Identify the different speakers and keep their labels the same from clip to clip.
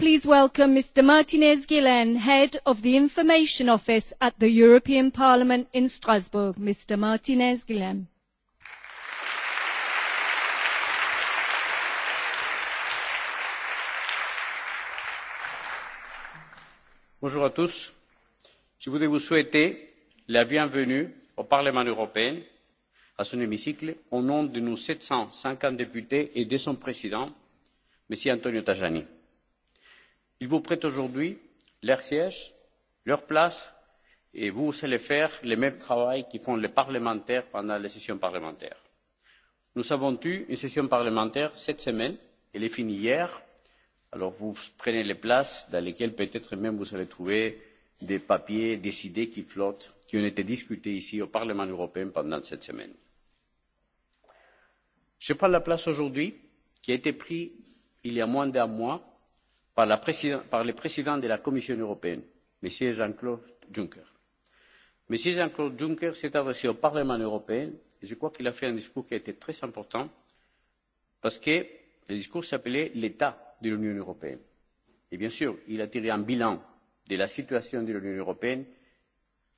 Speaker 1: please welcome Mr. Martinez Guillen, Head of the Information Office at the European Parliament in Strasbourg. Mr. Martinez Guillen.
Speaker 2: Bonjour à tous. Je voudrais vous souhaiter la bienvenue au Parlement européen, à son hémicycle, au nom de nos 750 députés et de son président, M. Antonio Tajani. Euh, ils vous prêtent aujourd'hui leur siège leur place et vous vous allez faire le même travail que font les parlementaires pendant les sessions parlementaires. Nous avons eu une session parlementaire cette semaine, elle est finie hier, alors vous prenez les places dans lesquelles peut-être même vous allez trouver des papiers, des idées qui flottent, qui ont été discutés ici au Parlement européen pendant cette semaine. Je prends la place aujourd'hui qui a été prise il y a moins d'un mois par le président de la commission européenne m. jean claude juncker. m. jean claude juncker s'est adressé au parlement européen et je crois qu'il a fait un discours qui a été très important parce que le discours s'appelait l'état de l'union européenne et bien sûr il a tiré un bilan de la situation de l'union européenne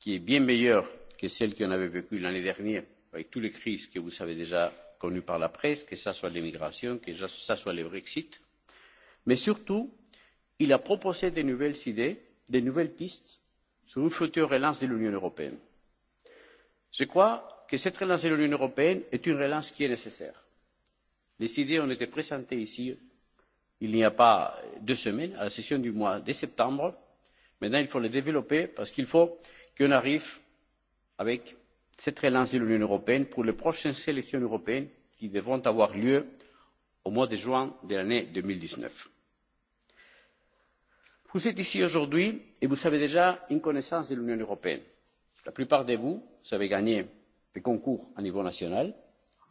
Speaker 2: qui est bien meilleure que celle qu'on avait vécue l'année dernière avec toutes les crises que vous avez déjà connues par la presse que ce soit l'immigration que ce soit le brexit mais surtout il a proposé de nouvelles idées, de nouvelles pistes sur une future relance de l'Union européenne. Je crois que cette relance de l'Union européenne est une relance qui est nécessaire. Les idées ont été présentées ici il n'y a pas deux semaines, à la session du mois de septembre. Maintenant, il faut les développer parce qu'il faut qu'on arrive avec cette relance de l'Union européenne pour les prochaines élections européennes qui devront avoir lieu au mois de juin de l'année 2019. Vous êtes ici aujourd'hui et vous avez déjà une connaissance de l'Union européenne. La plupart de vous, vous avez gagné des concours à niveau national,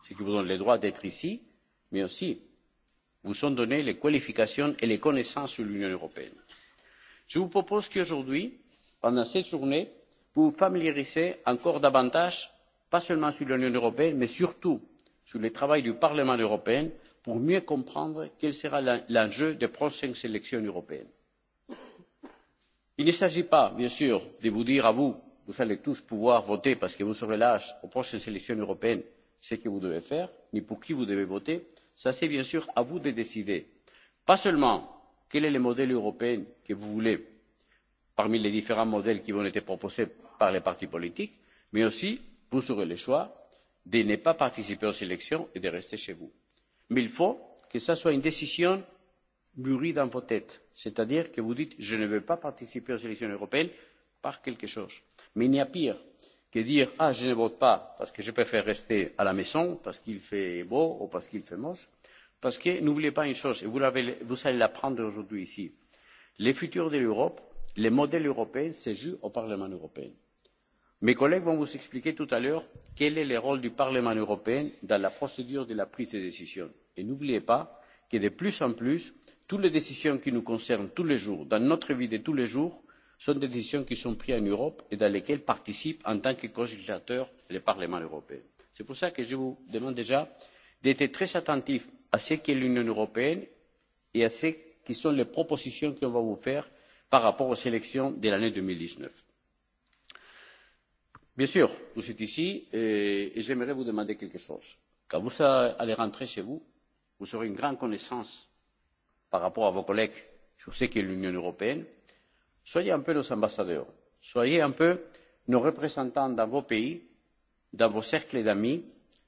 Speaker 2: ce qui vous donne le droit d'être ici, mais aussi vous sont données les qualifications et les connaissances sur l'Union européenne. Je vous propose qu'aujourd'hui, pendant cette journée, vous vous familiarisez encore davantage, pas seulement sur l'Union européenne, mais surtout sur le travail du Parlement européen pour mieux comprendre quel sera l'enjeu des prochaines élections européennes il ne s'agit pas bien sûr de vous dire à vous vous allez tous pouvoir voter parce que vous serez l'âge aux prochaines élections européennes ce que vous devez faire ni pour qui vous devez voter ça c'est bien sûr à vous de décider pas seulement quel est le modèle européen que vous voulez parmi les différents modèles qui ont été proposés par les partis politiques mais aussi vous aurez le choix de ne pas participer aux élections et de rester chez vous. mais il faut que ce soit une décision mûri dans vos têtes, c'est-à-dire que vous dites je ne veux pas participer aux élections européennes par quelque chose. Mais il y a pire que dire ah je ne vote pas parce que je préfère rester à la maison parce qu'il fait beau ou parce qu'il fait moche. Parce que n'oubliez pas une chose et vous, vous allez l'apprendre aujourd'hui ici les futurs de l'Europe, les modèles européens se jouent au Parlement européen. Mes collègues vont vous expliquer tout à l'heure quel est le rôle du Parlement européen dans la procédure de la prise de décision. Et n'oubliez pas que de plus en plus, toutes les décisions qui nous concernent tous les jours, dans notre vie de tous les jours, sont des décisions qui sont prises en Europe et dans lesquelles participent en tant que co-législateurs les Parlements européens. C'est pour ça que je vous demande déjà d'être très attentif à ce qu'est l'Union européenne et à ce qui sont les propositions qu'on va vous faire par rapport aux élections de l'année 2019. Bien sûr, vous êtes ici et j'aimerais vous demander quelque chose. Quand vous allez rentrer chez vous, vous aurez une grande connaissance par rapport à vos collègues sur ce qu'est l'Union européenne. Soyez un peu nos ambassadeurs, soyez un peu nos représentants dans vos pays, dans vos cercles d'amis,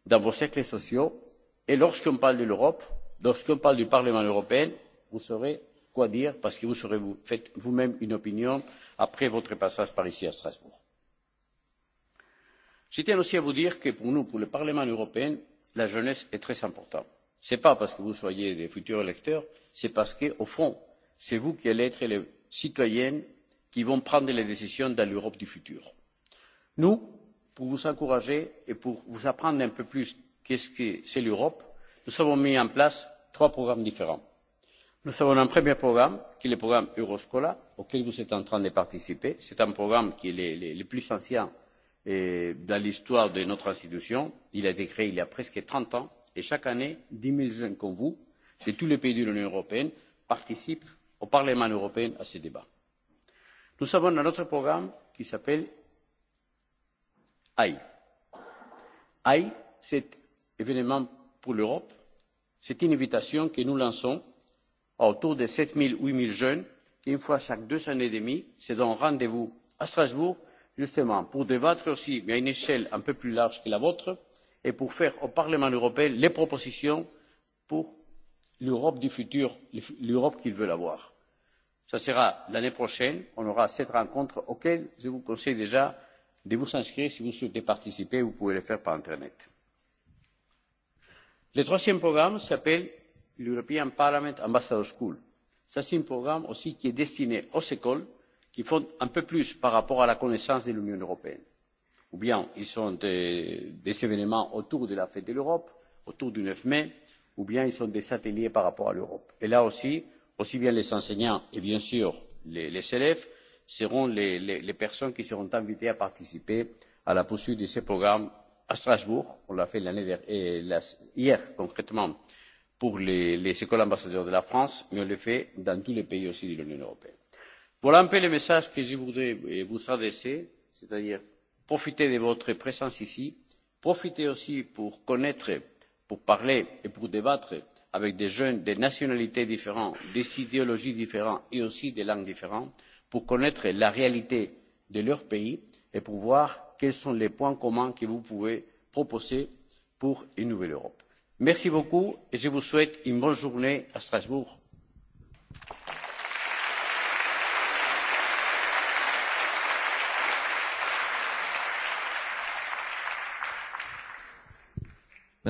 Speaker 2: dans vos cercles sociaux, et lorsqu'on parle de l'Europe, lorsqu'on parle du Parlement européen, vous saurez quoi dire parce que vous aurez vous fait vous-même une opinion après votre passage par ici à Strasbourg. Je tiens aussi à vous dire que pour nous, pour le Parlement européen, la jeunesse est très importante ce n'est pas parce que vous soyez des futurs électeurs c'est parce qu'au fond c'est vous qui allez être les citoyennes qui vont prendre les décisions dans l'europe du futur. nous pour vous encourager et pour vous apprendre un peu plus quest ce que c'est l'europe nous avons mis en place trois programmes différents. nous avons un premier programme qui est le programme euroscola auquel vous êtes en train de participer. c'est un programme qui est le, le, le plus ancien dans l'histoire de notre institution. il a été créé il y a presque trente ans et chaque année dix zéro jeunes comme vous de tous les pays de l'union européenne participent au parlement européen à ces débats. nous avons un autre programme qui s'appelle ai. ai cet événement pour l'europe c'est une invitation que nous lançons à autour de sept zéro huit zéro jeunes qui une fois chaque deux années et demie se donnent rendez vous à strasbourg justement pour débattre aussi mais à une échelle un peu plus large que la vôtre et pour faire au parlement européen les propositions pour l'europe du futur l'europe qu'il veut avoir. ce sera l'année prochaine on aura cette rencontre à laquelle je vous conseille déjà de vous inscrire si vous souhaitez participer vous pouvez le faire par l'internet. le troisième programme s'appelle l'european parliament ambassador school. c'est un programme aussi qui est destiné aux écoles qui font un peu plus par rapport à la connaissance de l'union européenne ou bien ils sont des, euh, des événements autour de la fête de l'Europe, autour du 9 mai, ou bien ils sont des ateliers par rapport à l'Europe. Et là aussi, aussi bien les enseignants et bien sûr les, les élèves seront les, les, les personnes qui seront invitées à participer à la poursuite de ces programmes à Strasbourg. On l'a fait l'année dernière, hier concrètement, pour les, les écoles ambassadeurs de la France, mais on le fait dans tous les pays aussi de l'Union européenne. Voilà un peu le message que je voudrais euh, vous adresser, c'est-à-dire profiter de votre présence ici profiter aussi pour connaître pour parler et pour débattre avec des jeunes de nationalités différentes d'idéologies différentes et aussi de langues différentes pour connaître la réalité de leur pays et pour voir quels sont les points communs que vous pouvez proposer pour une nouvelle Europe. Merci beaucoup et je vous souhaite une bonne journée à Strasbourg.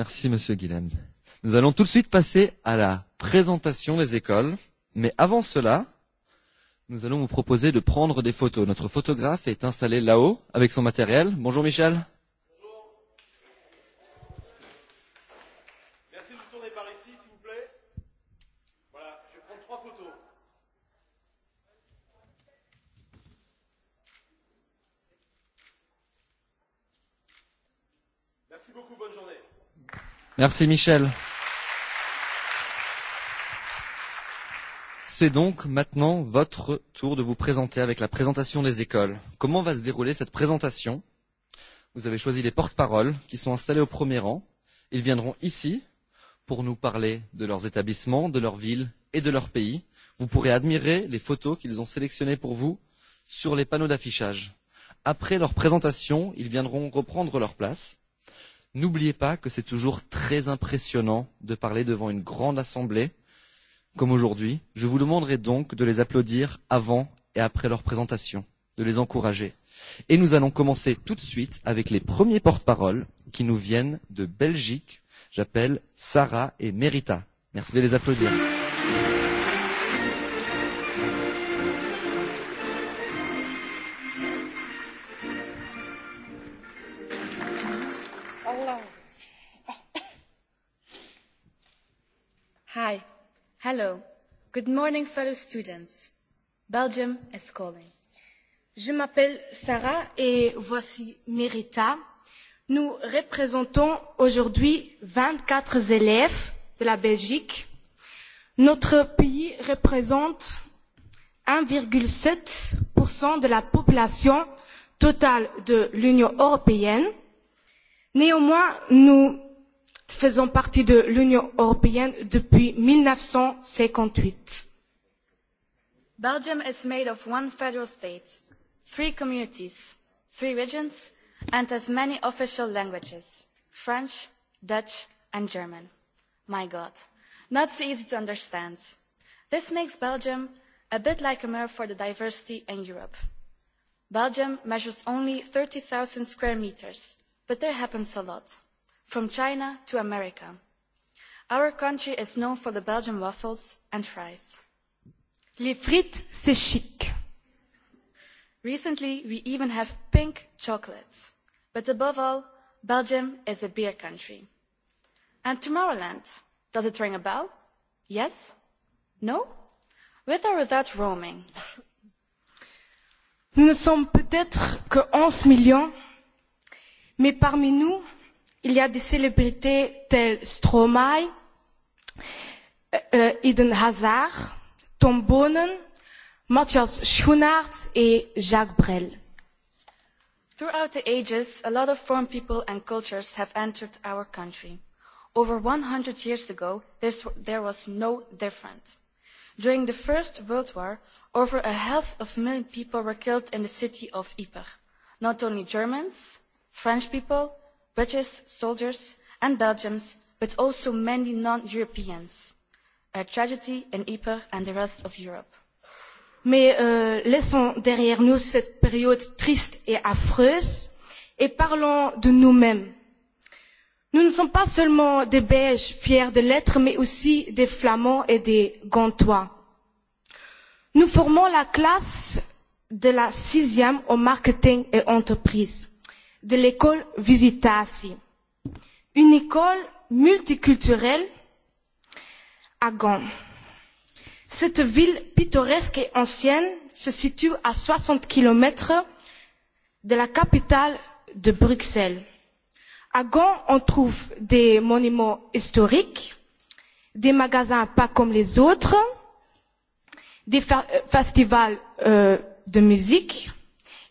Speaker 3: Merci, monsieur Guilhem. Nous allons tout de suite passer à la présentation des écoles. Mais avant cela, nous allons vous proposer de prendre des photos. Notre photographe est installé là-haut avec son matériel. Bonjour, Michel. Merci Michel. C'est donc maintenant votre tour de vous présenter avec la présentation des écoles. Comment va se dérouler cette présentation Vous avez choisi les porte-paroles qui sont installés au premier rang. Ils viendront ici pour nous parler de leurs établissements, de leur ville et de leur pays. Vous pourrez admirer les photos qu'ils ont sélectionnées pour vous sur les panneaux d'affichage. Après leur présentation, ils viendront reprendre leur place. N'oubliez pas que c'est toujours très impressionnant de parler devant une grande assemblée comme aujourd'hui. Je vous demanderai donc de les applaudir avant et après leur présentation, de les encourager. Et nous allons commencer tout de suite avec les premiers porte-paroles qui nous viennent de Belgique. J'appelle Sarah et Merita. Merci de les applaudir. Yeah
Speaker 4: Hello. Good morning, fellow students. Belgium is calling.
Speaker 5: Je m'appelle Sarah et voici Merita. Nous représentons aujourd'hui 24 élèves de la Belgique. Notre pays représente 1,7% de la population totale de l'Union européenne. Néanmoins, nous faisant partie de l'Union européenne depuis 1958.
Speaker 4: Belgium is made of one federal state, three communities, three regions and as many official languages, French, Dutch and German. My God, not so easy to understand. This makes Belgium a bit like a mirror for the diversity in Europe. Belgium measures only 30,000 square meters, but there happens a lot from china to america our country is known for the belgian waffles and fries. les frites
Speaker 5: c'est chic.
Speaker 4: recently we even have pink chocolate but above all belgium is a beer country. and tomorrowland does it ring a bell? yes? no? with or without roaming?
Speaker 5: Nous ne sommes peut-être que 11 millions, mais parmi nous, Il y a des célébrités telles Stromae, euh, euh Eden Hazard, Tom Bonen, Matthias Schoenaerts et Jacques Brel.
Speaker 4: Throughout the ages, a lot of foreign people and cultures have entered our country. Over 100 years ago, this, there was no different. During the First World War, over a half of a million people were killed in the city of Ypres. Not only Germans, French people, british soldiers and belgians but also many non europeans a tragedy in ypres and the rest of europe.
Speaker 5: mais euh, laissons derrière nous cette période triste et affreuse et parlons de nous mêmes. Nous ne sommes pas seulement des Belges fiers de l'être, mais aussi des Flamands et des Gantois. Nous formons la classe de la sixième en marketing et entreprise de l'école Visitasi, une école multiculturelle à Gand. Cette ville pittoresque et ancienne se situe à 60 km de la capitale de Bruxelles. À Gand, on trouve des monuments historiques, des magasins pas comme les autres, des festivals euh, de musique,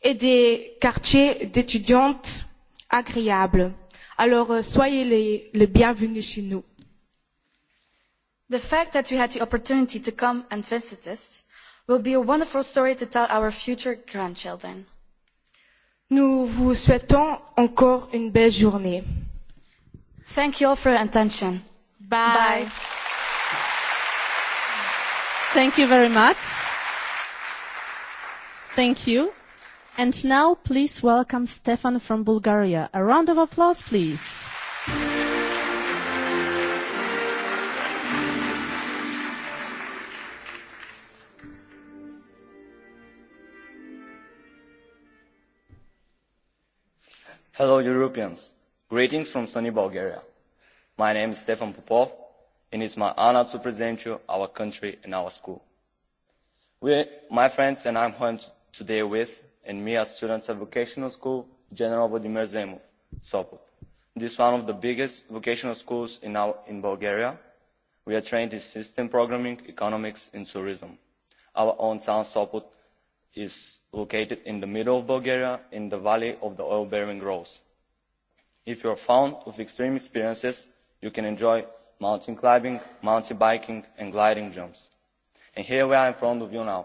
Speaker 5: et des quartiers d'étudiantes agréables. Alors euh, soyez les, les bienvenus chez nous. The fact that you had the
Speaker 4: opportunity to come and visit us will be a wonderful story to tell our future grandchildren.
Speaker 5: Nous vous souhaitons encore une belle journée. Thank you all for your attention. Bye. Bye.
Speaker 6: Thank you very much. Thank you. And now, please welcome Stefan from Bulgaria. A round of applause, please.
Speaker 7: Hello, Europeans. Greetings from sunny Bulgaria. My name is Stefan Popov, and it's my honor to present you our country and our school. We, my friends, and I'm here today with and me as students at vocational school general vladimir zemun sopot this is one of the biggest vocational schools in, our, in bulgaria we are trained in system programming economics and tourism our own town sopot is located in the middle of bulgaria in the valley of the oil bearing rose if you are fond of extreme experiences you can enjoy mountain climbing mountain biking and gliding jumps and here we are in front of you now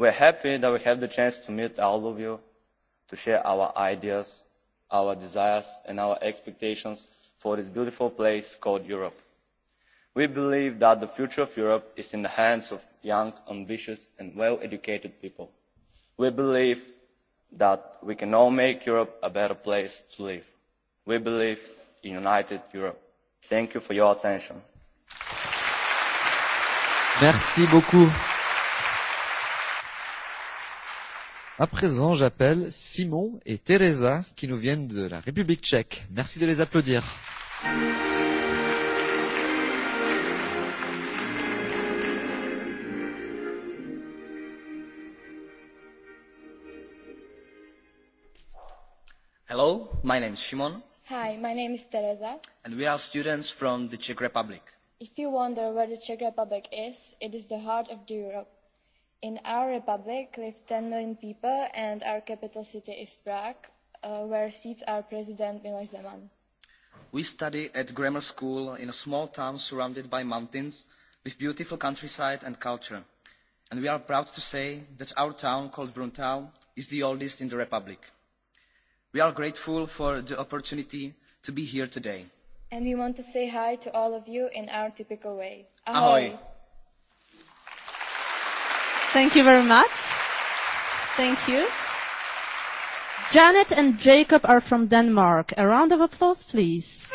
Speaker 7: We are happy that we have the chance to meet all of you, to share our ideas, our desires, and our expectations for this beautiful place called Europe. We believe that the future of Europe is in the hands of young, ambitious, and well-educated people. We believe that we can all make Europe a better place to live. We believe in United Europe. Thank you for your attention.
Speaker 3: Merci beaucoup. À présent, j'appelle Simon et Teresa qui nous viennent de la République tchèque. Merci de les applaudir.
Speaker 7: Hello, my name is Simon.
Speaker 8: Hi, my name is Teresa.
Speaker 7: And we are students from the Czech Republic.
Speaker 8: If you wonder where the Czech Republic is, it is the heart of Europe. In our republic live 10 million people and our capital city is Prague, uh, where seats our president Miloš Zeman.
Speaker 7: We study at grammar school in a small town surrounded by mountains with beautiful countryside and culture. And we are proud to say that our town called Bruntal is
Speaker 3: the oldest in the republic. We are grateful for the opportunity to be here today.
Speaker 8: And we want to say hi to all of you in our typical way. Ahoy! Ahoy.
Speaker 6: Thank you very much. Thank you. Janet and Jacob are from Denmark. A round of applause, please.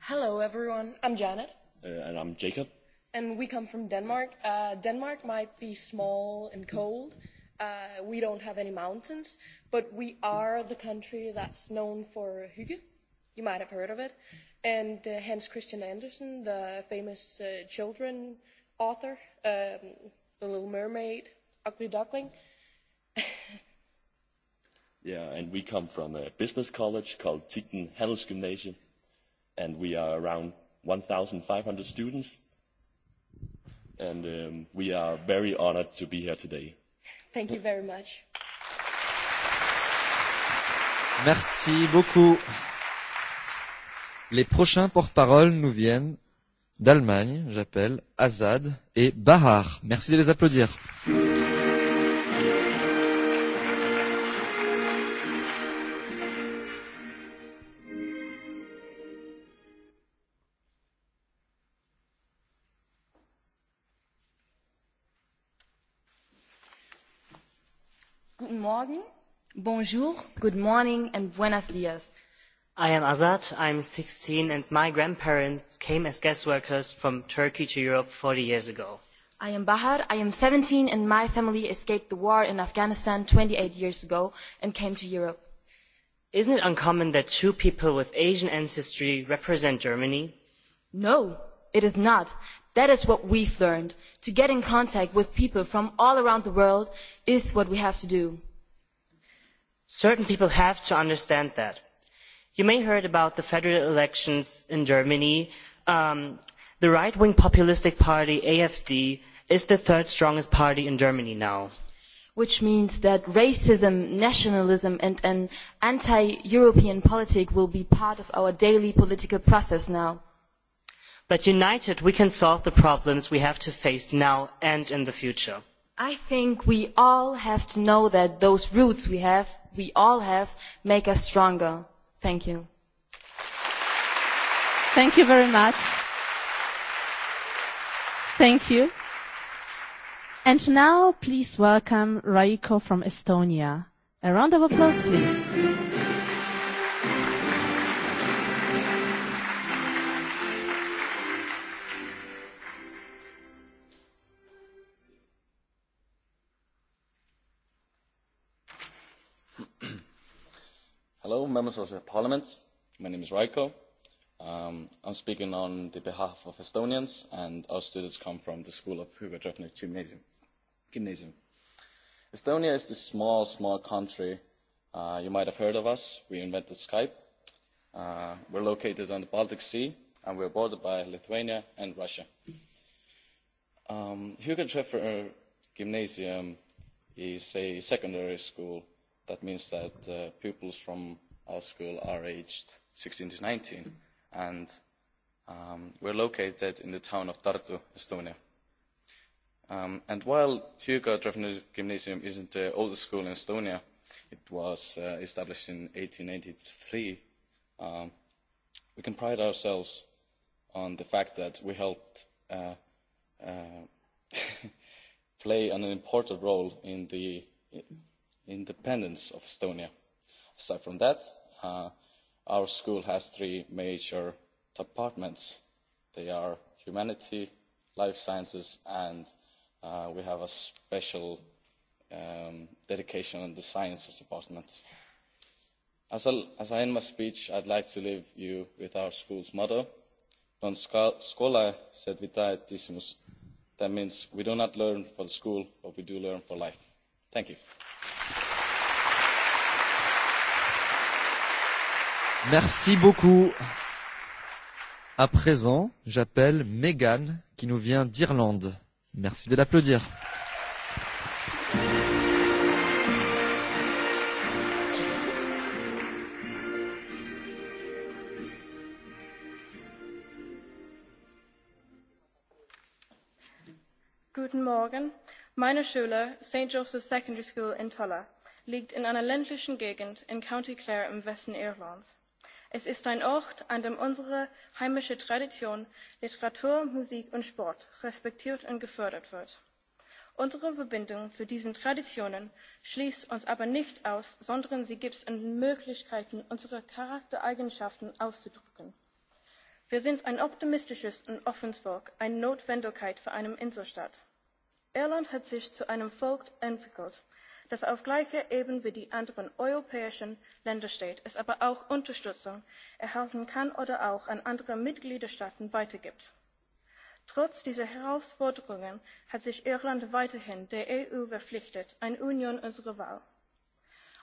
Speaker 9: Hello, everyone. I'm Janet.
Speaker 7: Uh, and I'm Jacob.
Speaker 9: And we come from Denmark. Uh, Denmark might be small and cold. Uh, we don't have any mountains, but we are the country that's known for hygge. You might have heard of it. And uh, Hans Christian Andersen, the famous uh, children author, um, The Little Mermaid, Ugly Duckling.
Speaker 10: yeah, and we come from a business college called Tikken Handelsgymnasium, and we are around 1,500 students and um, we are very honored to be here today. Thank you
Speaker 9: very much.
Speaker 3: Merci beaucoup. Les prochains porte-parole nous viennent d'Allemagne, j'appelle Azad et Bahar. Merci de les applaudir. Mmh.
Speaker 9: morgen. Bonjour, good morning and buenos dias.
Speaker 11: I am Azad, I'm 16 and my grandparents came as guest workers from Turkey to Europe 40 years ago.
Speaker 9: I am Bahar, I am 17 and my family escaped the war in Afghanistan 28 years ago and came to
Speaker 11: Europe. Isn't it uncommon that two people with Asian ancestry represent Germany?
Speaker 9: No, it is not. That is what we've learned. To get in contact with people from all around the world is what we have to do.
Speaker 11: Certain people have to understand that. You may heard about the federal elections in Germany. Um, the right-wing populistic party AFD is the third strongest party in Germany now.
Speaker 9: Which means that racism, nationalism, and an anti-European politic will be part of our daily political process now.
Speaker 11: But united, we can solve the problems we have to face now and in the future.
Speaker 9: I think we all have to know that those roots we have, we all have, make us stronger. Thank you. Thank you very much. Thank you.
Speaker 6: And now please welcome Raiko from Estonia. A round of applause,
Speaker 12: please.
Speaker 13: honourable members of parliament my name is raiko um, i'm speaking on the behalf of estonians and our students come from the school of hugo Drefner gymnasium gymnasium estonia is this small small country uh, you might have heard of us we invented skype uh, we're located on the baltic sea and we're bordered by lithuania and russia um, hugo Drefner uh, gymnasium is a secondary school that means that uh, pupils from our school are aged 16 to 19. And um, we're located in the town of Tartu, Estonia. Um, and while Hugo Drevner Gymnasium isn't the oldest school in Estonia, it was uh, established in 1883. Um, we can pride ourselves on the fact that we helped uh, uh, play an important role in the independence of Estonia. Aside from that, Uh, our school has three major departments. They are humanity, life sciences, and uh, we have a special um, dedication in the sciences department. As, a, as I end my speech, I'd like to leave you with our school's motto, Non scola sed vitaetissimus. That means we do not learn for the school, but we do learn for life. Thank you.
Speaker 3: Merci beaucoup. À présent, j'appelle Megan qui nous vient d'Irlande. Merci de l'applaudir.
Speaker 14: Guten Morgen. Meine Schule, St. Joseph's Secondary School in Tulla, liegt in einer ländlichen Gegend in County Clare im Westen Irlands. Es ist ein Ort, an dem unsere heimische Tradition, Literatur, Musik und Sport respektiert und gefördert wird. Unsere Verbindung zu diesen Traditionen schließt uns aber nicht aus, sondern sie gibt uns Möglichkeiten, unsere Charaktereigenschaften auszudrücken. Wir sind ein optimistisches und offenes Volk, eine Notwendigkeit für einen Inselstaat. Irland hat sich zu einem Volk entwickelt, Das auf gleiche eben wie die anderen europäischen Länder steht, es aber auch Unterstützung erhalten kann oder auch an andere Mitgliedstaaten weitergibt. Trotz dieser Herausforderungen hat sich Irland weiterhin der EU verpflichtet, eine Union unserer Wahl.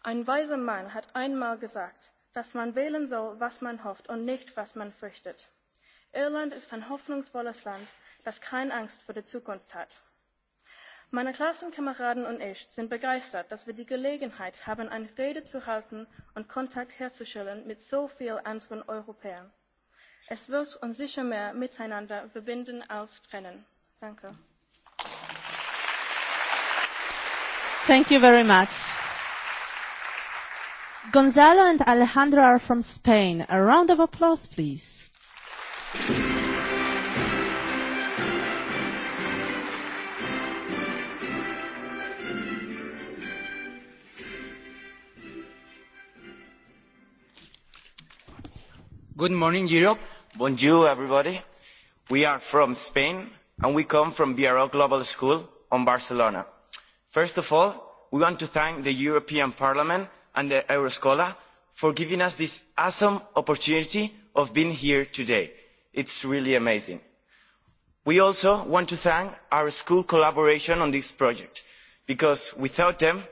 Speaker 14: Ein weiser Mann hat einmal gesagt, dass man wählen soll, was man hofft und nicht, was man fürchtet. Irland ist ein hoffnungsvolles Land, das keine Angst vor der Zukunft hat. Meine Klassenkameraden und ich sind begeistert, dass wir die Gelegenheit haben, eine Rede zu halten und Kontakt herzustellen mit so vielen anderen Europäern. Es wird uns sicher mehr miteinander verbinden als trennen. Danke.
Speaker 6: Thank you very much. Gonzalo and Alejandro are from Spain. A round of applause, please.
Speaker 15: Good morning, Europe. Bonjour,
Speaker 7: everybody. We are from Spain, and we come from BRO Global School on Barcelona. First of all, we want to thank the European Parliament and the Euroscola for giving us this awesome opportunity of being here today. It's really amazing. We also want to thank our school collaboration on this project, because without them,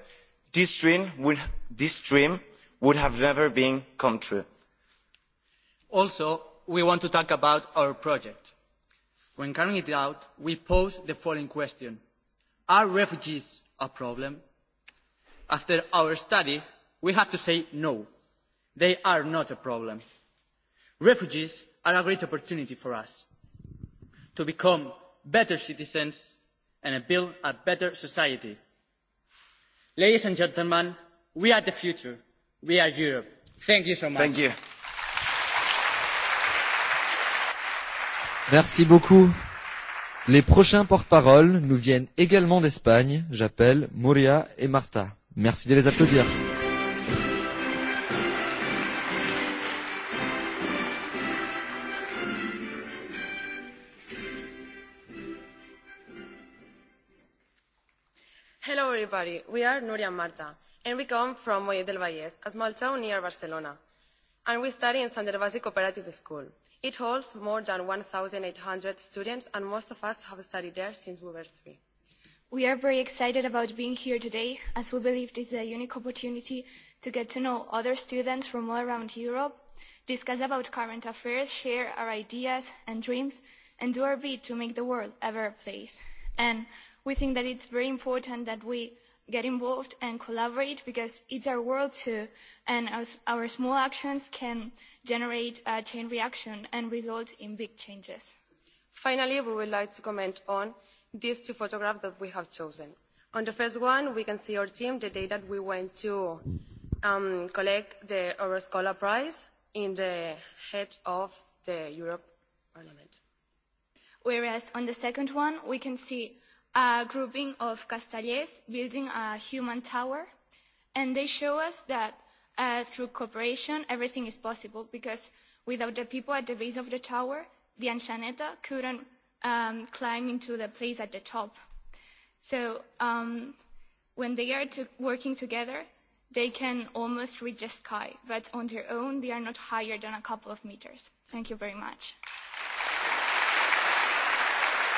Speaker 7: this dream would, this dream would have never been come true
Speaker 2: also we want to talk about our project. when carrying it out we pose the following question are refugees a problem? after our study we have to say no they are not a problem. refugees are a great opportunity for us to become better citizens and build a better society. ladies and gentlemen we are the future we are europe. thank you so much. Thank you.
Speaker 3: Merci beaucoup. Les prochains porte-paroles nous viennent également d'Espagne. J'appelle Moria et Marta. Merci de les applaudir.
Speaker 4: Hello everybody, we are Nuria and Marta, and we come from Moya del Valles, a small town near Barcelona and we study in Sanderbasi Cooperative School. It holds more than 1,800 students, and most of us have studied there since we were three.
Speaker 8: We are very excited about being here today, as we believe this is a unique opportunity to get to know other students from all around Europe, discuss about current affairs, share our ideas and dreams, and do our bit to make the world a better place. And we think that it's very important that we get involved and collaborate because it's our world too. And our, our small actions can generate a uh, chain reaction and result in big changes.
Speaker 4: Finally, we would like to comment on these two photographs that we have chosen. On the first one, we can see our team the day that we went to um, collect the Euroscola Prize in the head of the Europe Parliament.
Speaker 8: Whereas on the second one, we can see a grouping of castellers building a human tower. And they show us that uh, through cooperation, everything is possible because without the people at the base of the tower, the Anshaneta couldn't um, climb into the place at the top. So um, when they are to- working together, they can almost reach the sky, but on their own, they are not higher than a couple of meters. Thank you very much.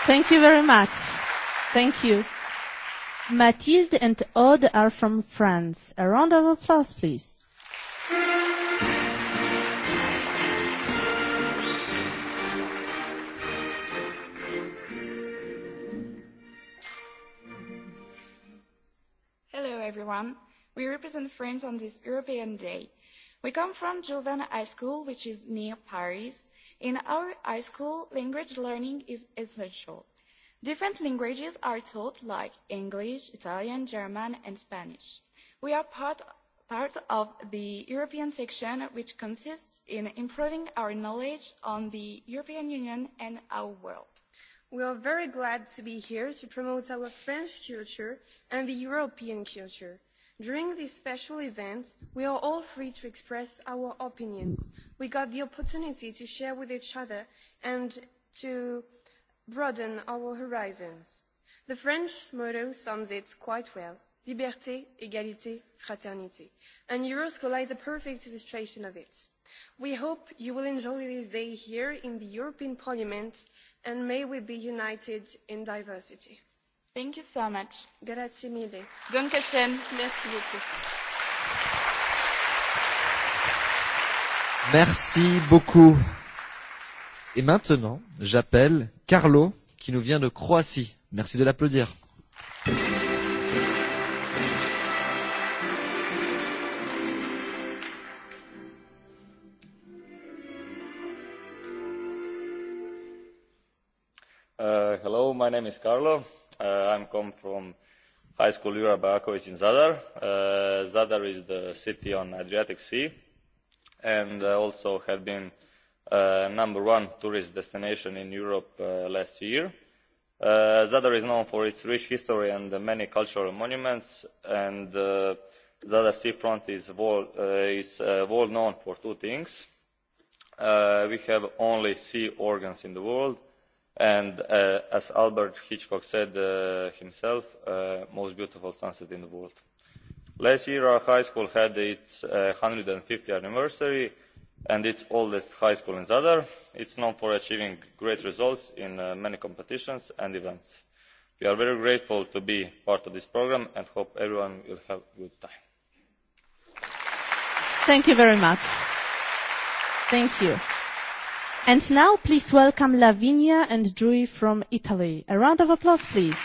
Speaker 6: Thank you very much. Thank you. Mathilde and Aude are from France. A round of applause, please. Hello,
Speaker 4: everyone. We represent France on this European Day. We come from Jouven High School, which is near Paris. In our high school, language learning is essential. Different languages are taught, like English, Italian, German, and Spanish. We are part, part of the European section, which consists in improving our knowledge on the European
Speaker 5: Union and our world. We are very glad to be here to promote our French culture and the European culture. During these special events, we are all free to express our opinions. We got the opportunity to share with each other and to broaden our horizons. The French motto sums it quite well liberté, égalité, fraternité. And Euroscola is a perfect illustration of it. We hope you will enjoy this day here in the European Parliament and may we be united in diversity. Thank you so
Speaker 4: much. Grazie mille. Dankeschön. Merci beaucoup.
Speaker 3: Merci beaucoup. Et maintenant, j'appelle Carlo qui nous vient de Croatie. Merci de l'applaudir.
Speaker 7: Uh, hello, my name is Carlo. Uh, I come from High School Jura Bajaković in Zadar. Uh, Zadar is the city on Adriatic Sea and uh, also had been uh, Uh, number one tourist destination in europe uh, last year. Uh, zadar is known for its rich history and the many cultural monuments and the zadar seafront is well known for two things we have the only sea organs in the world and as albert hitchcock said himself the most beautiful sunset in the world. last year our high school had its one hundred and fiftieth anniversary and its oldest high school in zadar. it is known for achieving great results in uh, many competitions and events. we are very grateful to be part of this programme and hope everyone will have a good time.
Speaker 6: thank you very much. thank you. and now please welcome lavinia and drew from italy. a round of applause please.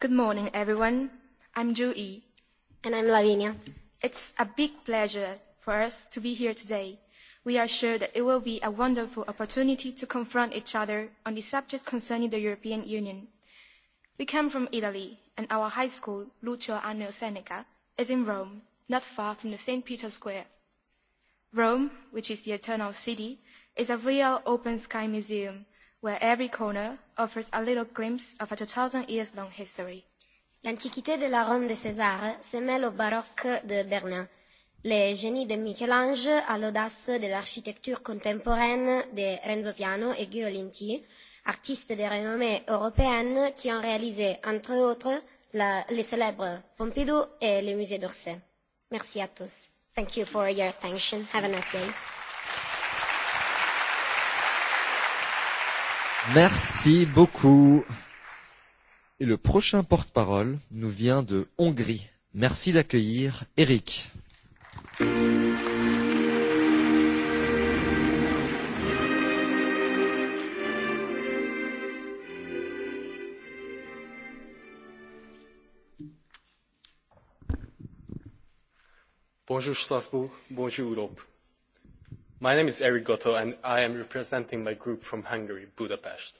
Speaker 5: Good morning, everyone. I'm Jui. And I'm Lavinia. It's a big pleasure for us to be here today. We are sure that it will be a wonderful opportunity to confront each other on the subjects concerning the European Union. We come from Italy, and our high school, Lucio Anno Seneca, is in Rome, not far from the St. Peter's Square. Rome, which is the eternal city, is a real open sky museum where every corner offers a little glimpse of a 2000 years long history. L'antichité de la Ronde de César se mêle au baroque de
Speaker 1: Bernin, le génie de Michel-Ange à l'audace de l'architecture contemporaine de Renzo Piano et Girolinti, artistes de renommée européenne qui ont réalisé, entre autres, la, les célèbres Pompidou et le musée d'Orsay.
Speaker 11: Merci à tous. Thank you for your attention. Have a nice day.
Speaker 3: Merci beaucoup. Et le prochain porte-parole nous vient de Hongrie. Merci d'accueillir Eric.
Speaker 11: Bonjour Strasbourg, bonjour Europe. My name is Eric Gotto, and I am representing my group from Hungary, Budapest.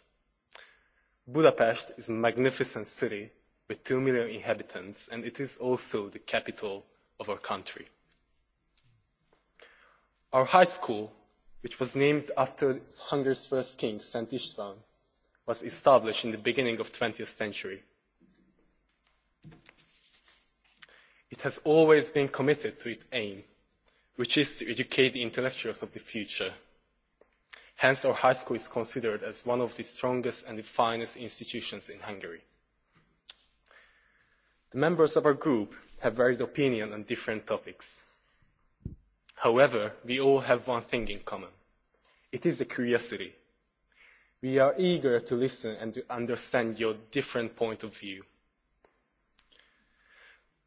Speaker 11: Budapest is a magnificent city with 2 million inhabitants, and it is also the capital of our country. Our high school, which was named after Hungary's first king, St. István, was established in the beginning of 20th century. It has always been committed to its aim, which is to educate the intellectuals of the future. Hence, our high school is considered as one of the strongest and the finest institutions in Hungary. The members of our group have varied opinion on different topics. However, we all have one thing in common. It is a curiosity. We are eager to listen and to understand your different point of view.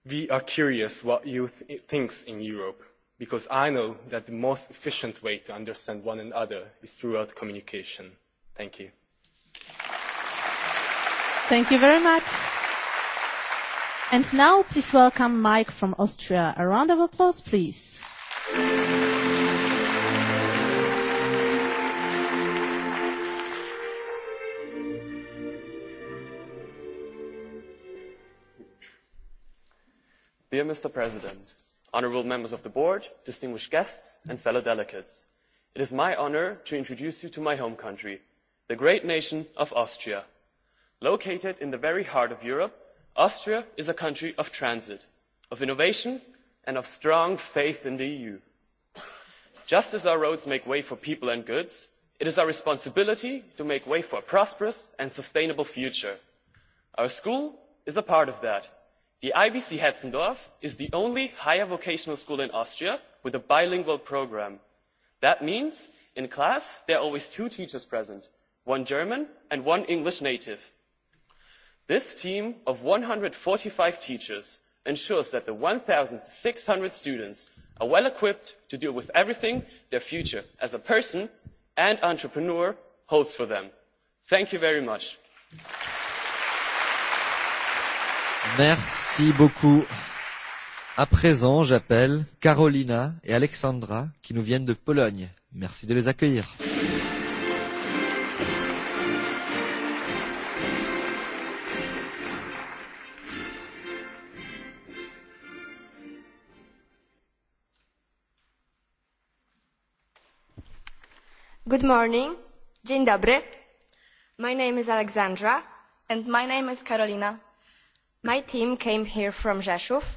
Speaker 11: We are curious what youth thinks in Europe because I know that the most efficient way to understand one another is throughout communication. Thank you.
Speaker 6: Thank you very much. And now, please welcome Mike from Austria. A round of applause, please.
Speaker 10: Dear Mr. President, honourable members of the board distinguished guests and fellow delegates it is my honour to introduce you to my home country the great nation of austria. located in the very heart of europe austria is a country of transit of innovation and of strong faith in the eu. just as our roads make way for people and goods it is our responsibility to make way for a prosperous and sustainable future. our school is a part of that the ibc hetzendorf is the only higher vocational school in austria with a bilingual program. that means in class there are always two teachers present one german and one english native. this team of one hundred and forty five teachers ensures that the one thousand six hundred students are well equipped to deal with everything their future as a person and entrepreneur holds for them. thank you very much. applause
Speaker 3: Merci beaucoup. À présent, j'appelle Carolina et Alexandra qui nous viennent de Pologne. Merci de les accueillir.
Speaker 16: Good morning. Dzień dobry. My name is Alexandra. And my name is Karolina. My team came here from Rzeszów,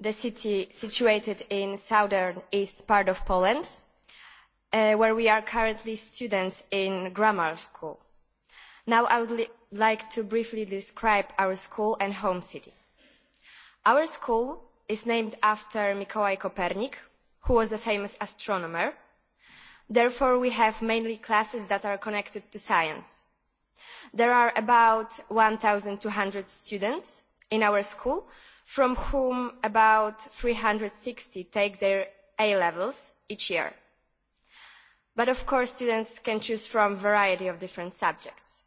Speaker 16: the city situated in southern east part of Poland, uh, where we are currently students in grammar school. Now I would li like to briefly describe our school and home city. Our school is named after Mikołaj Kopernik, who was a famous astronomer. Therefore, we have mainly classes that are connected to science. There are about 1,200 students in our school, from whom about 360 take their A levels each year. But of course, students can choose from a variety of different subjects.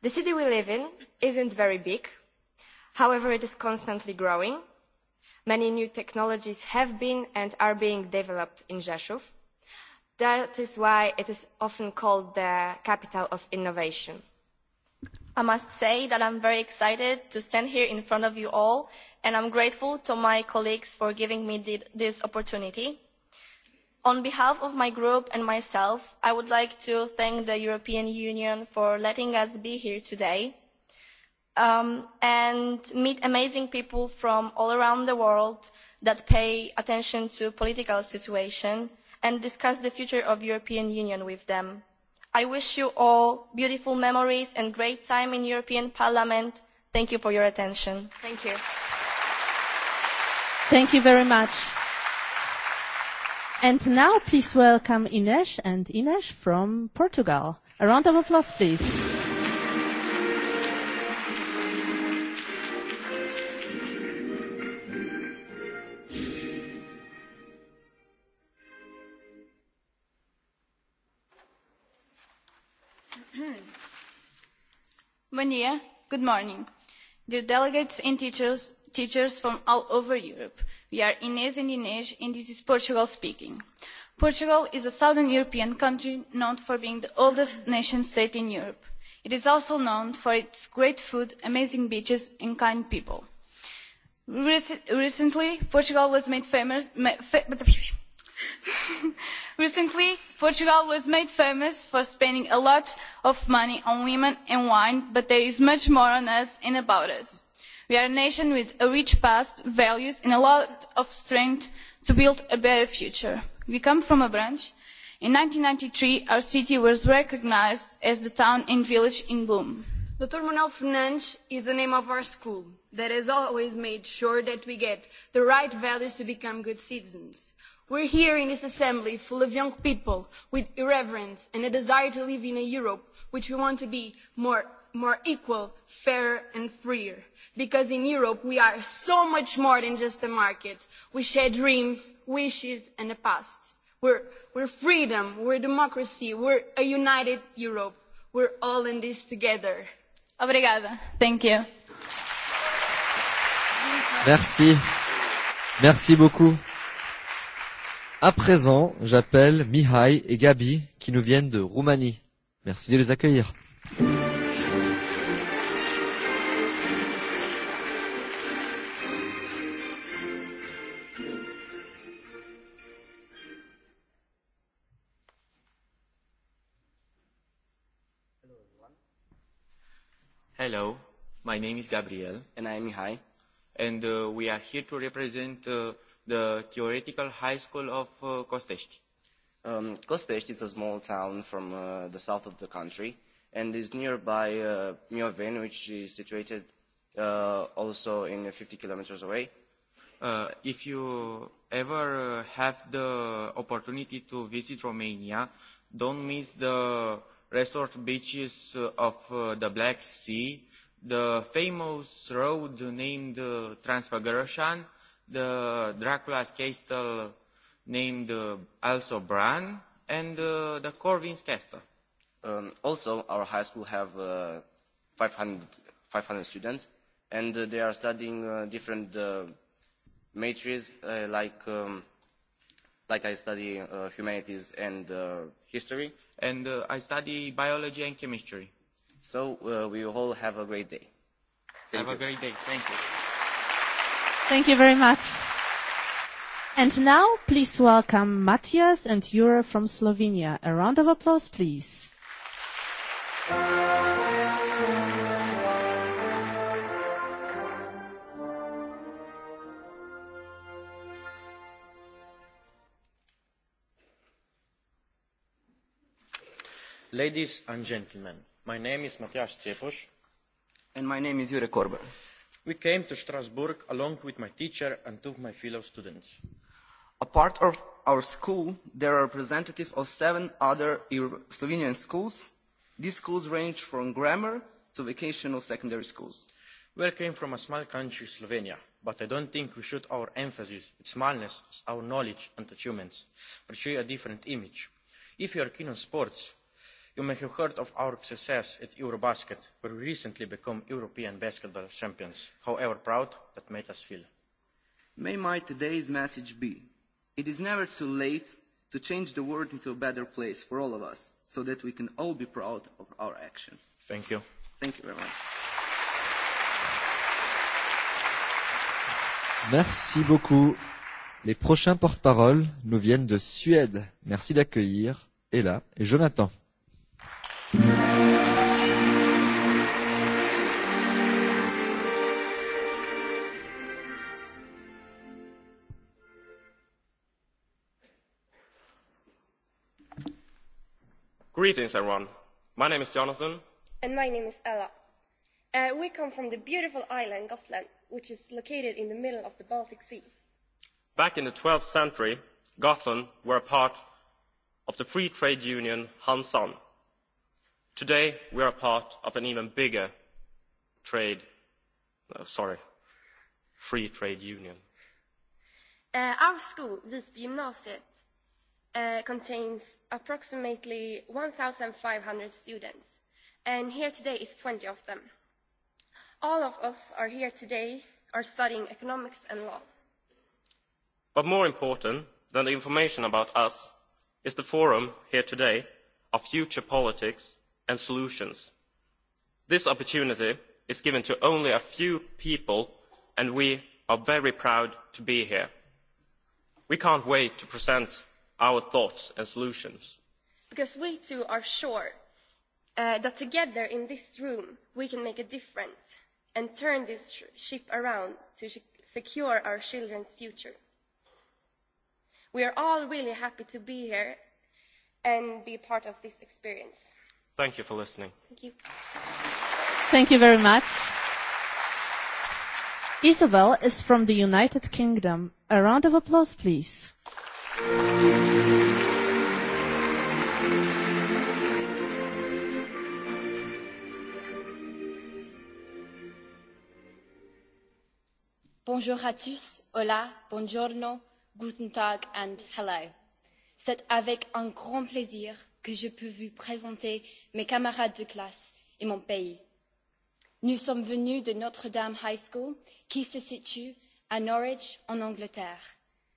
Speaker 16: The city we live in isn't very big. However, it is constantly growing. Many new technologies have been and are being developed in Rzeszów. That is why it is often called the capital of innovation. I must say that I'm very excited to stand here in front of you all, and I'm grateful to my colleagues for giving me this opportunity. On behalf of my group and myself, I would like to thank the European Union for letting us be here today um, and meet amazing people from all around the world that pay attention to political situation and discuss the future of European Union with them. I wish you all beautiful memories and great time in European Parliament. Thank you for your attention. Thank you.
Speaker 6: Thank you very much. And now please welcome Ines and Ines from Portugal. A round of applause, please.
Speaker 8: slovenia good morning dear delegates and teachers teachers from all over europe we are ines and ines and this is portugal speaking. portugal is a southern european country known for being the oldest nation state in europe. it is also known for its great food amazing beaches and kind people. recently portugal was made famous Recently, Portugal was made famous for spending a lot of money on women and wine, but there is much more on us and about us. We are a nation with a rich past, values, and a lot of strength to build a better future. We come from a branch. In 1993, our city was recognized as the town and village in bloom. Dr. Manuel Fernandes
Speaker 4: is the name of our school that has always made sure that we get the right values to become good citizens we are here in this assembly full of young people with irreverence and a desire to live in a europe which we want to be more, more equal fairer and freer because in europe we are so much more than just a market we share dreams wishes and a past we're, we're freedom we're democracy
Speaker 8: we're a united europe we're all in this together obrigada thank you
Speaker 3: merci merci beaucoup À présent, j'appelle Mihai et Gabi qui nous viennent de Roumanie. Merci de les accueillir.
Speaker 10: Hello, my name is Gabriel. And I am Mihai. And uh, we are here to represent uh, the theoretical high school of uh, Kostești.
Speaker 7: Um, Kostești is a small town from uh, the south of the country and is nearby uh, Mioven, which is situated uh, also in 50 kilometers away.
Speaker 10: Uh, if you ever uh, have the opportunity to visit Romania, don't miss the resort beaches uh, of uh, the Black Sea, the famous road named uh, Transfagarășan, uh, the Dracula's castle named uh, also Bran and uh, the Corvin's castle.
Speaker 7: Um, also, our high school have uh, 500, 500 students and uh, they are studying uh, different uh, matrices uh, like, um, like I study uh, humanities and uh, history. And uh, I study biology and chemistry. So uh, we all have a great day.
Speaker 2: Thank have you. a great day. Thank you.
Speaker 6: Thank you very much. And now, please welcome Matthias and Jure from Slovenia. A round of applause, please.
Speaker 2: Ladies and gentlemen, my name is Matjaž Cepoš. And
Speaker 3: my name is Jure Korber.
Speaker 2: We came to Strasbourg along with my teacher and two of my fellow students.
Speaker 3: A part of our school, there are representatives of seven other Slovenian schools. These schools range from grammar to vocational secondary schools.
Speaker 2: We came from a small country, Slovenia, but I don't think we should our emphasis its smallness, our knowledge and achievements, portray a different image. If you are keen on sports, You may have heard of our success at Eurobasket, where we recently became European basketball champions, however proud that made us feel.
Speaker 3: May my today's message be, it is never too late to change the world into a better place for all of us, so that we can all be proud of our actions. Thank you. Thank you very much. Merci beaucoup. Les prochains porte-parole nous viennent de Suède. Merci d'accueillir Ella et Jonathan.
Speaker 10: Greetings, everyone. My name is Jonathan.
Speaker 1: And my name is Ella. Uh, we come
Speaker 16: from the beautiful island Gotland, which is located in the middle of the Baltic Sea.
Speaker 10: Back in the 12th century, Gotland were a part of the free trade union Hansan, today we are part of an even bigger uh, free trade union.
Speaker 16: Uh, our school visby gymnasiet uh, contains approximately one five hundred students and here today is twenty of them. all of us are here today are studying economics and law.
Speaker 10: but more important than the information about us is the forum here today of future politics and solutions. this opportunity is given to only a few people and we are very proud to be here. we cannot wait to present our thoughts and solutions.
Speaker 16: because we too are sure uh, that together in this room we can make a difference and turn this sh- ship around to sh- secure our children's future. we are all really happy to be here and be part of this
Speaker 8: experience.
Speaker 10: Thank you for listening. Thank you.
Speaker 6: Thank you very much. Isabel is from the United Kingdom. A round of applause, please.
Speaker 1: Bonjour à tous, hola, buongiorno, guten Tag and hello. C'est avec un grand plaisir que je peux vous présenter mes camarades de classe et mon pays. Nous sommes venus de Notre Dame High School, qui se situe à Norwich, en Angleterre.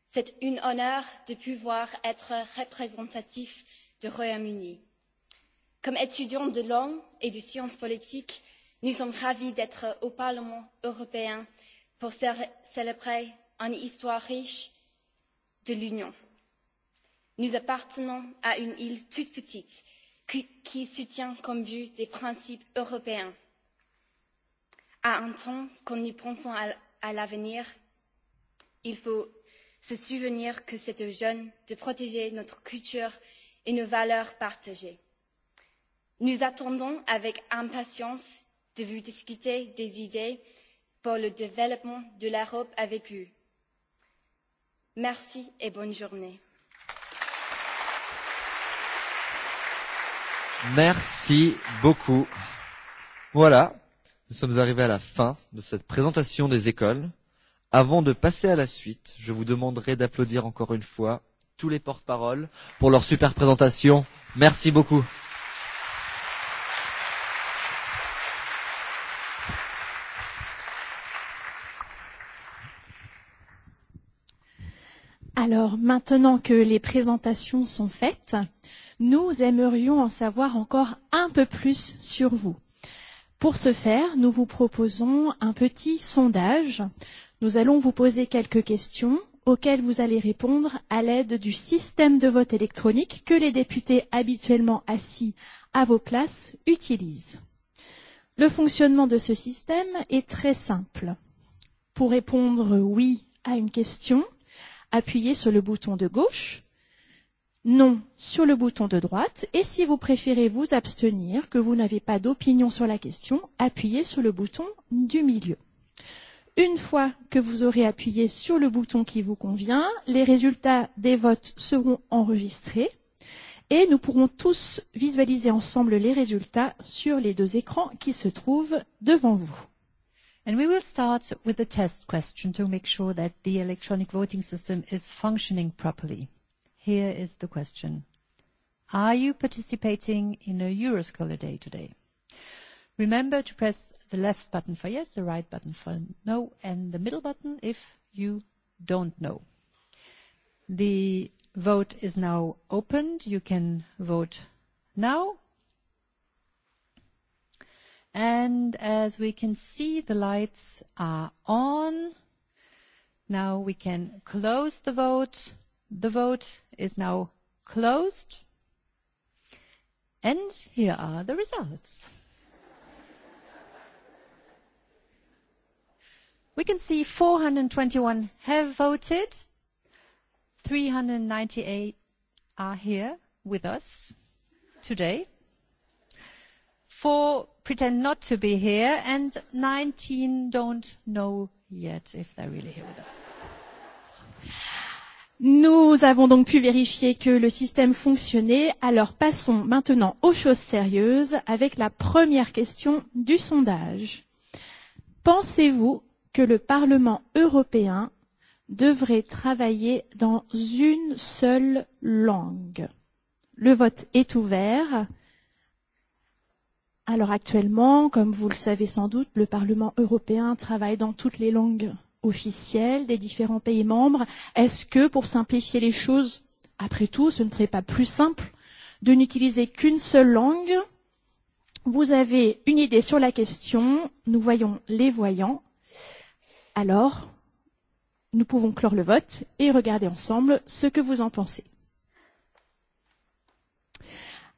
Speaker 1: C'est un honneur de pouvoir être représentatif du Royaume-Uni. Comme étudiants de langue et de sciences politiques, nous sommes ravis d'être au Parlement européen pour célébrer une histoire riche de l'Union nous appartenons à une île toute petite qui soutient comme vue des principes européens. À un temps quand nous pensons à l'avenir, il faut se souvenir que c'est aux jeunes de protéger notre culture et nos valeurs partagées. Nous attendons avec impatience de vous discuter des idées pour le développement de l'Europe avec vous. Merci et bonne journée.
Speaker 3: Merci beaucoup. Voilà, nous sommes arrivés à la fin de cette présentation des écoles. Avant de passer à la suite, je vous demanderai d'applaudir encore une fois tous les porte-paroles pour leur super présentation. Merci beaucoup.
Speaker 17: Alors, maintenant que les présentations sont faites, euh, nous aimerions en savoir encore un peu plus sur vous. Pour ce faire, nous vous proposons un petit sondage. Nous allons vous poser quelques questions auxquelles vous allez répondre à l'aide du système de vote électronique que les députés habituellement assis à vos places utilisent. Le fonctionnement de ce système est très simple. Pour répondre oui à une question, appuyez sur le bouton de gauche non sur le bouton de droite et si vous préférez vous abstenir, que vous n'avez pas d'opinion sur la question, appuyez sur le bouton du milieu. Une fois que vous aurez appuyé sur le bouton qui vous convient, les résultats des votes seront enregistrés et nous pourrons tous visualiser ensemble les résultats sur les deux écrans qui se trouvent devant vous. And we will start with the test question to make sure that the electronic voting system is
Speaker 18: functioning properly. Here is the question: Are you participating in a Euroscholar Day today? Remember to press the left button for yes, the right button for no, and the middle button if you don't know. The vote is now opened. You can vote now. As we can see, the lights are on. Now we can close the vote. The vote is now closed. Here are the results. We can see 421 have voted, 398 are here with us today. Four pretend not to be here, and 19 don't know yet if they're really here with us.
Speaker 17: Nous avons donc pu vérifier que le système fonctionnait. Alors passons maintenant aux choses sérieuses avec la première question du sondage. Pensez-vous que le Parlement européen devrait travailler dans une seule langue Le vote est ouvert. Alors actuellement, comme vous le savez sans doute, le Parlement européen travaille dans toutes les langues officielle des différents pays membres Est-ce que, pour simplifier les choses, après tout, ce ne serait pas plus simple de n'utiliser qu'une seule langue Vous avez une idée sur la question. Nous voyons les voyants. Alors, nous pouvons clore le vote et regarder ensemble ce que vous en pensez.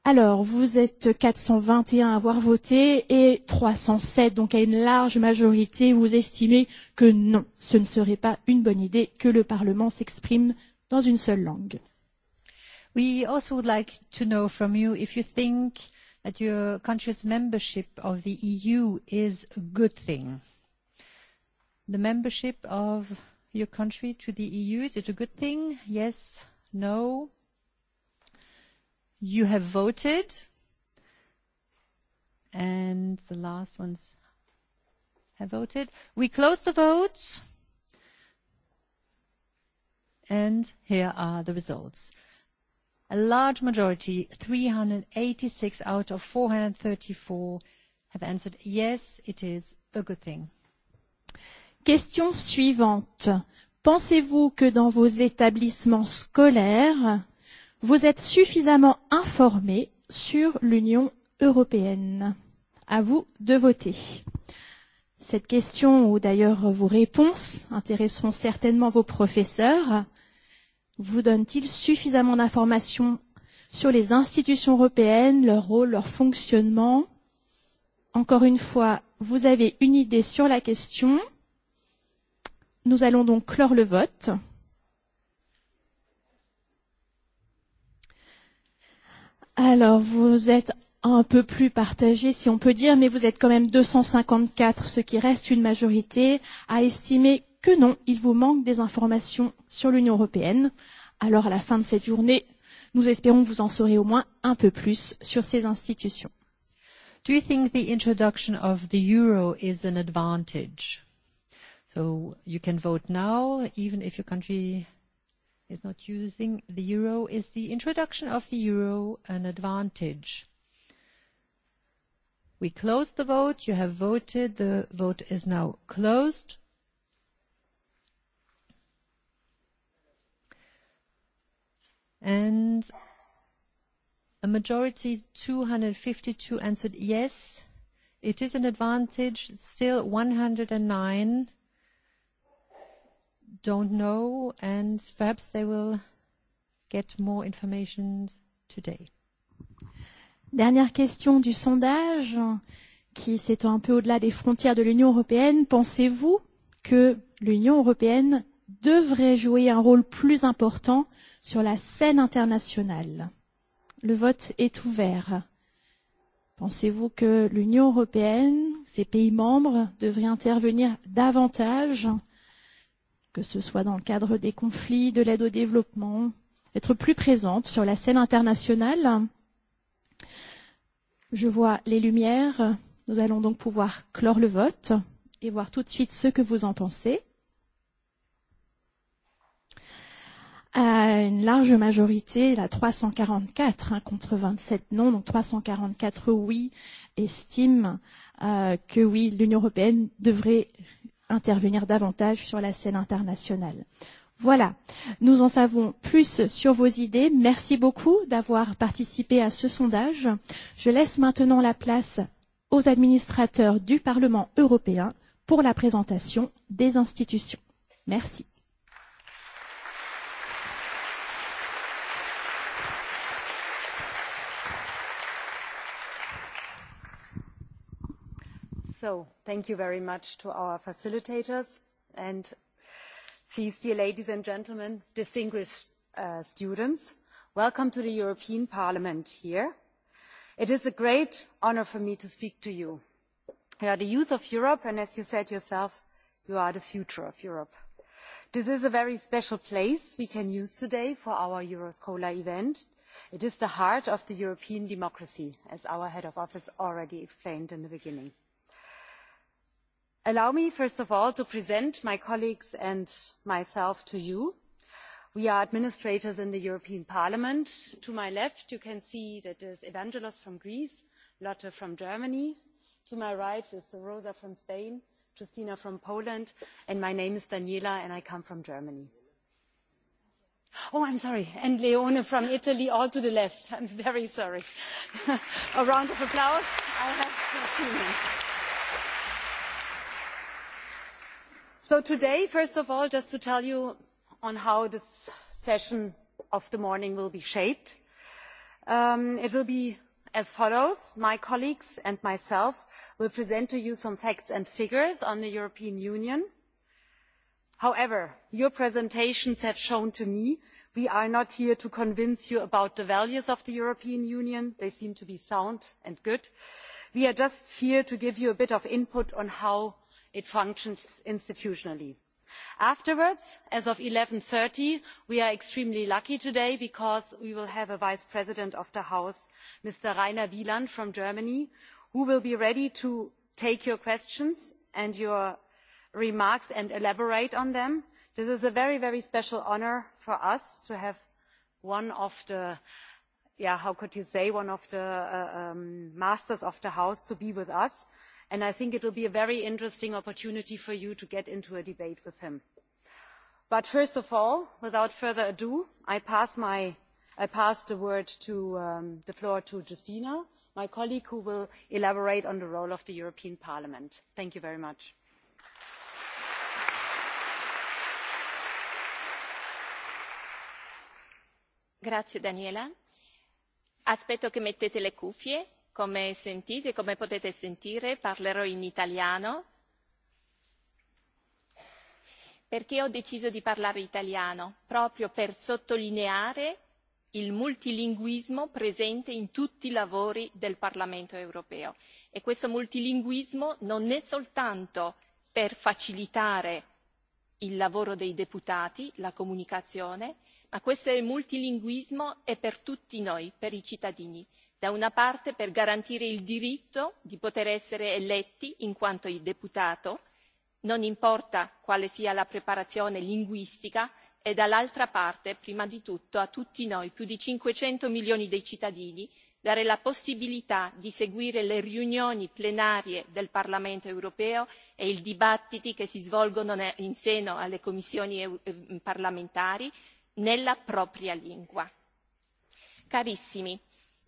Speaker 17: Alors, vous êtes 421 à avoir voté et 307, donc à une large majorité, vous estimez que non, ce ne serait pas une bonne idée que le Parlement s'exprime dans une seule langue.
Speaker 18: We also would like to know from you if you think that your country's membership of the EU is a good thing. The membership of your country to the EU, is it a good thing? Yes, no you have voted. And the last ones have voted. We close the votes. And here are the results. A large majority, 386 out of 434, have answered yes, it is a good thing.
Speaker 17: Question suivante. Pensez-vous que dans vos établissements scolaires, vous êtes suffisamment informé sur l'Union européenne. À vous de voter. Cette question ou d'ailleurs vos réponses intéresseront certainement vos professeurs. Vous donnent-ils suffisamment d'informations sur les institutions européennes, leur rôle, leur fonctionnement Encore une fois, vous avez une idée sur la question. Nous allons donc clore le vote. Alors, vous êtes un peu plus partagé, si on peut dire, mais vous êtes quand même 254, ce qui reste une majorité, à estimer que non, il vous manque des informations sur l'Union européenne. Alors, à la fin de cette journée, nous espérons que vous en saurez au moins un peu plus sur ces institutions. Do you think the introduction of the euro is an
Speaker 18: advantage? So you can vote now, even if your country is not using the euro, is the introduction of the euro an advantage? We closed the vote. You have voted. The vote is now closed. A majority, 252, answered yes. It is an advantage. Still, 109 don't know, and perhaps they will get more
Speaker 17: information today. Dernière question du sondage, qui s'étend un peu au-delà des frontières de l'Union européenne. Pensez-vous que l'Union européenne devrait jouer un rôle plus important sur la scène internationale Le vote est ouvert. Pensez-vous que l'Union européenne, ses pays membres, devraient intervenir davantage que ce soit dans le cadre des conflits, de l'aide au développement, être plus présente sur la scène internationale. Je vois les lumières. Nous allons donc pouvoir clore le vote et voir tout de suite ce que vous en pensez. À euh, une large majorité, la 344 hein, contre 27 non, donc 344 oui estiment euh, que oui, l'Union européenne devrait intervenir davantage sur la scène internationale. Voilà, nous en savons plus sur vos idées. Merci beaucoup d'avoir participé à ce sondage. Je laisse maintenant la place aux administrateurs du Parlement européen pour la présentation des institutions. Merci.
Speaker 19: thank you very much to our facilitators and please dear ladies and gentlemen distinguished uh, students welcome to the european parliament here. it is a great honour for me to speak to you. you are the youth of europe and as you said yourself you are the future of europe. this is a very special place we can use today for our euroscola event. it is the heart of the european democracy as our head of office already explained in the beginning allow me first of all to present my colleagues and myself to you. We are administrators in the European Parliament. To my left, you can see that is Evangelos from Greece, Lotte from Germany. To my right is Rosa from Spain, Justina from Poland, and my name is Daniela, and I come from Germany. Oh, I'm sorry. And Leone from Italy, all to the left. I'm very sorry. A round of applause. I
Speaker 12: have to
Speaker 19: today first of all just to tell you how this session of the morning will be shaped um, it will be as follows my colleagues and myself will present to you some facts and figures on the european union. however your presentations have shown to me that we are not here to convince you about the values of the european union they seem to be sound and good we are just here to give you a bit of input on how it functions institutionally. afterwards as of. eleven thirty we are extremely lucky today because we will have a vice president of the house mr rainer wieland from germany who will be ready to take your questions and your remarks and elaborate on them. this is a very very special honour for us to have one of the yeah how could you say one of the uh, um, masters of the house to be with us and i think it will be a very interesting opportunity for you to get into a debate with him. but first of all without further ado i pass um, the floor to justina my colleague who will elaborate on the role of the european parliament. thank you very much.
Speaker 20: grazie daniela. aspetto che mettete le cuffie come sentite come potete sentire parlerò in italiano perché ho deciso di parlare italiano proprio per sottolineare il multilinguismo presente in tutti i lavori del Parlamento europeo e questo multilinguismo non è soltanto per facilitare il lavoro dei deputati, la comunicazione, ma questo è multilinguismo è per tutti noi, per i cittadini da una parte per garantire il diritto di poter essere eletti in quanto deputato non importa quale sia la preparazione linguistica e dall'altra parte prima di tutto a tutti noi più di cinquecento milioni di cittadini dare la possibilità di seguire le riunioni plenarie del parlamento europeo e i dibattiti che si svolgono in seno alle commissioni ehm, parlamentari nella propria lingua. carissimi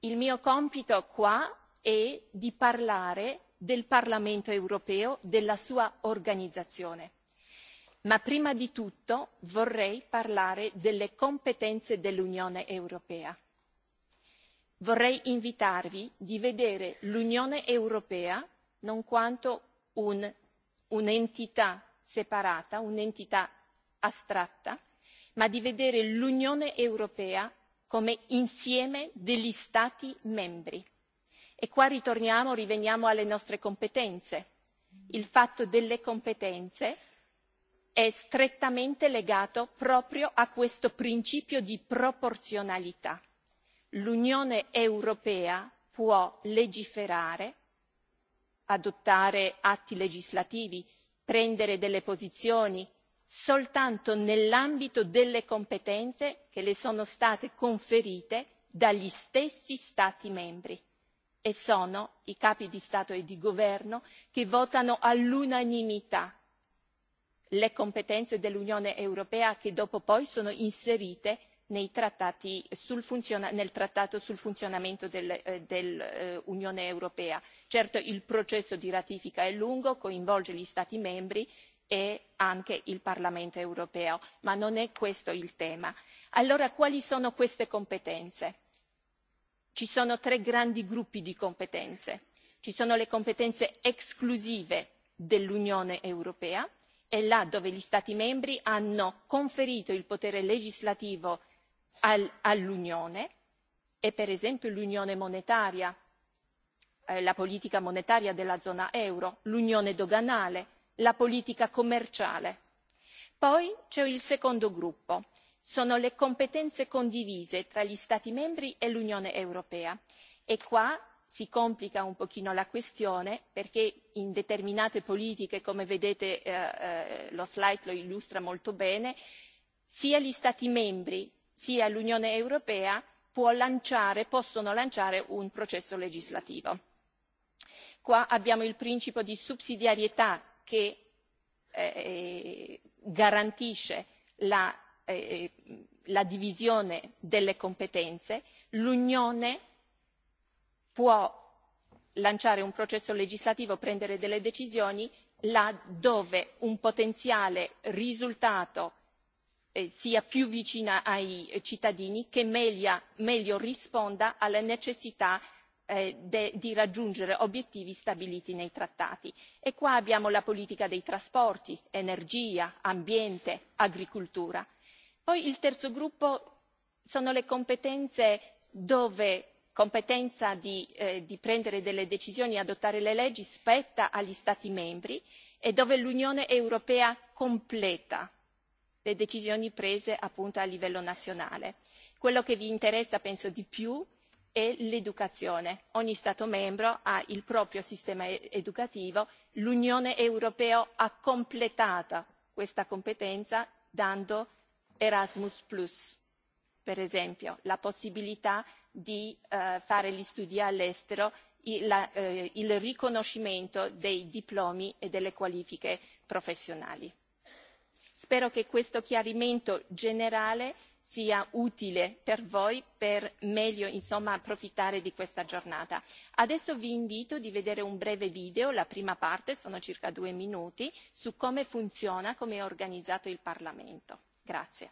Speaker 20: il mio compito qua è di parlare del parlamento europeo della sua organizzazione ma prima di tutto vorrei parlare delle competenze dell'unione europea. vorrei invitarvi a vedere l'unione europea non quanto un'entità separata un'entità astratta ma di vedere l'unione europea come insieme degli stati membri e qua ritorniamo riveniamo alle nostre competenze il fatto delle competenze è strettamente legato proprio a questo principio di proporzionalità l'unione europea può legiferare adottare atti legislativi prendere delle posizioni soltanto nell'ambito delle competenze che le sono state conferite dagli stessi stati membri e sono i capi di stato e di governo che votano all'unanimità le competenze dell'Unione Europea che dopo poi sono inserite nei trattati sul funziona- nel trattato sul funzionamento dell'Unione eh, del, eh, Europea. Certo il processo di ratifica è lungo, coinvolge gli stati membri, e anche il parlamento europeo ma non è questo il tema. allora quali sono queste competenze? ci sono tre grandi gruppi di competenze ci sono le competenze esclusive dell'unione europea e là dove gli stati membri hanno conferito il potere legislativo all'unione e per esempio l'unione monetaria eh, la politica monetaria della zona euro l'unione doganale la politica commerciale. poi c'è il secondo gruppo sono le competenze condivise tra gli stati membri e l'unione europea e qua si complica un pochino la questione perché in determinate politiche come vedete eh, eh, la slide lo illustra molto bene sia gli stati membri sia l'unione europea possono lanciare un processo legislativo. qua abbiamo il principio di sussidiarietà che eh, eh, garantisce eh, la divisione delle competenze l'unione può lanciare un processo legislativo prendere delle decisioni là dove un potenziale risultato sia più vicino ai cittadini che meglio risponda alle necessità Eh, di raggiungere obiettivi stabiliti nei trattati e qua abbiamo la politica dei trasporti energia ambiente agricoltura. poi il terzo gruppo sono le competenze dove la competenza eh, di prendere delle decisioni e adottare le leggi spetta agli stati membri e dove l'unione europea completa le decisioni prese appunto a livello nazionale. quello che vi interessa penso di più e l'educazione ogni stato membro ha il proprio sistema e-, educativo l'unione europea ha completato questa competenza dando erasmus per esempio la possibilità di eh, fare gli studi all'estero eh, il riconoscimento dei diplomi e delle qualifiche professionali spero che questo chiarimento generale sia utile per voi per meglio insomma approfittare di questa giornata. adesso vi invito a vedere un breve video la prima parte sono circa due minuti su come funziona come è organizzato il parlamento. grazie.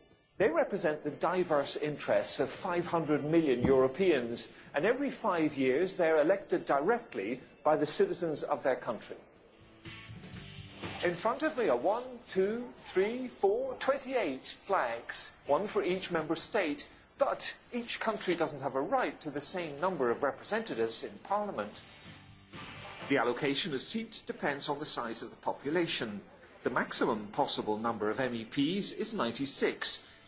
Speaker 21: They represent the diverse interests of 500 million Europeans, and every five years, they're elected directly by the citizens of their country. In front of me are one, two, three, four, 28 flags, one for each member state, but each country doesn't have a right to the same number of representatives in parliament. The allocation of seats depends on the size of the population. The maximum possible number of MEPs is 96,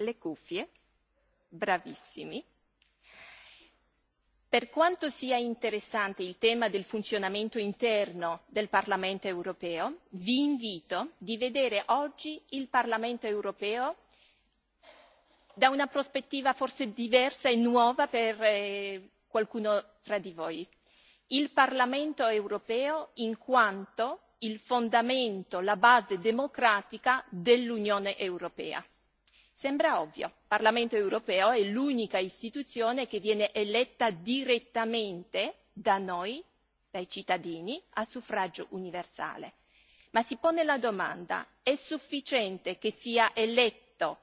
Speaker 20: le cuffie bravissimi per quanto sia interessante il tema del funzionamento interno del parlamento europeo vi invito a vedere oggi il parlamento europeo da una prospettiva forse diversa e nuova per eh, qualcuno tra di voi il parlamento europeo in quanto il fondamento la base democratica dell'unione europea sembra ovvio il parlamento europeo è l'unica istituzione che viene eletta direttamente da noi dai cittadini a suffragio universale ma si pone la domanda è sufficiente che sia eletto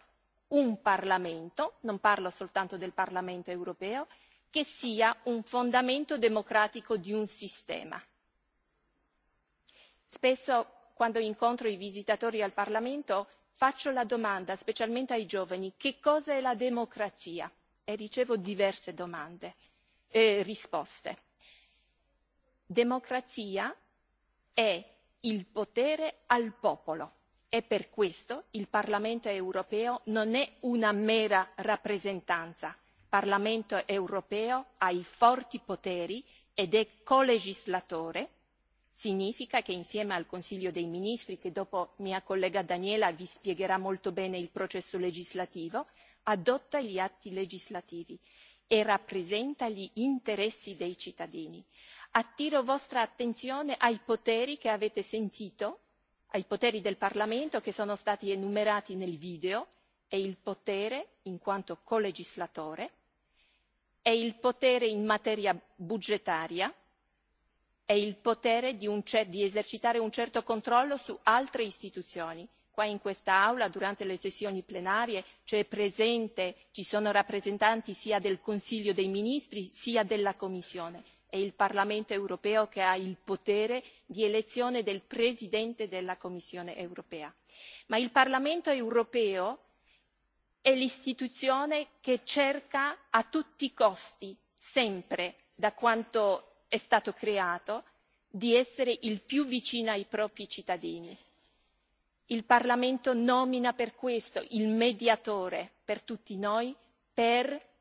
Speaker 20: un parlamento non parlo soltanto del parlamento europeo che sia un fondamento democratico di un sistema? spesso quando incontro i visitatori al parlamento faccio la domanda specialmente ai giovani che cosa è la democrazia e ricevo diverse domande e eh, risposte democrazia è il potere al popolo e per questo il parlamento europeo non è una mera rappresentanza il parlamento europeo ha i forti poteri ed è colegislatore significa che insieme al consiglio dei ministri che dopo mia collega daniela vi spiegherà molto bene il processo legislativo adotta gli atti legislativi e rappresenta gli interessi dei cittadini. Attiro vostra attenzione ai poteri che avete sentito, ai poteri del Parlamento che sono stati enumerati nel video, e il potere in quanto colegislatore, e il potere in materia budgetaria, è il potere di, un, di esercitare un certo controllo su altre istituzioni. Qua in quest'Aula, durante le sessioni plenarie, c'è presente, ci sono rappresentanti sia del Consiglio dei Ministri sia della Commissione. È il Parlamento europeo che ha il potere di elezione del Presidente della Commissione europea. Ma il Parlamento europeo è l'istituzione che cerca a tutti i costi, sempre, da quanto è stato creato di essere il più vicino ai propri cittadini. Il Parlamento nomina per questo il mediatore per tutti noi per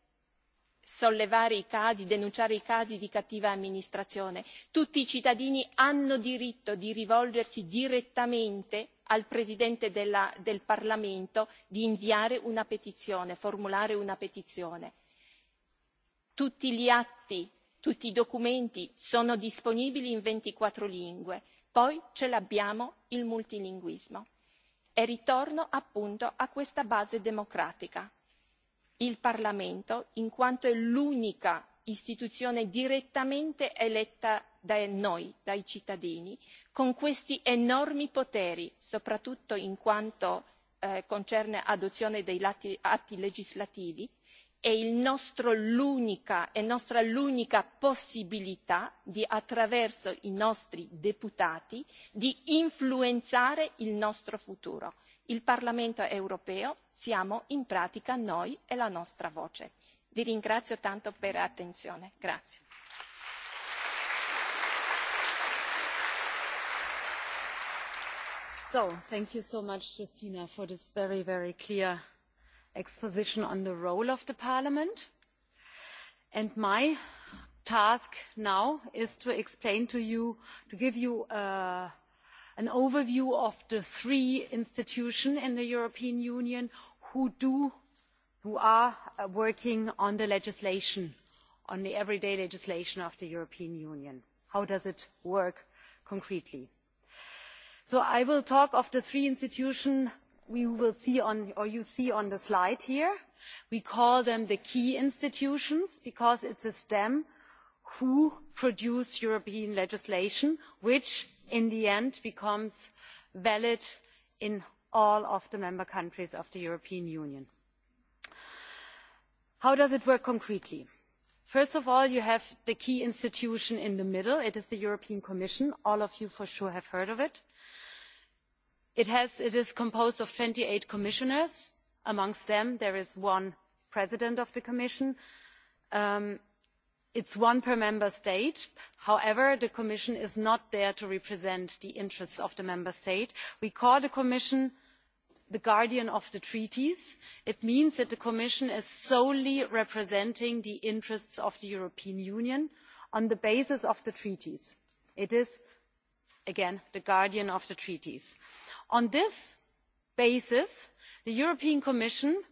Speaker 20: sollevare i casi, denunciare i casi di cattiva amministrazione. Tutti i cittadini hanno diritto di rivolgersi direttamente al Presidente della, del Parlamento, di inviare una petizione, formulare una petizione. Tutti gli atti tutti i documenti sono disponibili in ventiquattro lingue poi ce l'abbiamo il multilinguismo e ritorno appunto a questa base democratica il parlamento in quanto è l'unica istituzione direttamente eletta da noi dai cittadini con questi enormi poteri soprattutto in quanto eh, concerne adozione dei atti legislativi è l'unica nostra possibilità attraverso i nostri deputati di influenzare il nostro futuro. il parlamento europeo siamo in pratica noi e la nostra voce. vi ringrazio tanto per l'attenzione
Speaker 19: exposition on the role of parliament and my task now is to explain to you to give you uh, an overview of the three institutions in the european union who are uh, working on the legislation on the everyday legislation of the european union how does it work concretely? so i will talk of the three institutions we will see on or you see on the slide here. We call them the key institutions because it's a stem who produce European legislation, which in the end becomes valid in all of the member countries of the European Union. How does it work concretely? First of all, you have the key institution in the middle. It is the European Commission. All of you for sure have heard of it it is composed of twenty eight commissioners amongst them there is one president of the commission um, it is one per member state however the commission is not there to represent the interests of the member state. we call the commission the guardian of the treaties it means that the commission is solely representing the interests of the european union on the basis of the treaties it is again the guardian of the treaties on this basis the european commission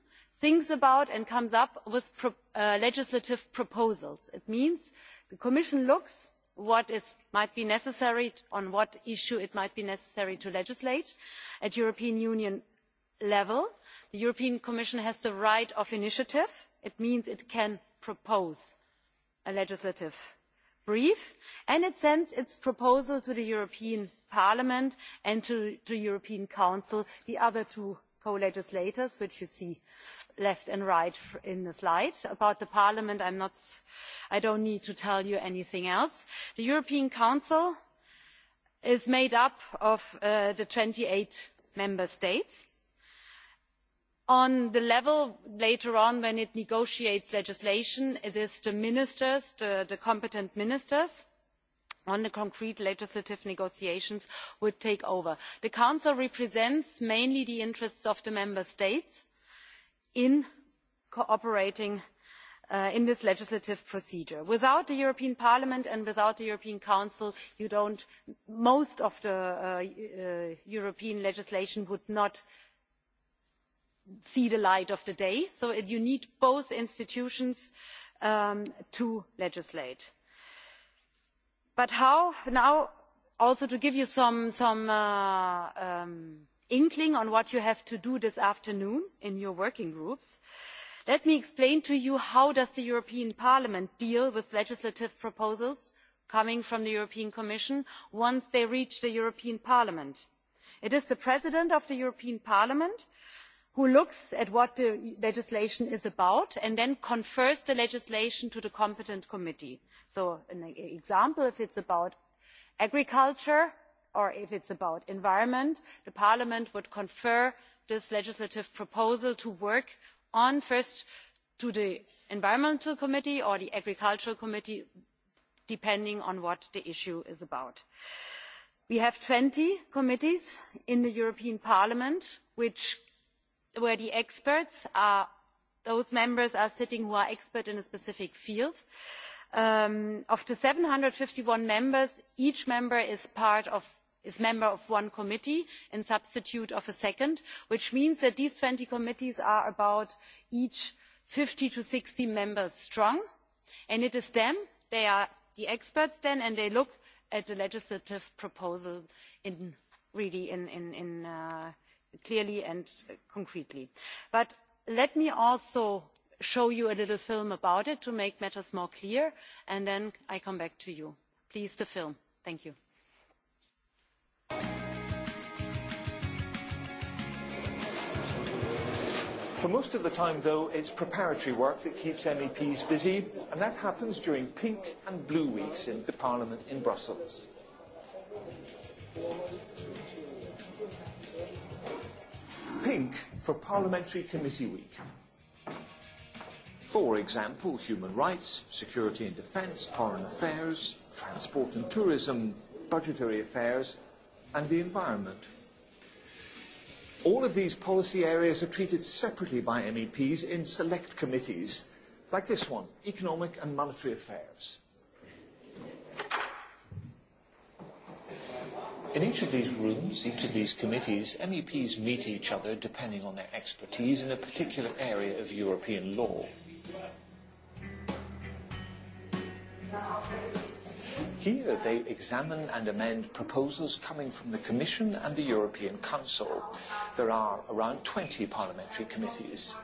Speaker 19: thinks about and comes up with pro uh, legislative proposals. it means the commission looks what is, might be necessary on what issue it might be necessary to legislate at european union level. the european commission has the right of initiative. it means it can propose a legislative uh, brief and it sends its proposal to the european parliament and to the european council the other two co legislators which you see left and right in the slide. about parliament i do not need to tell you anything else. the european council is made up of uh, the twenty eight member states on the level later on when it negotiates legislation it is the ministers the competent ministers on the concrete legislative negotiations who would take over. the council represents mainly the interests of the member states in cooperating uh, in this legislative procedure. without the european parliament and without the european council most of the uh, uh, european legislation would not see the light of the day so you need both institutions um, to legislate. But how now also to give you some, some uh, um, inkling on what you have to do this afternoon in your working groups, let me explain to you how does the European Parliament deal with legislative proposals coming from the European Commission once they reach the European Parliament. It is the President of the European Parliament who looks at what the legislation is about and then confers the legislation to the competent committee. So an example, if it's about agriculture or if it's about environment, the parliament would confer this legislative proposal to work on first to the environmental committee or the agricultural committee, depending on what the issue is about. We have 20 committees in the European Parliament which where the experts are those members are sitting who are expert in a specific field um, of the 751 members each member is part of is member of one committee in substitute of a second which means that these 20 committees are about each 50 to 60 members strong and it is them they are the experts then and they look at the legislative proposal in really in in, in uh, clearly and uh, concretely but let me also show you a little film about it to make matters more clear and then i come back to you. please the film. thank you.
Speaker 21: For most of the time, though, it's preparatory work that keeps MEPs busy, and that happens during pink and blue weeks in the Parliament in Brussels pink for Parliamentary Committee Week. For example, human rights, security and defence, foreign affairs, transport and tourism, budgetary affairs, and the environment. All of these policy areas are treated separately by MEPs in select committees, like this one, Economic and Monetary Affairs. In each of these rooms, each of these committees, MEPs meet each other depending on their expertise in a particular area of European law. Here they examine and amend proposals coming from the Commission and the European Council. There are around 20 parliamentary committees.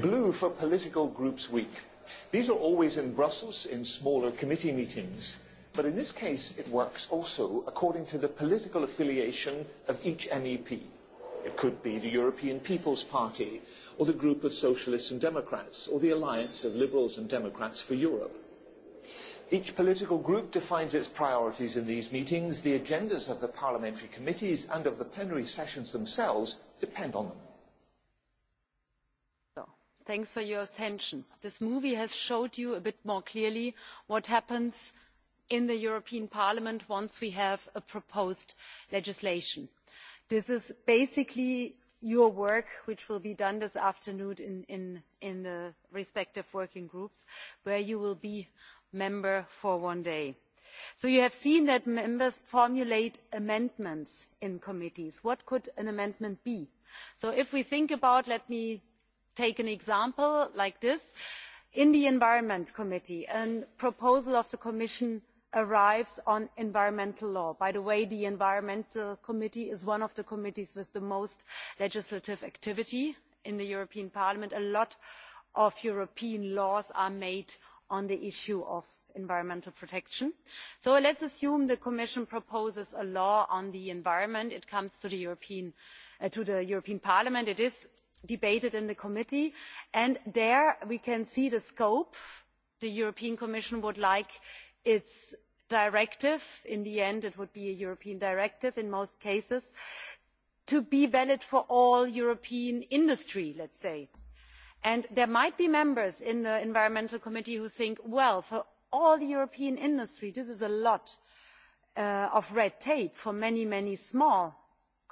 Speaker 21: blue for Political Groups Week. These are always in Brussels in smaller committee meetings, but in this case it works also according to the political affiliation of each MEP. It could be the European People's Party, or the Group of Socialists and Democrats, or the Alliance of Liberals and Democrats for Europe. Each political group defines its priorities in these meetings. The agendas of the parliamentary committees and of the plenary sessions themselves depend on them
Speaker 19: thanks for your attention. this movie has shown you a bit more clearly what happens in the european parliament once we have a proposed legislation. this is basically your work which will be done this afternoon in, in, in the respective working groups where you will be a member for one day. so you have seen that members formulate amendments in committees. what could an amendment be? so if we think about let take an example like this in the environment committee a proposal of the commission arrives on environmental law by the way the environmental committee is one of the committees with the most legislative activity in the european parliament a lot of european laws are made on the issue of environmental protection so let's assume the commission proposes a law on the environment it comes to the european uh, parliament it is debated in the committee and there we can see the scope the european commission would like its directive in the end it would be a european directive in most cases to be valid for all european industry let's say and there might be members in the environmental committee who think well for all the european industry this is a lot uh, of red tape for many many small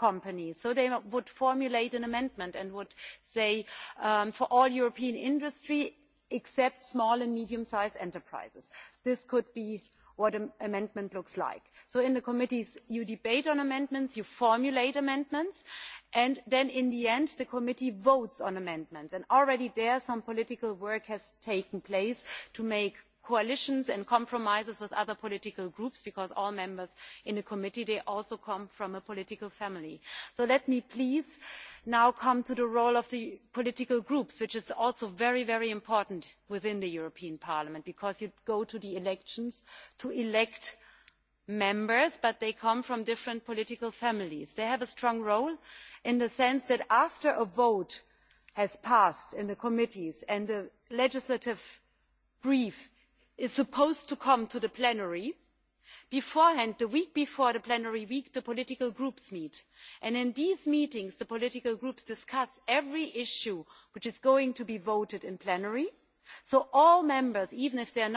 Speaker 19: companies so they would formulate an amendment and would say um, for all european industry except small and medium sized enterprises this could be what an amendment looks like so in the committees you debate on amendments you formulate amendments and then in the end the committee votes on amendments and already there some political work has taken place to make coalitions and compromises with other political groups because all members in the committee also come from a political family. so let me please now come to the role of the political groups which is also very very important within the european parliament because you go to the elections to elect members but they come from different political families. they have a strong role in the sense that after a vote has passed in the committees and the legislative brief is supposed to come to the plenary beforehand the week before the plenary week the political groups meet and in these meetings the political groups discuss every issue which is going to be voted in plenary so all members even if they are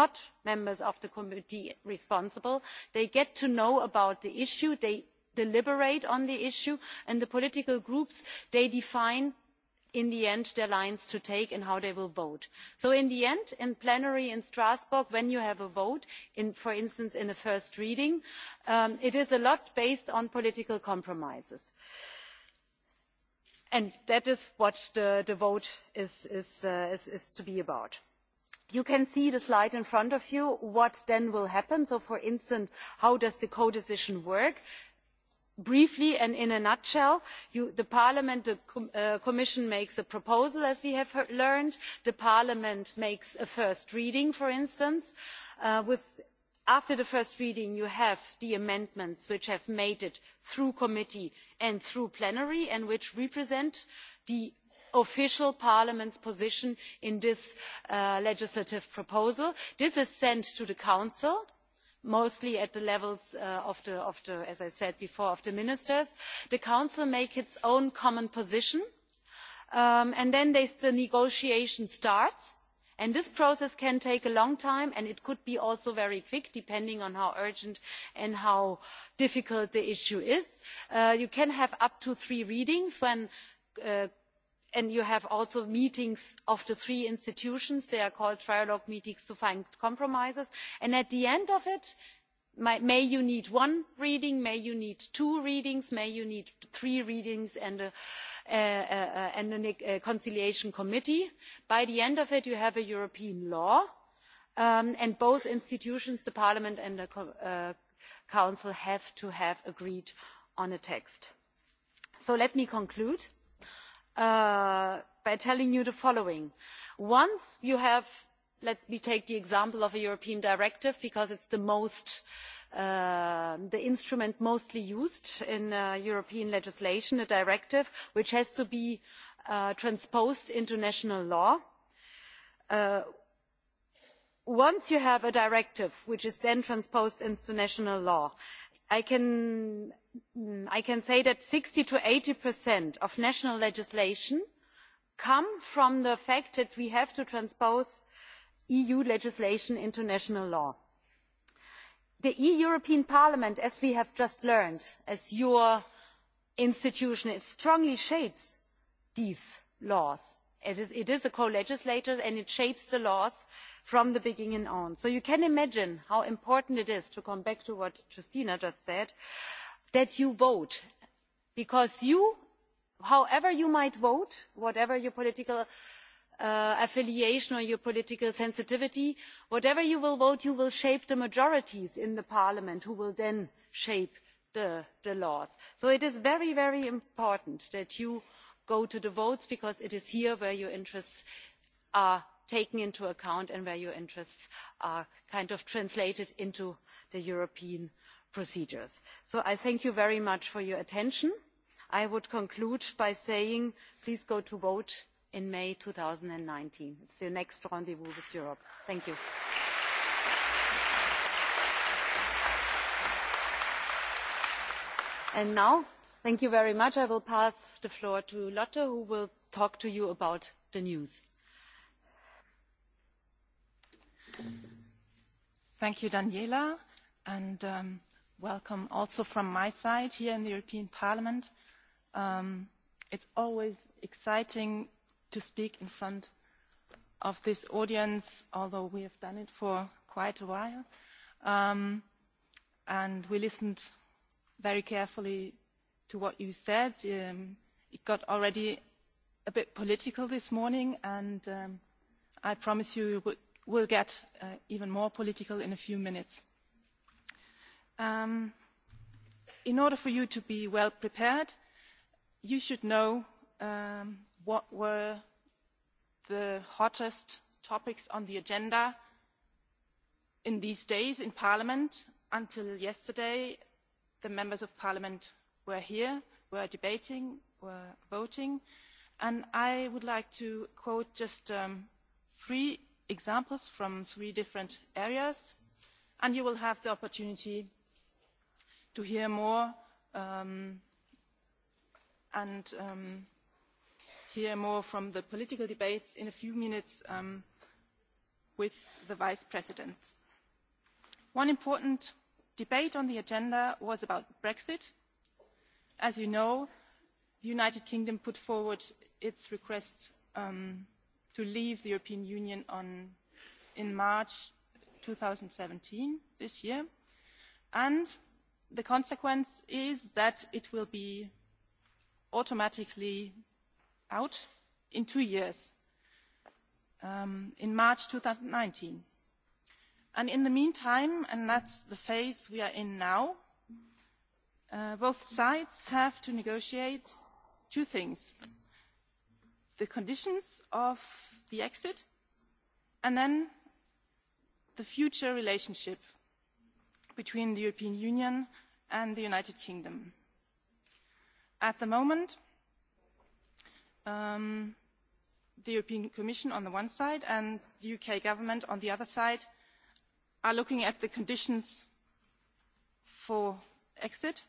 Speaker 19: not members of the committee responsible they get to know about the issue they deliberate on the issue and the political groups they define in the end their lines to take and how they will vote. so in the end in plenary in strasbourg when you have a vote for instance in the first reading um, it is a lot based on political compromises and that is what the vote uh, is to be about. you can see the slide in front of you what then will happen so for instance how does the codecision work? briefly and in a nutshell parliament the uh, commission makes a proposal as we have learned parliament makes a first reading for instance uh, after the first reading you have the amendments which have made it through committee and through plenary and which represent the official parliament's position in this uh, legislative proposal. this is sent to the council mostly at the level uh, as i said before of the ministers. the council makes its own common position um, and then the negotiation starts and this process can take a long time and it could be also very quick depending on how urgent and how difficult the issue is. Uh, you can have up to three readings when uh, and you have also meetings of the three institutions they are called trilogue meetings to find compromises and at the end of it may you need one reading may you need two readings may you need three readings and a conciliation committee by the end of it you have a european law um, and both institutions the parliament and the uh, council have to have agreed on a text. so let me conclude. Uh, by telling you the following once you have let me take the example of a european directive because it is uh, the instrument most used in uh, european legislation a directive which has to be transposed into national law once you have a directive which is then transposed into national law i can Mm, i can say that sixty to eighty of national legislation comes from the fact that we have to transpose eu legislation into national law. the e european parliament as we have just learned as your institution it strongly shapes these laws. it is, it is a co legislator and it shapes the laws from the beginning on. so you can imagine how important it is to come back to what justina just said that you vote because you however you might vote whatever your political uh, affiliation or your political sensitivity whatever you will vote you will shape the majorities in the parliament who will then shape the laws. so it is very very important that you go to the votes because it is here where your interests are taken into account and where your interests are kind of translated into the european procedures. So I thank you very much for your attention. I would conclude by saying, please go to vote in May 2019. It's your next rendezvous with Europe. Thank you. And now, thank you very much. I will pass the floor to Lotte, who will talk to you about the news.
Speaker 22: Thank you, Daniela. And um, welcome also from my side here in the european parliament. um it's always exciting to speak in front of this audience although we have done it for quite a while um and we listened very carefully to what you said um it got already a bit political this morning and um i promise you we'll get uh, even more political in a few minutes um, in order for you to be well prepared, you should know um, what were the hottest topics on the agenda in these days in Parliament. Until yesterday, the members of Parliament were here, were debating, were voting. And I would like to quote just um, three examples from three different areas. And you will have the opportunity to hear more um, and um, hear more from the political debates in a few minutes um, with the Vice President. One important debate on the agenda was about Brexit. As you know, the United Kingdom put forward its request um, to leave the European Union on, in March 2017, this year, and the consequence is that it will be automatically out in two years um, in march. two thousand and nineteen and in the meantime and that is the phase we are in now uh, both sides have to negotiate two things the conditions of the exit and then the future relationship between the european union and the united kingdom. at the moment um, the european commission on the one side and the uk government on the other side are looking at the conditions for exit.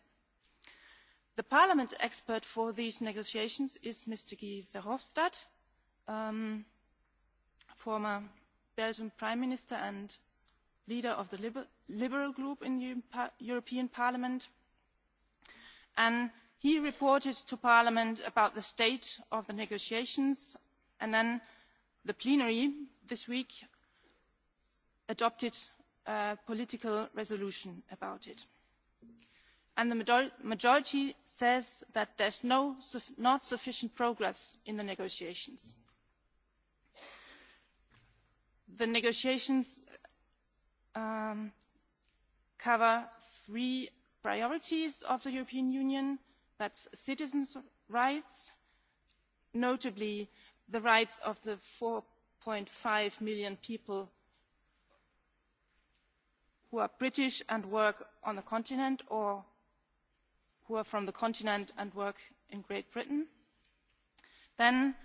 Speaker 22: the parliament's expert for these negotiations is mr guy verhofstadt um, former belgian prime minister leader of the liberal group in the european parliament and he reported to parliament about the state of the negotiations and then the plenary this week adopted a political resolution about it and the majority says that there is no not sufficient progress in the negotiations. the negotiations Um, cover three priorities of the european union citizens' rights notably the rights of the. four five million people who are british and work on the continent or who are from the continent and work in great britain then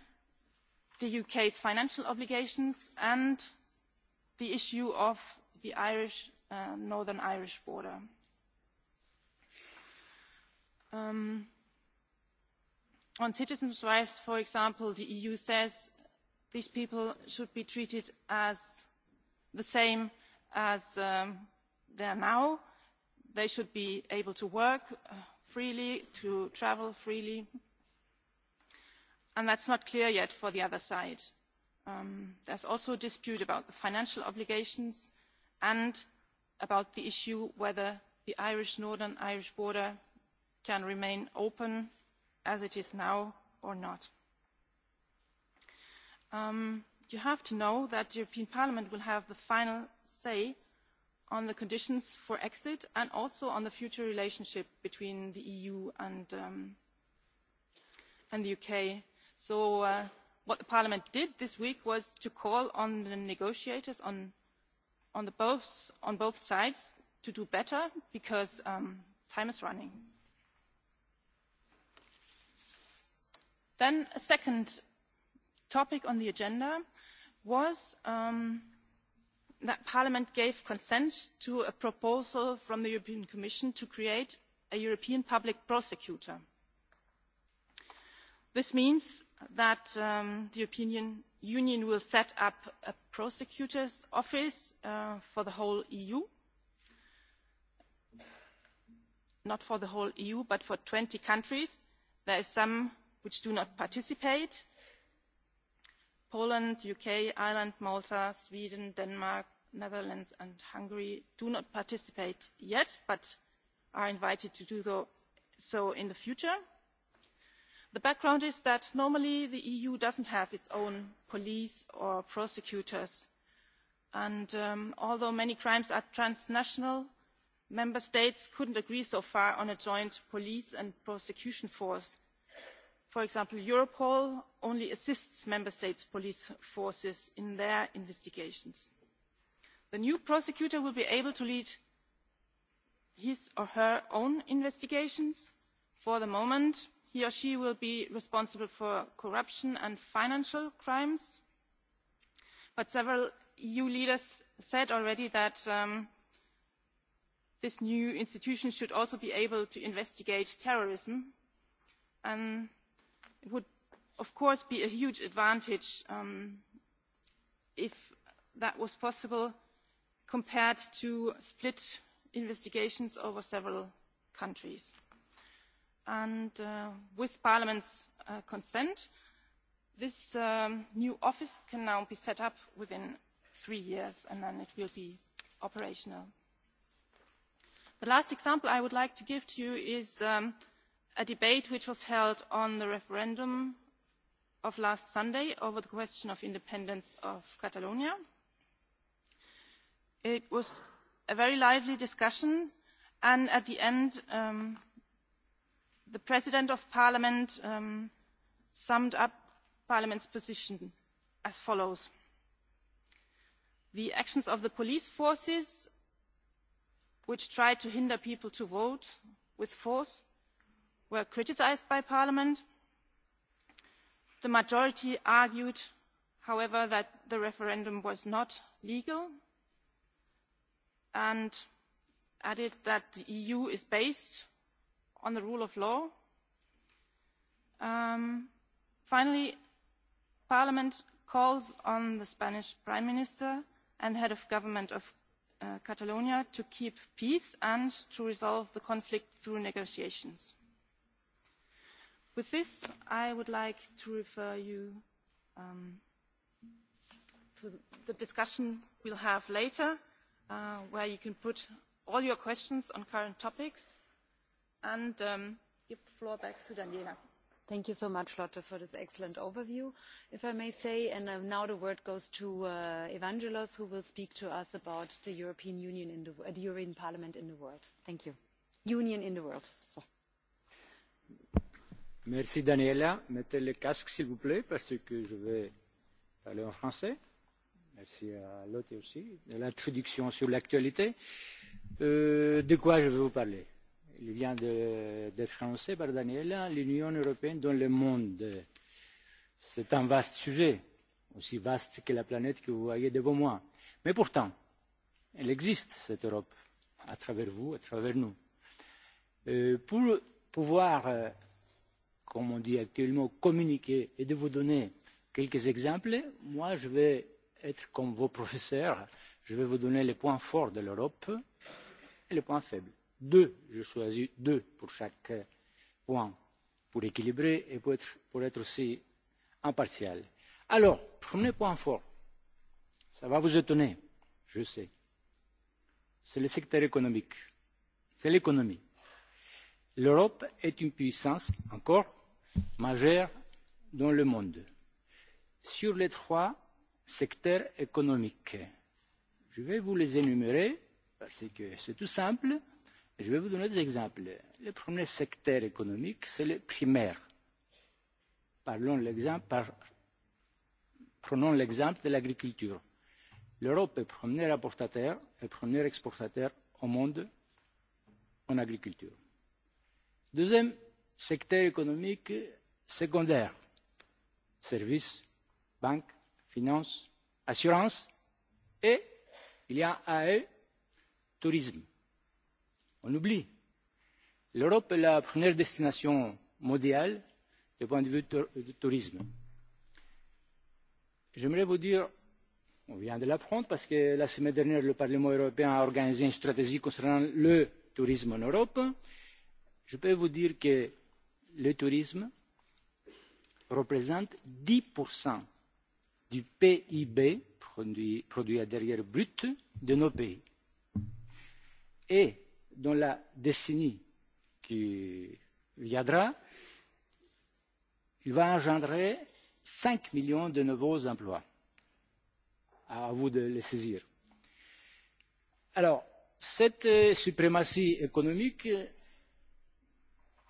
Speaker 22: the uk's financial obligations and the issue of the uh, northern irish border. Um, on citizens' rights for example the eu says these people should be treated the same as um, they are now they should be able to work uh, freely to travel freely and that is not clear yet for the other side. Um, there is also a dispute about the financial obligations and about the issue of whether the northern irish border can remain open as it is now or not. Um, you have to know that the european parliament will have the final say on the conditions for exit and also on the future relationship between the eu um, and the uk. so uh, what parliament did this week was to call on the negotiators on the both on both sides to do better because um, time is running. Then a second topic on the agenda was um, that Parliament gave consent to a proposal from the European Commission to create a European public prosecutor this means that um, the european union will set up a prosecutor's office uh, for the whole eu not for the whole eu but for 20 countries there are some which do not participate poland uk ireland malta sweden denmark netherlands and hungary do not participate yet but are invited to do so in the future the background is that normally the eu does not have its own police or prosecutors and um, although many crimes are transnational member states could not agree so far on a joint police and prosecution force. for example europol only assists member states' police forces in their investigations. the new prosecutor will be able to lead his or her own investigations. for the moment he or she will be responsible for corruption and financial crimes but several eu leaders said already that um, this new institution should also be able to investigate terrorism and it would of course be a huge advantage um, if that was possible compared to split investigations over several countries and uh, with parliament's uh, consent this um, new office can now be set up within three years and then it will be operational. the last example i would like to give to you is um, a debate which was held on the referendum of last sunday over the question of independence of catalonia. it was a very lively discussion and at the end um, the president of parliament um, summed up parliament's position as follows the actions of the police forces which tried to hinder people to vote with force were criticised by parliament. the majority argued however that the referendum was not legal and added that the eu is based on the rule of law. Um, finally parliament calls on the spanish prime minister and head of government of uh, catalonia to keep peace and to resolve the conflict through negotiations. with this i would like to refer you um, to the discussion we will have later uh, where you can put all your questions on current topics and um, give the floor back to
Speaker 19: daniela. thank you so much lotte for this excellent overview if i may say and uh, now the word goes to uh, evangelos who will speak to us about the european union in the uh, the european parliament in the world. thank you. union in the world.
Speaker 15: merci daniela. mettez le casque s'il vous plait parce que je vais parler en français. merci à lotte aussi de l'introduction sur l'actualité. Euh, de quoi je vais vous parler? il vient d'être annoncé par Daniela, l'Union européenne dans le monde. C'est un vaste sujet, aussi vaste que la planète que vous voyez devant moi. Mais pourtant, elle existe, cette Europe, à travers vous, à travers nous. Euh, pour pouvoir, euh, comme on dit actuellement, communiquer et de vous donner quelques exemples, moi, je vais être comme vos professeurs. Je vais vous donner les points forts de l'Europe et les points faibles deux j'ai choisi deux pour chaque point pour équilibrer et pour être aussi impartial. le premier point fort cela va vous étonner je sais c'est le secteur économique c'est l'économie. l'europe est une puissance encore majeure dans le monde. sur les trois secteurs économiques je vais vous les énumérer parce que c'est tout simple je vais vous donner des exemples. le premier secteur économique c'est le primaire. prenons l'exemple de l'agriculture. l'europe est premier importateur et premier exportateur au monde en agriculture. deuxième secteur économique secondaire services banques finances assurances et il y a à eux tourisme on oublie. l'europe est la première destination mondiale du point de vue du tourisme. j'aimerais vous dire on vient de l'apprendre parce que la semaine dernière le parlement européen a organisé une stratégie concernant le tourisme en europe je peux vous dire que le tourisme représente dix du pib produit intérieur brut de nos pays dans la décennie qui viendra, il va engendrer 5 millions de nouveaux emplois. À vous de les saisir. Alors, cette euh, suprématie économique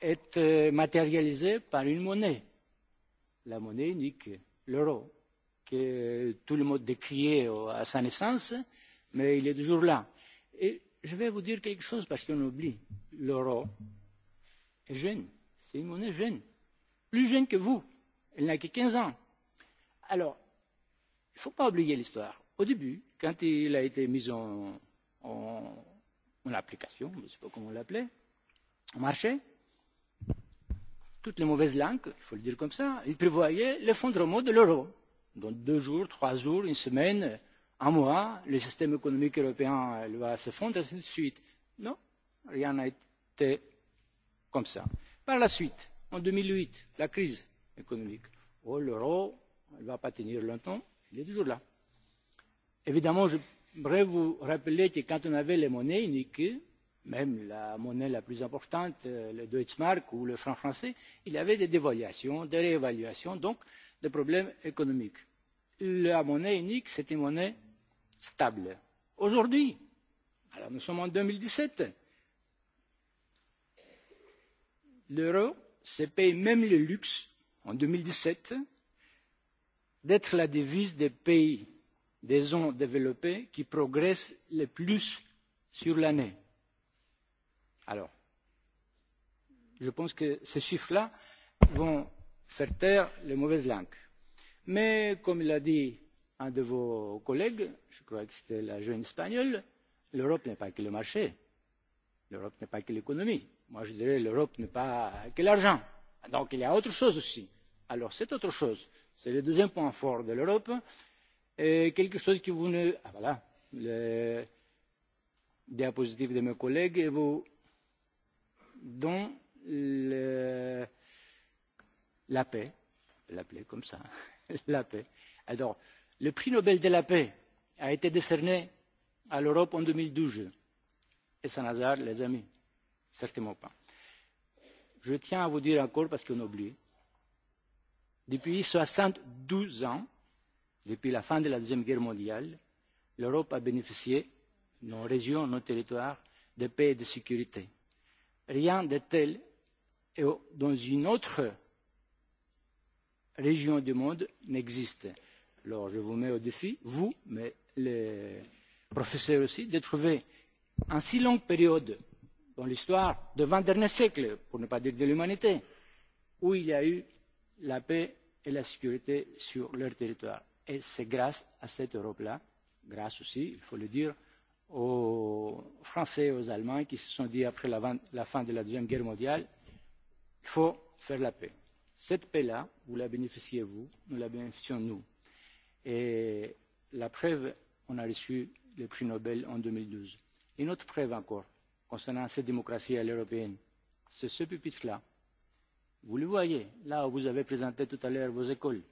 Speaker 15: est euh, matérialisée par une monnaie, la monnaie unique, l'euro, que tout le monde décriait à sa naissance, mais il est toujours là. Et je vais vous dire quelque chose parce qu'on oublie l'euro est jeune c'est une monnaie jeune plus jeune que vous elle n'a que 15 ans alors il ne faut pas oublier l'histoire au début quand il a été mis en, en, en application je ne sais pas comment on l'appelait au marché toutes les mauvaises langues, il faut le dire comme ça, ils prévoyaient l'effondrement de l'euro dans deux jours, trois jours, une semaine un mois, le système économique européen elle va s'effondrer, ainsi de suite. Non, rien n'a été comme ça. Par la suite, en 2008, la crise économique, oh, l'euro ne va pas tenir longtemps, il est toujours là. Évidemment, je voudrais vous rappeler que quand on avait les monnaies uniques, même la monnaie la plus importante, euh, le Deutschmark ou le franc français, il y avait des dévaluations, des réévaluations, donc des problèmes économiques. La monnaie unique, c'est une monnaie stable. Aujourd'hui, alors nous sommes en deux mille dix sept l'euro se paye même le luxe en deux mille dix sept d'être la devise des pays des zones développées qui progressent le plus sur l'année. Alors, je pense que ces chiffres là vont faire taire les mauvaises langues. Mais comme l'a dit un de vos collègues je crois que c'était la jeune espagnole l'europe n'est pas que le marché l'europe n'est pas que l'économie moi je dirais l'europe n'est pas que l'argent donc il y a autre chose aussi alors cette autre chose c'est le deuxième point fort de l'europe et quelque chose que vous ne ah, voilà le diapositive de mes collègues et vous dont le, la paix l'appeler comme ça la paix alors le prix nobel de la paix a été décerné à l'europe en deux mille douze et sans hasard les amis certainement pas. je tiens à vous dire encore parce qu'on oublie que depuis soixante douze ans depuis la fin de la deuxième guerre mondiale l'europe a bénéficié nos régions nos territoires de paix et de sécurité. rien de tel dans une autre région du monde n'existe. Alors je vous mets au défi, vous, mais les professeurs aussi, de trouver en si longue période dans l'histoire, de 20 derniers siècles, pour ne pas dire de l'humanité, où il y a eu la paix et la sécurité sur leur territoire. Et c'est grâce à cette Europe-là, grâce aussi, il faut le dire, aux Français et aux Allemands qui se sont dit, après la, la fin de la Deuxième Guerre mondiale, il faut faire la paix. Cette paix-là, vous la bénéficiez, vous, nous la bénéficions, nous. Et la preuve, on a reçu le prix Nobel en 2012. Une autre preuve encore concernant cette démocratie à l'européenne, c'est ce pupitre-là. Vous le voyez, là où vous avez présenté tout à l'heure vos écoles.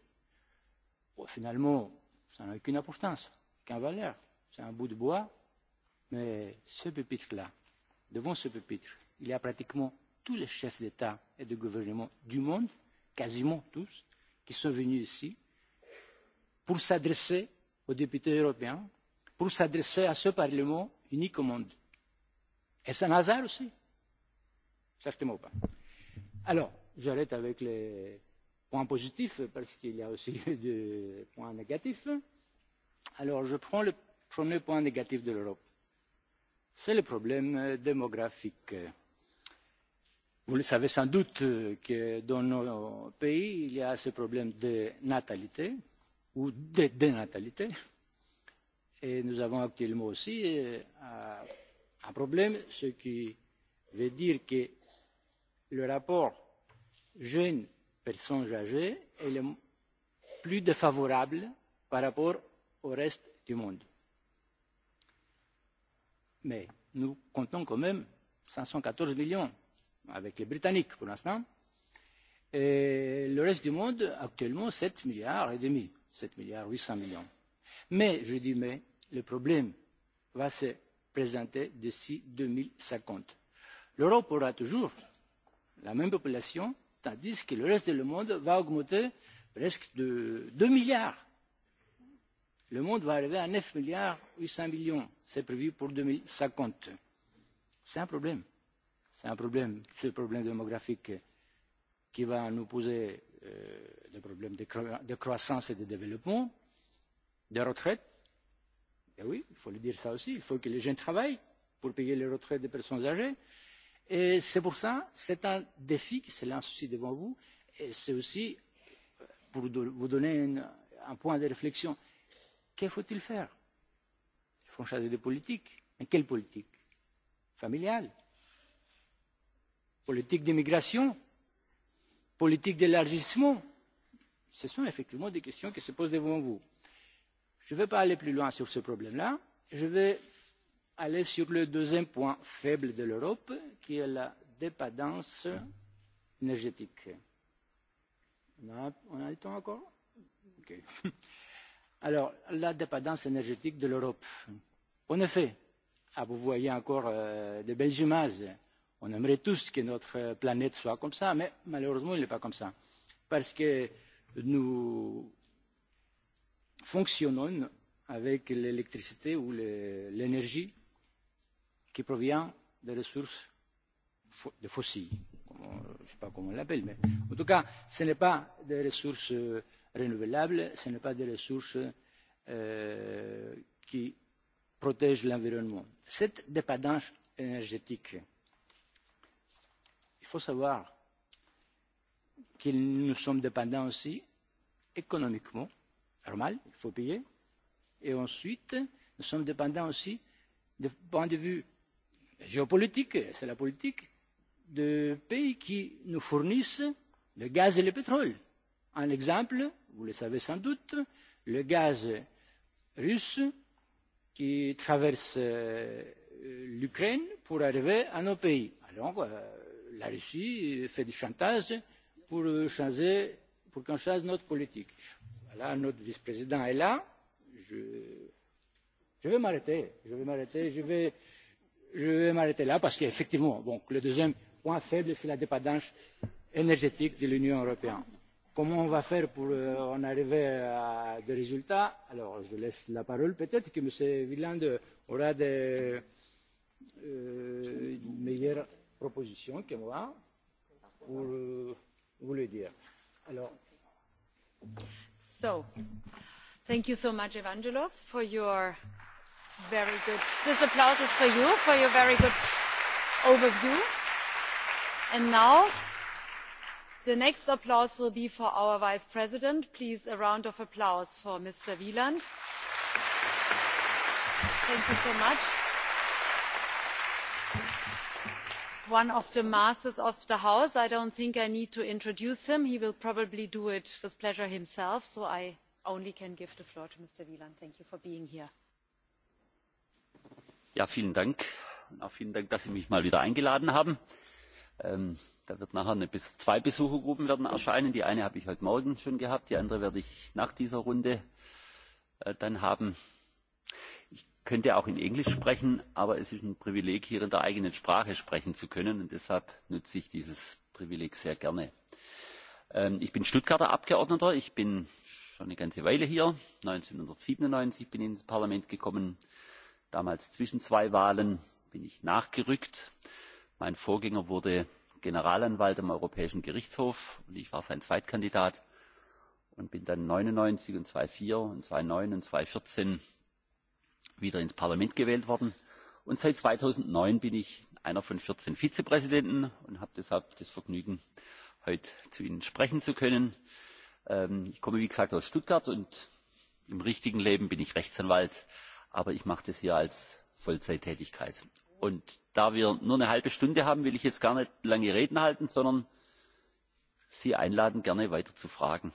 Speaker 15: Bon, finalement, ça n'a aucune importance, qu'un valeur. C'est un bout de bois. Mais ce pupitre-là, devant ce pupitre, il y a pratiquement tous les chefs d'État et de gouvernement du monde, quasiment tous, qui sont venus ici pour s'adresser aux députés européens, pour s'adresser à ce Parlement unique au monde. Et c'est un hasard aussi. Certainement pas. Alors, j'arrête avec les points positifs parce qu'il y a aussi des points négatifs. Alors, je prends le premier point négatif de l'Europe. C'est le problème démographique. Vous le savez sans doute que dans nos pays, il y a ce problème de natalité ou de dénatalité. Et nous avons actuellement aussi euh, un problème, ce qui veut dire que le rapport jeune personnes âgées est le plus défavorable par rapport au reste du monde. Mais nous comptons quand même 514 millions avec les Britanniques pour l'instant. Et le reste du monde, actuellement, 7 milliards et demi sept milliards huit cents millions. mais je dis mais le problème va se présenter d'ici deux mille cinquante l'europe aura toujours la même population tandis que le reste du monde va augmenter presque de deux milliards. le monde va arriver à neuf milliards huit cents millions c'est prévu pour. deux mille cinquante c'est un problème c'est un problème ce problème démographique qui va nous poser Euh, des problèmes de croissance et de développement, des retraites. Et eh oui, il faut le dire ça aussi, il faut que les jeunes travaillent pour payer les retraites des personnes âgées. Et c'est pour ça, c'est un défi qui se lance aussi devant vous. Et c'est aussi euh, pour vous donner une, un point de réflexion. Que faut-il faire Il faut changer de politique. Mais quelle politique Familiale Politique d'immigration politique d'élargissement ce sont effectivement des questions qui se posent devant vous. je ne vais pas aller plus loin sur ce problème là je vais aller sur le deuxième point faible de l'europe qui est la dépendance énergétique. on a le temps encore? alors la dépendance énergétique de l'europe en effet ah, vous voyez encore euh, de belles images on aimerait tous que notre planète soit comme ça mais malheureusement il n'est pas comme ça parce que nous fonctionnons avec l'électricité ou l'énergie qui provient des ressources de fossiles. Je ne sais pas comment on l'appelle, mais en tout cas, ce n'est pas des ressources euh, renouvelables, ce n'est pas des ressources euh, qui protègent l'environnement. Cette dépendance énergétique, euh, faut savoir que nous sommes dépendants aussi économiquement, normal, il faut payer, et ensuite nous sommes dépendants aussi du point de vue géopolitique, c'est la politique, de pays qui nous fournissent le gaz et le pétrole. Un exemple, vous le savez sans doute, le gaz russe qui traverse euh, l'Ukraine pour arriver à nos pays. Alors, euh, la Russie euh, fait du chantage pour euh, changer, pour qu'on change notre politique. Voilà, notre vice-président est là. Je, je vais m'arrêter. Je vais m'arrêter. Je vais, je vais m'arrêter là parce qu'effectivement, bon, le deuxième point faible, c'est la dépendance énergétique de l'Union européenne. Comment on va faire pour euh, en arriver à des résultats Alors, je laisse la parole. Peut-être que M. Villande aura des euh, meilleurs proposition que moi pour vous le dire. Alors.
Speaker 19: So, thank you so much, Evangelos, for your very good. This applause is for you for your very good overview. And now, the next applause will be for our Vice President. Please, a round of applause for Mr. Wieland. Thank you so much. one of the masters of the house i don't think i need to introduce him he will probably do it with pleasure himself so i can only give the floor to mr wieland. thank you for being here.
Speaker 23: Ja, vielen dank und auch vielen dank dass sie mich mal wieder eingeladen haben. Ähm, da werden nachher zwei besuchergruppen erscheinen. die eine habe ich heute morgen schon gehabt die andere werde ich nach dieser runde äh, dann haben könnte auch in Englisch sprechen, aber es ist ein Privileg, hier in der eigenen Sprache sprechen zu können. Und deshalb nutze ich dieses Privileg sehr gerne. Ähm, ich bin Stuttgarter Abgeordneter. Ich bin schon eine ganze Weile hier. 1997 bin ich ins Parlament gekommen. Damals zwischen zwei Wahlen bin ich nachgerückt. Mein Vorgänger wurde Generalanwalt am Europäischen Gerichtshof und ich war sein Zweitkandidat und bin dann 1999 und 2004 und 2009 und 2014 wieder ins parlament gewählt worden und seit zweitausendneun bin ich einer von vierzehn vizepräsidenten und habe deshalb das vergnügen heute zu ihnen sprechen zu können. Ähm, ich komme wie gesagt aus stuttgart und im richtigen leben bin ich rechtsanwalt aber ich mache das hier als vollzeittätigkeit. und da wir nur eine halbe stunde haben will ich jetzt gar nicht lange reden halten sondern sie einladen gerne weiter zu fragen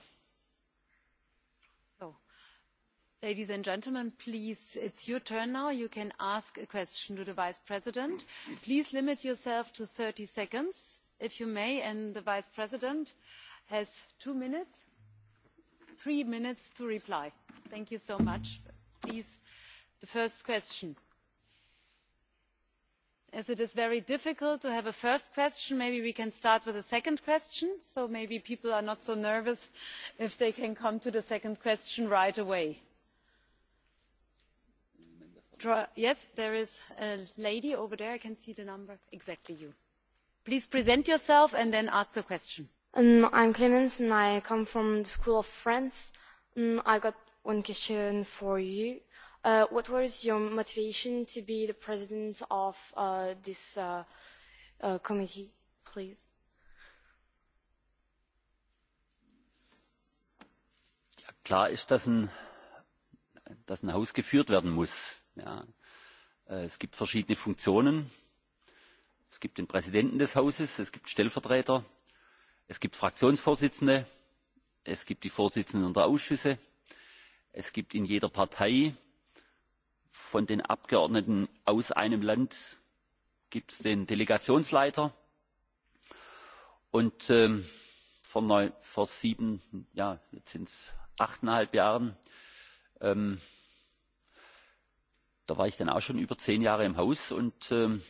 Speaker 19: ladies and gentlemen please it's your turn now you can ask a question to the vice president please limit yourself to thirty seconds if you may and the vice president has two minutes three minutes to reply thank you so much please the first question as it is very difficult to have a first question maybe we can start with a second question so maybe people are not so nervous if they can come to the second question right away yes there is a lady over there i can see the number exactly you please present yourself and then ask the question
Speaker 16: um, i'm clemens and i come from the school of france um, i got one question for you uh, what was your motivation to be the president of uh,
Speaker 5: this uh, uh, committee please
Speaker 23: ja, Klar ist, dass ein, dass ein Haus geführt werden muss. Ja. Äh, es gibt verschiedene Funktionen. Es gibt den Präsidenten des Hauses, es gibt Stellvertreter, es gibt Fraktionsvorsitzende, es gibt die Vorsitzenden der Ausschüsse, es gibt in jeder Partei von den Abgeordneten aus einem Land gibt es den Delegationsleiter. Und ähm, vor, neun, vor sieben, ja, jetzt sind es achteinhalb Jahren, ähm, Da war ich dann auch schon über zehn Jahre im Haus und ähm,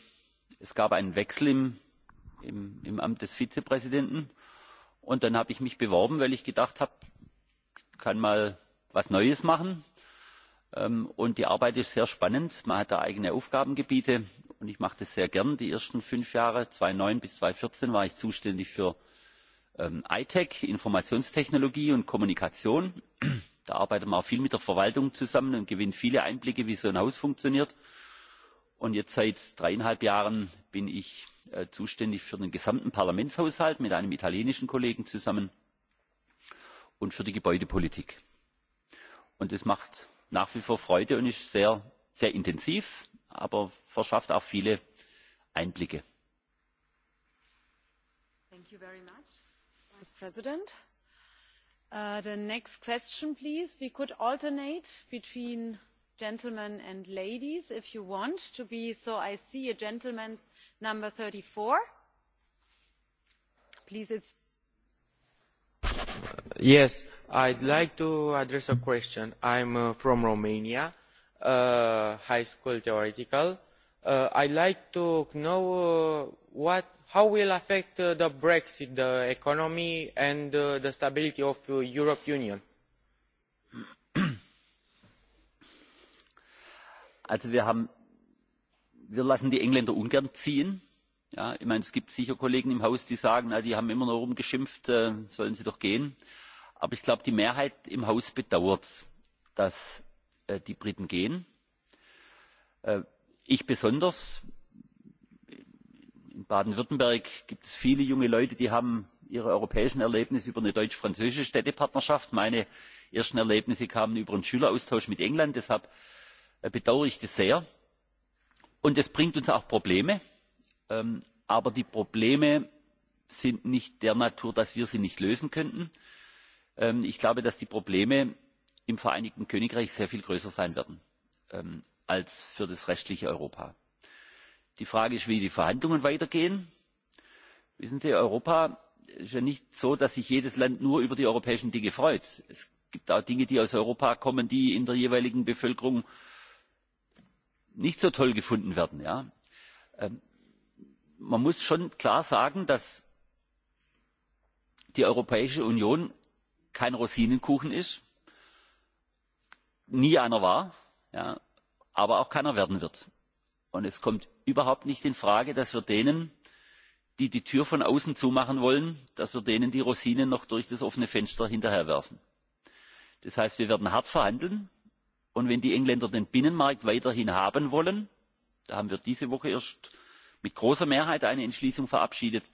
Speaker 23: es gab einen Wechsel im, im, im Amt des Vizepräsidenten. Und dann habe ich mich beworben, weil ich gedacht habe, kann mal was Neues machen. Ähm, und die Arbeit ist sehr spannend. Man hat da eigene Aufgabengebiete und ich mache das sehr gern. Die ersten fünf Jahre, 2009 bis 2014, war ich zuständig für ähm, ITEC, Informationstechnologie und Kommunikation da arbeitet man auch viel mit der verwaltung zusammen und gewinnt viele einblicke wie so ein haus funktioniert. jetzt seit dreieinhalb jahren bin ich äh, zuständig für den gesamten parlamentshaushalt mit einem italienischen kollegen zusammen und für die gebäudepolitik. das macht nach wie vor freude und ist sehr sehr intensiv aber verschafft auch viele einblicke.
Speaker 19: Uh, the next question, please. We could alternate between gentlemen and ladies if you want to be. So I see a gentleman number 34. Please, it's.
Speaker 10: Yes, I'd like to address a question. I'm uh, from Romania, uh, high school theoretical. I'd like to know what how will uh, brexit affect the economy and uh, the stability of the uh, european union?
Speaker 23: also wir lassen die engländer ungern ziehen. Ja, ich meine es gibt sicher kollegen im haus die sagen die haben immer nur rumgeschimpft äh, sollen sie doch gehen. aber ich glaube die mehrheit im haus bedauert dass äh, die briten gehen. Äh, ich besonders baden württemberg gibt es viele junge leute die haben ihre europäischen erlebnisse über eine deutsch französische städtepartnerschaft. meine ersten erlebnisse kamen über einen schüleraustausch mit england deshalb äh, bedauere ich das sehr. das bringt uns auch probleme ähm, aber die probleme sind nicht der natur dass wir sie nicht lösen könnten. Ähm, ich glaube dass die probleme im vereinigten königreich sehr viel größer sein werden ähm, als für das restliche europa die frage ist wie die verhandlungen weitergehen. wissen sie es ist ja nicht so dass sich jedes land nur über die europäischen dinge freut. es gibt auch dinge die aus europa kommen die in der jeweiligen bevölkerung nicht so toll gefunden werden. Ja. Ähm, man muss schon klar sagen dass die europäische union kein rosinenkuchen ist nie einer war ja, aber auch keiner werden wird. es kommt überhaupt nicht in frage dass wir denen die die tür von außen zumachen wollen die rosinen noch durch das offene fenster hinterherwerfen. das heißt wir werden hart verhandeln und wenn die engländer den binnenmarkt weiterhin haben wollen da haben wir diese woche erst mit großer mehrheit eine entschließung verabschiedet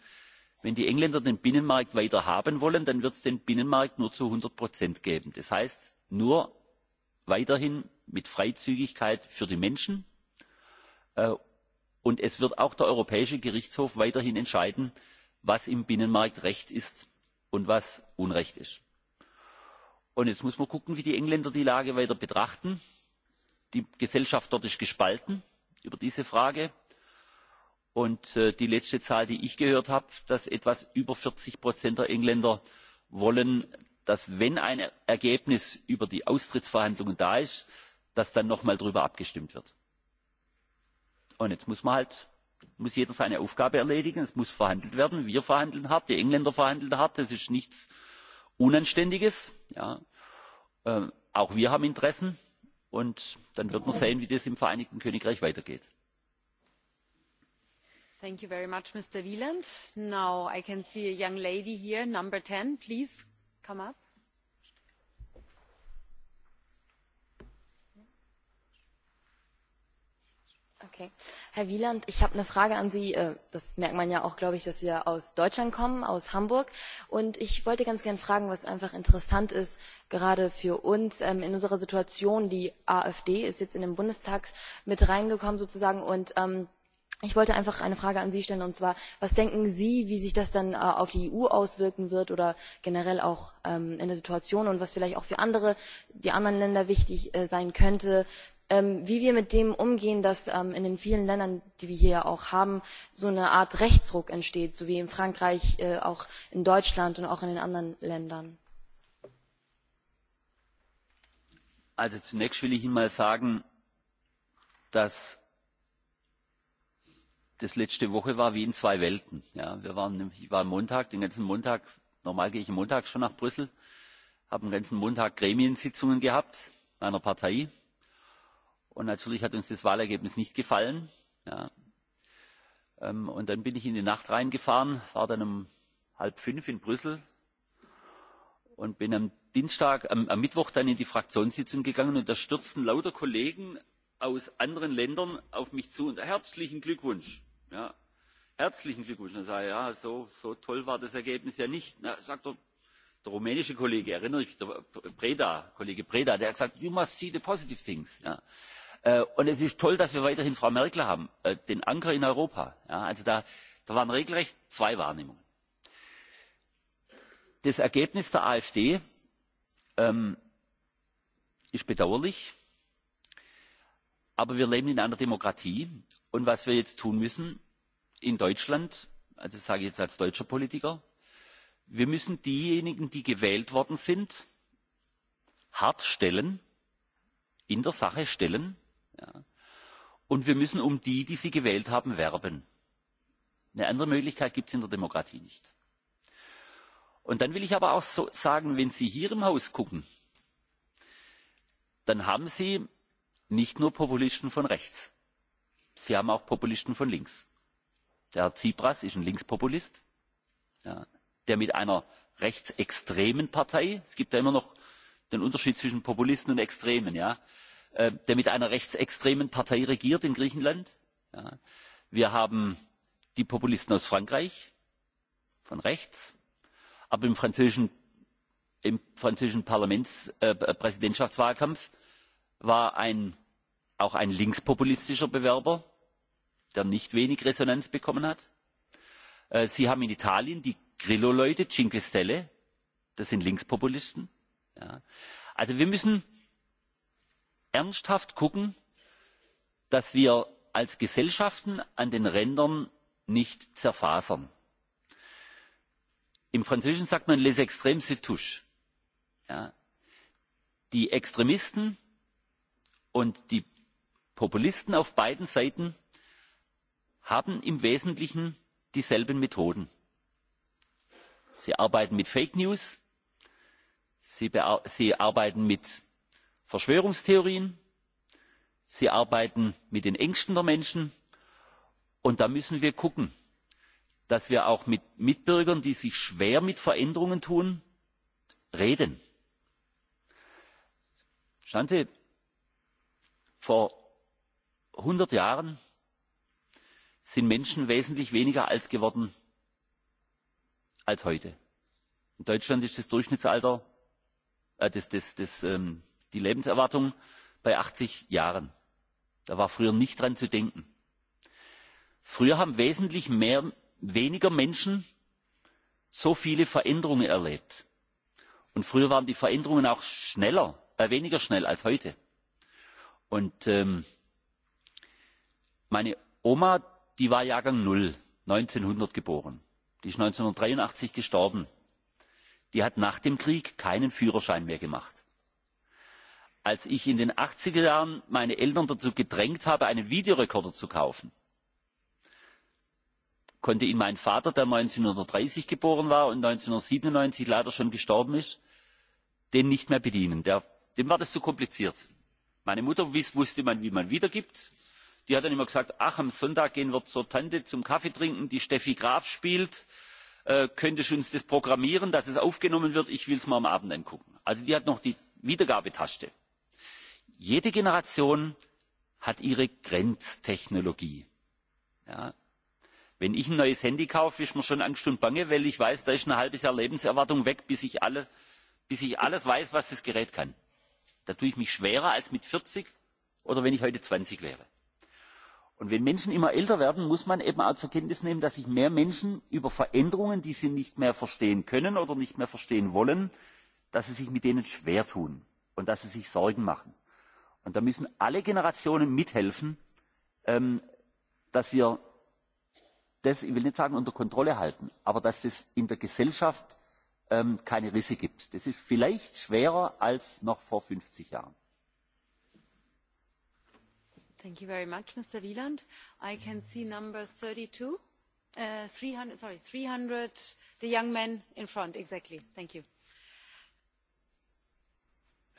Speaker 23: wenn die engländer den binnenmarkt weiter haben wollen dann wird es den binnenmarkt nur zu einhundert geben das heißt nur weiterhin mit freizügigkeit für die menschen äh, und es wird auch der europäische gerichtshof weiterhin entscheiden was im binnenmarkt recht ist und was unrecht ist. jetzt muss man schauen wie die engländer die lage weiter betrachten. die gesellschaft dort ist gespalten über diese frage und äh, die letzte zahl die ich gehört habe dass etwas über vierzig der engländer wollen dass wenn ein ergebnis über die austrittsverhandlungen da ist dann noch einmal darüber abgestimmt wird jetzt muss halt jeder seine aufgabe erledigen es muss verhandelt werden wir verhandeln hart die engländer verhandeln hart das ist nichts unanständiges ja. ähm, auch wir haben interessen und dann wird man sehen wie das im vereinigten königreich weitergeht.
Speaker 9: Okay. Herr Wieland, ich habe eine Frage an Sie. Äh, das merkt man ja auch, glaube ich, dass Sie ja aus Deutschland kommen, aus Hamburg. Und ich wollte ganz gerne fragen, was einfach interessant ist, gerade für uns ähm, in unserer Situation. Die AfD ist jetzt in den Bundestag mit reingekommen sozusagen. Und ähm, ich wollte einfach eine Frage an Sie stellen. Und zwar, was denken Sie, wie sich das dann äh, auf die EU auswirken wird oder generell auch ähm, in der Situation und was vielleicht auch für andere, die anderen Länder wichtig äh, sein könnte, Ähm, wie wir mit dem umgehen dass ähm, in den vielen ländern die wir hier auch haben so eine art rechtsruck entsteht so wie in frankreich äh, auch in deutschland und auch in anderen ländern.
Speaker 23: zunächst will ich ihnen sagen dass das letzte woche war wie in zwei welten. Ja. ich war montag den ganzen montag normal gehe ich montags schon nach brüssel habe den ganzen montag gremiensitzungen gehabt meiner partei und natürlich hat uns das wahlergebnis nicht gefallen. Ja. Ähm, dann bin ich in die nacht hineingefahren war dann um halb fünf in brüssel und bin am mittwoch dann in die fraktionssitzung gegangen und da stürzten lauter kollegen aus anderen ländern auf mich zu und herzlichen glückwunsch! Ja. herzlichen glückwunsch! dann sage ich ja so, so toll war das ergebnis ja nicht. Na, sagt er, der rumänische Kollege, erinnere ich mich, der Preda, Kollege Preda, der hat gesagt, you must see the positive things. Ja. Äh, und es ist toll dass wir weiterhin frau merkel haben äh, den anker in europa. Ja, also da waren regelrecht zwei wahrnehmungen. das ergebnis der afd ähm, ist bedauerlich aber wir leben in einer demokratie und was wir jetzt tun müssen in deutschland das sage ich jetzt als deutscher politiker wir müssen diejenigen die gewählt worden sind hart stellen in der sache stellen Ja. und wir müssen um die die sie gewählt haben werben. eine andere möglichkeit gibt es in der demokratie nicht. dann will ich aber auch sagen wenn sie hier im haus schauen dann haben sie nicht nur populisten von rechts sie haben auch populisten von links. der herr tsipras ist ein linkspopulist ja, der mit einer rechtsextremen partei es gibt ja immer noch den unterschied zwischen populisten und extremen ja, Äh, der mit einer rechtsextremen partei regiert in griechenland ja. wir haben die populisten aus frankreich von rechts aber im französischen äh, äh, präsidentschaftswahlkampf war auch ein linkspopulistischer bewerber der nicht wenig resonanz bekommen hat. sie haben in italien die grillo leute cinque stelle das sind linkspopulisten. Ja. also wir müssen ernsthaft gucken dass wir als gesellschaften an den rändern nicht zerfasern. im französischen sagt man les extrmes se touchent. ja. die extremisten und die populisten auf beiden seiten haben im wesentlichen dieselben methoden. sie arbeiten mit fake news sie, sie arbeiten mit verschwörungstheorien sie arbeiten mit den ängsten der menschen und da müssen wir schauen dass wir auch mit mitbürgern die sich schwer mit veränderungen tun reden. schauen sie vor hundert jahren sind menschen wesentlich weniger alt geworden als heute. in deutschland ist das durchschnittsalter äh, das, das, das ähm, die lebenserwartung bei achtzig jahren. da war früher nicht dran zu denken. früher haben wesentlich mehr, weniger menschen so viele veränderungen erlebt und früher waren die veränderungen auch schneller, äh, weniger schnell als heute. und ähm, meine oma, die war jahrgang null, 1900 geboren, die ist 1983 gestorben. Die hat nach dem Krieg keinen Führerschein mehr gemacht als ich in den achtzig er jahren meine eltern dazu gedrängt habe einen videorekorder zu kaufen konnte ihn mein vater der eintausendneunhundertdreißig geboren war und eintausendneunhundertsiebenundneunzig leider schon gestorben ist nicht mehr bedienen. dem war das zu kompliziert. meine mutter wusste wie man wiedergibt. die hat dann immer gesagt ach am sonntag gehen wir zur tante zum kaffee trinken die steffi graf spielt äh, könntest du uns das programmieren dass es aufgenommen wird ich will es mir am abend angucken. also die hat noch die wiedergabetaste jede generation hat ihre grenztechnologie. Ja. wenn ich ein neues handy kaufe ist mir schon angst und bange weil ich weiß da ist ein halbes jahr lebenserwartung weg bis ich alles, bis ich alles weiß was das gerät kann. da tue ich mich schwerer als mit 40 oder wenn ich heute 20 wäre. Und wenn Menschen immer älter werden, muss man eben auch zur Kenntnis nehmen, dass sich mehr Menschen über Veränderungen, die sie nicht mehr verstehen können oder nicht mehr verstehen wollen, dass sie sich mit denen schwer tun und dass sie sich Sorgen machen und da müssen alle generationen mithelfen ähm, dass wir das ich will nicht sagen unter kontrolle halten aber dass es in der gesellschaft ähm, keine risse gibt. das ist vielleicht schwerer als noch vor fünfzig jahren.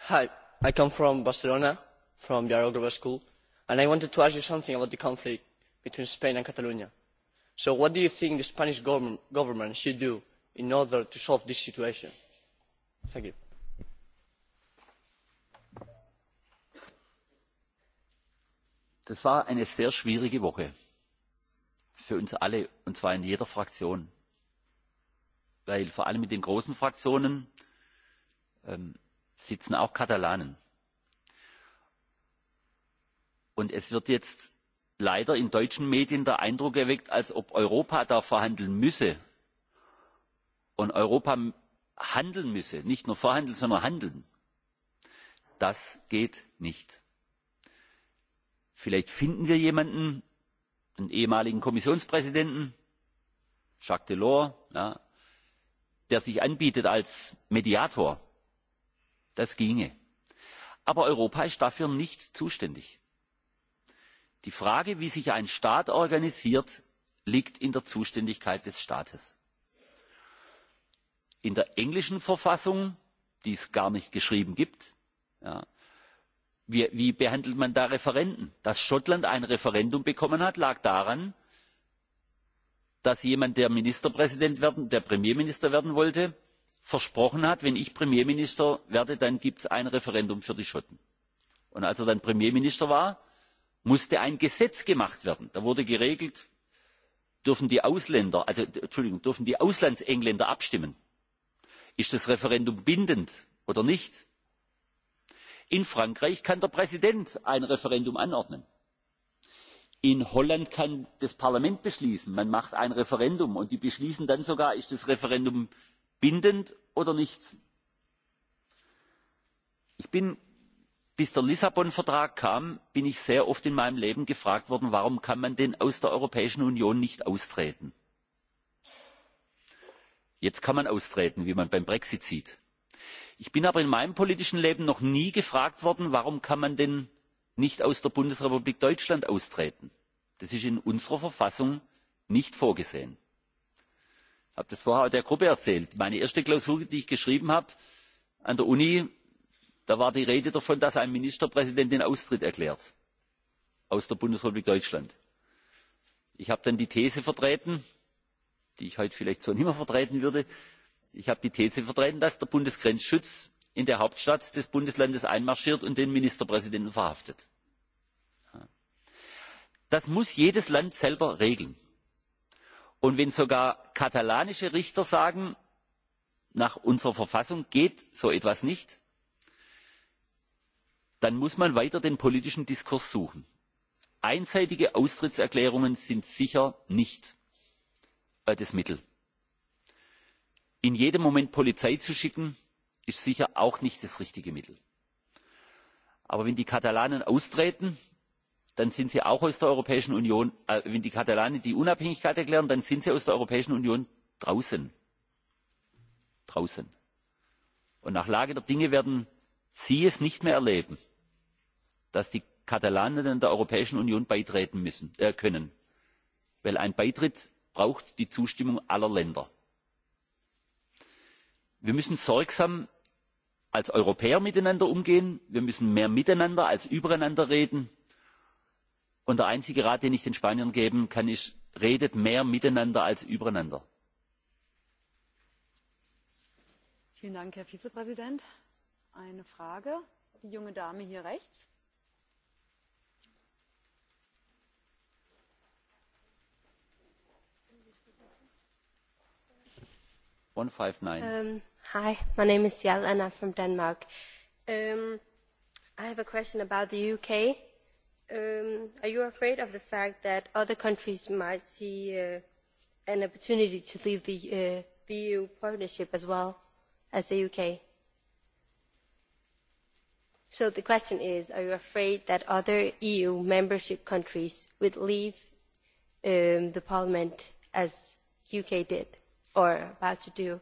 Speaker 16: Uh, i come from barcelona from your old school and i wanted to ask you something about the conflict between spain and catalonia.
Speaker 10: what do you think the spanish government should do in order to solve this situation? thank you.
Speaker 23: das war eine sehr schwierige woche für uns alle und zwar in jeder fraktion weil vor allem mit den großen fraktionen ähm, sitzen auch katalanen und es wird jetzt leider in deutschen medien der eindruck erweckt als ob europa da verhandeln müsse und europa handeln müsse nicht nur verhandeln sondern handeln das geht nicht. vielleicht finden wir jemanden einen ehemaligen kommissionspräsidenten jacques delors ja, der sich anbietet als mediator das ginge. aber europa ist dafür nicht zuständig die frage wie sich ein staat organisiert liegt in der zuständigkeit des staates. in der englischen verfassung die es gar nicht geschrieben gibt ja, wie behandelt man da referenden? dass schottland ein referendum bekommen hat lag daran dass jemand der ministerpräsident werden der premierminister werden wollte versprochen hat wenn ich premierminister werde dann gibt es ein referendum für die schotten. und als er dann premierminister musste ein gesetz gemacht werden da wurde geregelt dürfen die ausländer entschuldigung dürfen die auslandsengländer abstimmen ist das referendum bindend oder nicht? in frankreich kann der präsident ein referendum anordnen in holland kann das parlament beschließen man macht ein referendum und die beschließen dann sogar ist das referendum bindend oder nicht? ich bis der lissabon vertrag kam bin ich sehr oft in meinem leben gefragt worden warum kann man denn aus der europäischen union nicht austreten? jetzt kann man austreten wie man beim brexit sieht. ich bin aber in meinem politischen leben noch nie gefragt worden warum kann man denn nicht aus der bundesrepublik deutschland austreten? das ist in unserer verfassung nicht vorgesehen. ich habe das vorher der gruppe erzählt. meine erste klausur die ich geschrieben habe an der da war die rede davon dass ein ministerpräsident den austritt aus der bundesrepublik deutschland erklärt. ich habe dann die these vertreten die ich heute vielleicht so nicht mehr vertreten würde dass der bundesgrenzschutz in der hauptstadt des bundeslandes einmarschiert und den ministerpräsidenten verhaftet. Ja. das muss jedes land selber regeln. und wenn sogar katalanische richter sagen nach unserer verfassung geht so etwas nicht dann muss man weiter den politischen diskurs suchen. einseitige austrittserklärungen sind sicher nicht äh, das mittel. in jedem moment polizei zu schicken ist sicher auch nicht das richtige mittel. aber wenn die katalanen austreten dann sind sie auch aus der europäischen union äh, wenn die katalanen die unabhängigkeit erklären dann sind sie aus der europäischen union draußen. draußen. und nach lage der dinge werden sie es nicht mehr erleben dass die katalanen der europäischen union beitreten äh, können denn ein beitritt braucht die zustimmung aller länder. wir müssen sorgsam als europäer miteinander umgehen wir müssen mehr miteinander als übereinander reden und der einzige rat den ich den spaniern geben kann ist redet mehr miteinander als übereinander!
Speaker 19: herr vizepräsident eine frage die junge dame hier rechts.
Speaker 23: Um, hi
Speaker 18: my name is jelle and i am from denmark.
Speaker 16: Um, i have a question about the uk um, are you afraid of the fact that other countries might see uh, an opportunity to leave the uh, eu e partnership as well as
Speaker 18: the uk? so the question is are you afraid that other eu membership countries would leave the parliament as the uk did? or about to do.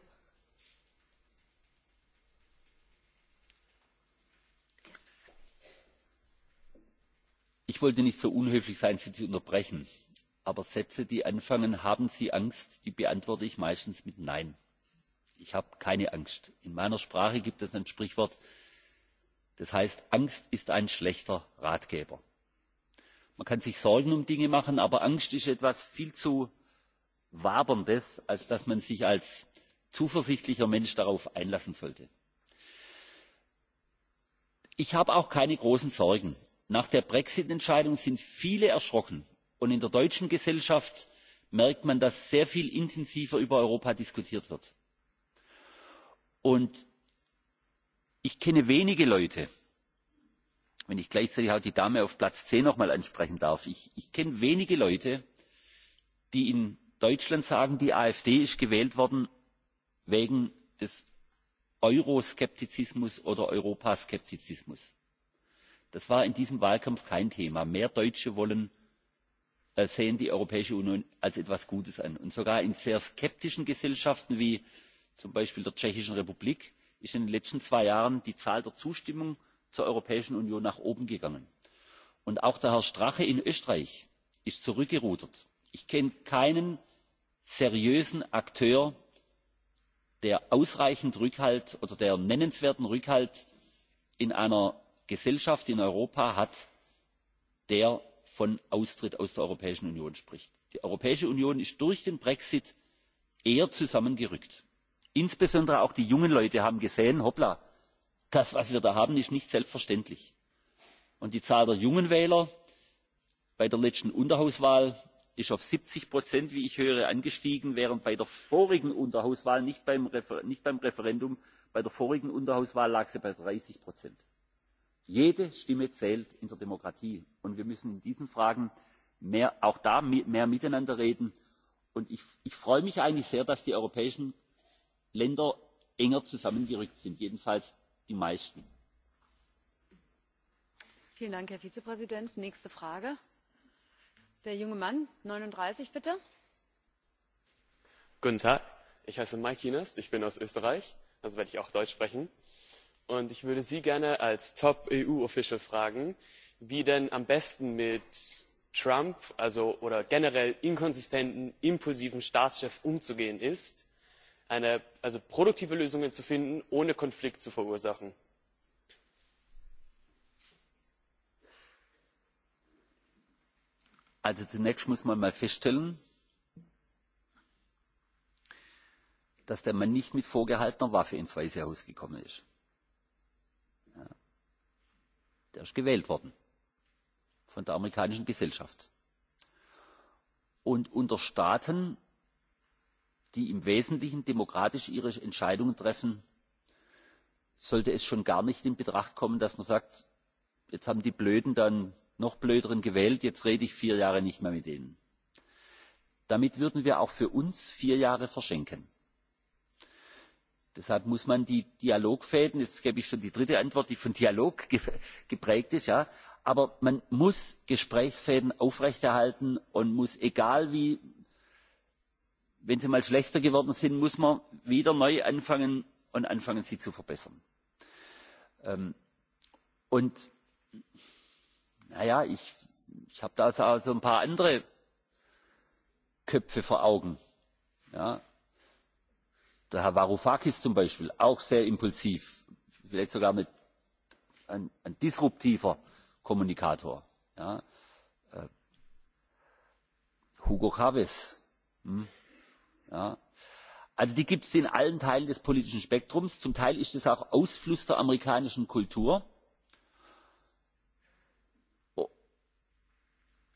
Speaker 23: Ich wollte nicht so unhöflich sein, Sie zu unterbrechen. Aber Sätze, die anfangen, haben Sie Angst, die beantworte ich meistens mit Nein. Ich habe keine Angst. In meiner Sprache gibt es ein Sprichwort, das heißt, Angst ist ein schlechter Ratgeber. Man kann sich Sorgen um Dinge machen, aber Angst ist etwas viel zu waberndes als dass man sich als zuversichtlicher mensch darauf einlassen sollte. ich habe auch keine großen sorgen. nach der brexit entscheidung sind viele erschrocken und in der deutschen gesellschaft merkt man dass sehr viel intensiver über europa diskutiert wird. und ich kenne wenige leute wenn ich gleichzeitig auch die dame auf platz zehn noch einmal ansprechen darf ich, ich kenne wenige leute die deutschland sagen die afd ist gewählt worden wegen des euroskeptizismus oder europaskeptizismus. das war in diesem wahlkampf kein thema. mehr deutsche wollen äh, sehen die europäische union als etwas gutes an. und sogar in sehr skeptischen gesellschaften wie zum beispiel der tschechischen republik ist in den letzten zwei jahren die zahl der zustimmung zur europäischen union nach oben gegangen. und auch der herr strache in österreich ist zurückgerudert. ich kenne keinen seriösen akteur der ausreichend rückhalt oder der nennenswerten rückhalt in einer gesellschaft in europa hat der von austritt aus der europäischen union spricht. die europäische union ist durch den brexit eher zusammengerückt. insbesondere auch die jungen leute haben gesehen hoppla das was wir da haben ist nicht selbstverständlich. und die zahl der jungen wähler bei der letzten unterhauswahl ist auf siebzig wie ich höre angestiegen während bei der vorigen unterhauswahl nicht beim referendum bei der vorigen unterhauswahl lag sie bei. dreißig jede stimme zählt in der demokratie und wir müssen in diesen fragen auch da mehr miteinander reden. ich freue mich eigentlich sehr dass die europäischen länder enger zusammengerückt sind jedenfalls die meisten.
Speaker 19: herr vizepräsident nächste frage der junge mann neununddreißig bitte.
Speaker 10: guten tag ich heiße mike inas ich bin aus österreich also werde ich auch deutsch sprechen und ich würde sie gerne als top eu official fragen wie denn am besten mit trump oder generell inkonsistentem impulsivem staatschef umzugehen ist also produktive lösungen zu finden ohne konflikt zu verursachen.
Speaker 23: zunächst muss man einmal feststellen dass der mann nicht mit vorgehaltener waffe ins weiße haus gekommen ist. er ist gewählt worden von der amerikanischen gesellschaft und unter staaten die im wesentlichen demokratisch ihre entscheidungen treffen sollte es schon gar nicht in betracht kommen dass man sagt jetzt haben die blöden noch blöderen gewählt jetzt rede ich vier jahre nicht mehr mit ihnen. damit würden wir auch für uns vier jahre verschenken. deshalb muss man die dialogfäden jetzt gebe ich schon die dritte antwort die von dialog geprägt ist ja aber man muss gesprächsfäden aufrechterhalten und muss egal wie wenn sie mal schlechter geworden sind muss man wieder neu anfangen und anfangen sie zu verbessern. Ähm, und naja, ich, ich habe da so also ein paar andere Köpfe vor Augen. Ja. Der Herr Varoufakis zum Beispiel, auch sehr impulsiv, vielleicht sogar mit, ein, ein disruptiver Kommunikator. Ja. Äh, Hugo Chavez. Hm. Ja. Also die gibt es in allen Teilen des politischen Spektrums. Zum Teil ist es auch Ausfluss der amerikanischen Kultur.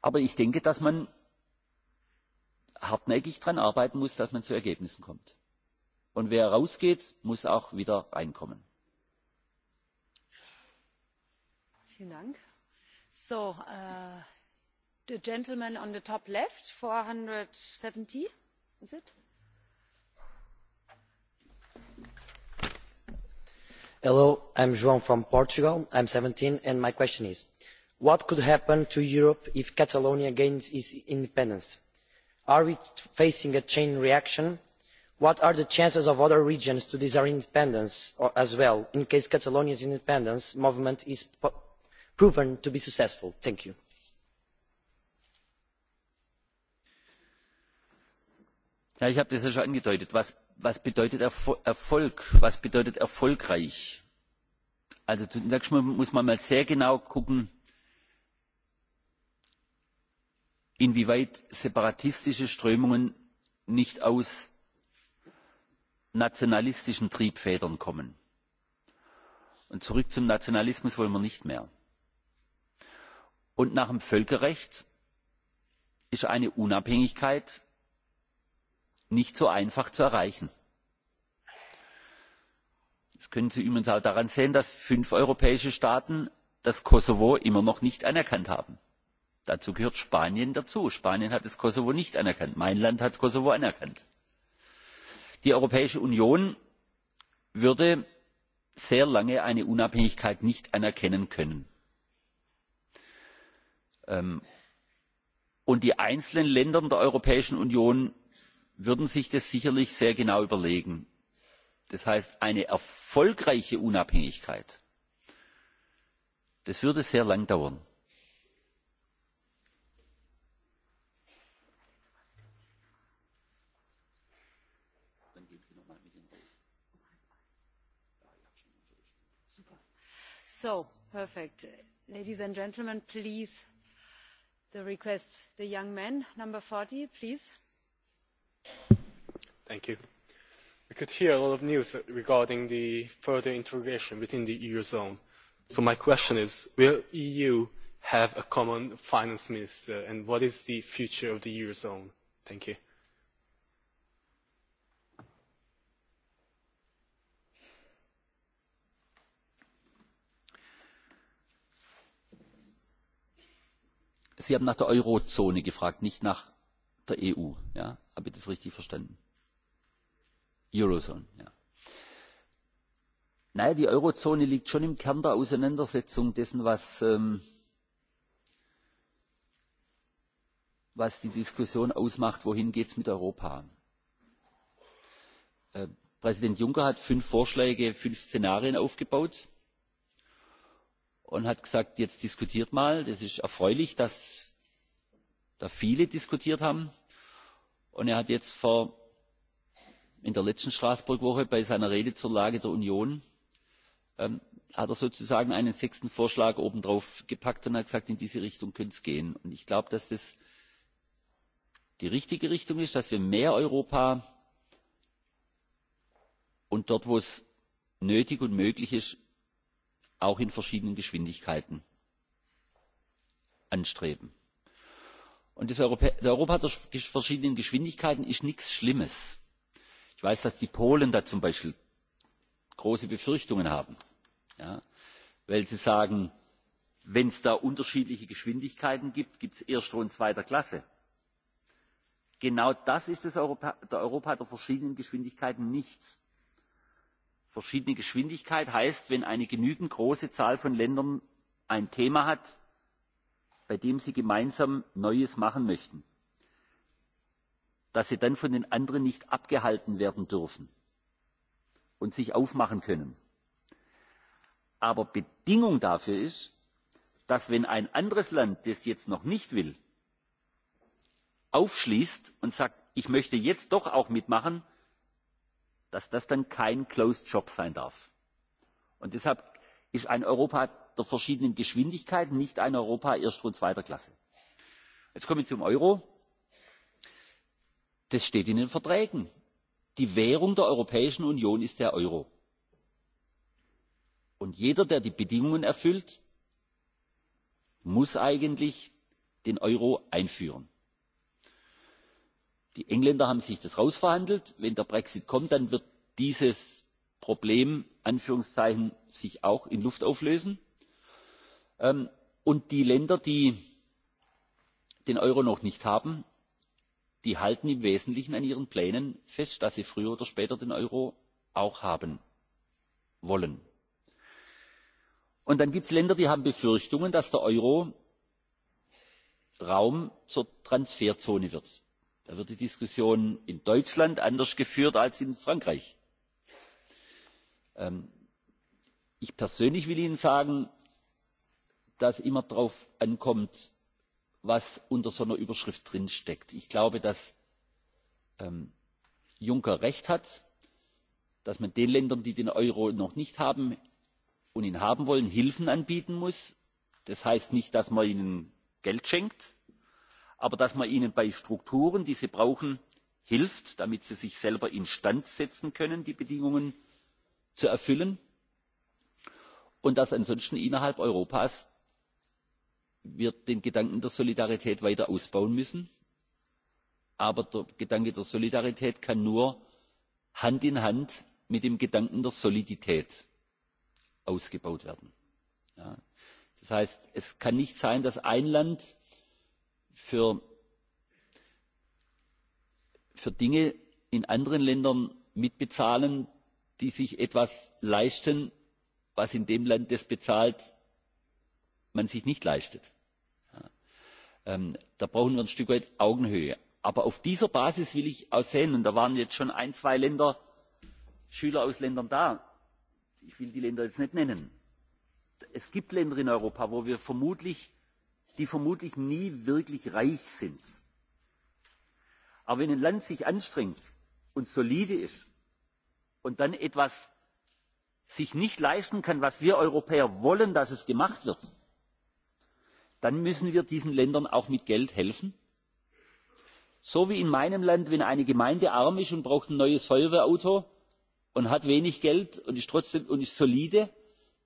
Speaker 23: aber ich denke dass man hartnäckig daran arbeiten muss dass man zu ergebnissen kommt. und wer rausgeht muss auch wieder reinkommen.
Speaker 19: Vielen Dank. So, uh, the gentleman on the top left, 470, is it?
Speaker 13: Hello, I'm João from Portugal. I'm 17, and my question is what could happen to europe if catalonia gains its independence? are we facing a chain reaction? what are the chances of other regions to desire independence as well in case catalonia's independence movement is proven to be successful?
Speaker 23: thank you. Ja, ich habe das ja schon angedeutet. Was, was bedeutet Erfolg? Was bedeutet erfolgreich? Also zunächst mal muss man mal sehr genau gucken, inwieweit separatistische strömungen nicht aus nationalistischen triebfedern kommen. und zurück zum nationalismus wollen wir nicht mehr. und nach dem völkerrecht ist eine unabhängigkeit nicht so einfach zu erreichen. das können sie übrigens auch daran sehen dass fünf europäische staaten das kosovo immer noch nicht anerkannt haben dazu gehört spanien. spanien hat das kosovo nicht anerkannt mein land hat das kosovo anerkannt. die europäische union würde sehr lange eine unabhängigkeit nicht anerkennen können. Ähm, und die einzelnen länder der europäischen union würden sich das sicherlich sehr genau überlegen. das heißt eine erfolgreiche unabhängigkeit würde sehr lange dauern.
Speaker 19: ladies and gentlemen please the request the young man number forty please.
Speaker 11: thank you. we could hear a lot of news regarding the further integration within the eurozone so my question is will eu have a common finance minister and what is the future of the eurozone? thank you.
Speaker 23: Sie haben nach der Eurozone gefragt, nicht nach der EU. Ja? Habe ich das richtig verstanden? Eurozone, ja. Naja, die Eurozone liegt schon im Kern der Auseinandersetzung dessen, was, ähm, was die Diskussion ausmacht, wohin geht es mit Europa. Äh, Präsident Juncker hat fünf Vorschläge, fünf Szenarien aufgebaut und hat gesagt jetzt diskutiert mal es ist erfreulich dass da viele diskutiert haben und er hat jetzt in der letzten straßburg woche bei seiner rede zur lage der union ähm, hat er sozusagen einen sechsten vorschlag obendrauf gepackt und hat gesagt in diese richtung könnte es gehen und ich glaube dass das die richtige richtung ist dass wir mehr europa und dort wo es nötig und möglich ist auch in verschiedenen geschwindigkeiten anstreben. europa der verschiedenen geschwindigkeiten ist nichts schlimmes. ich weiß dass die polen da zum beispiel große befürchtungen haben ja, weil sie sagen wenn es da unterschiedliche geschwindigkeiten gibt gibt es erster und zweiter klasse. genau das ist das europa der verschiedenen geschwindigkeiten nicht verschiedene geschwindigkeit heißt wenn eine genügend große zahl von ländern ein thema hat bei dem sie gemeinsam neues machen möchten dass sie dann von den anderen nicht abgehalten werden dürfen und sich aufmachen können. aber bedingung dafür ist dass wenn ein anderes land das jetzt noch nicht will aufschließt und sagt ich möchte jetzt doch auch mitmachen dass das dann kein closed shop sein darf. Und deshalb ist ein europa der verschiedenen geschwindigkeiten nicht ein europa erster und zweiter klasse. jetzt komme ich zum euro. das steht in den verträgen. die währung der europäischen union ist der euro. und jeder der die bedingungen erfüllt muss eigentlich den euro einführen die engländer haben sich das herausverhandelt wenn der brexit kommt dann wird sich dieses problem auch in luft auflösen ähm, und die länder die den euro noch nicht haben die halten im wesentlichen an ihren plänen fest dass sie früher oder später den euro auch haben wollen. und dann gibt es länder die haben befürchtungen dass der euro raum zur transferzone wird da wird die diskussion in deutschland anders geführt als in frankreich. Ähm, ich persönlich will ihnen sagen dass es immer darauf ankommt was unter so einer überschrift steckt. ich glaube dass ähm, juncker recht hat dass man den ländern die den euro noch nicht haben und ihn haben wollen hilfen anbieten muss. das heißt nicht dass man ihnen geld schenkt aber dass man ihnen bei strukturen die sie brauchen hilft damit sie sich selber instand setzen können die bedingungen zu erfüllen und dass wir ansonsten innerhalb europas den gedanken der solidarität weiter ausbauen müssen. aber der gedanke der solidarität kann nur hand in hand mit dem gedanken der solidität ausgebaut werden. Ja. das heißt es kann nicht sein dass ein für, für Dinge in anderen Ländern mitbezahlen, die sich etwas leisten, was in dem Land das bezahlt, man sich nicht leistet. Ja. Ähm, da brauchen wir ein Stück weit Augenhöhe. Aber auf dieser Basis will ich auch sehen, und da waren jetzt schon ein, zwei Länder, Schüler aus Ländern da, ich will die Länder jetzt nicht nennen. Es gibt Länder in Europa, wo wir vermutlich die vermutlich nie wirklich reich sind. Aber wenn ein Land sich anstrengt und solide ist und dann etwas sich nicht leisten kann, was wir Europäer wollen, dass es gemacht wird, dann müssen wir diesen Ländern auch mit Geld helfen. So wie in meinem Land, wenn eine Gemeinde arm ist und braucht ein neues Feuerwehrauto und hat wenig Geld und ist trotzdem und ist solide,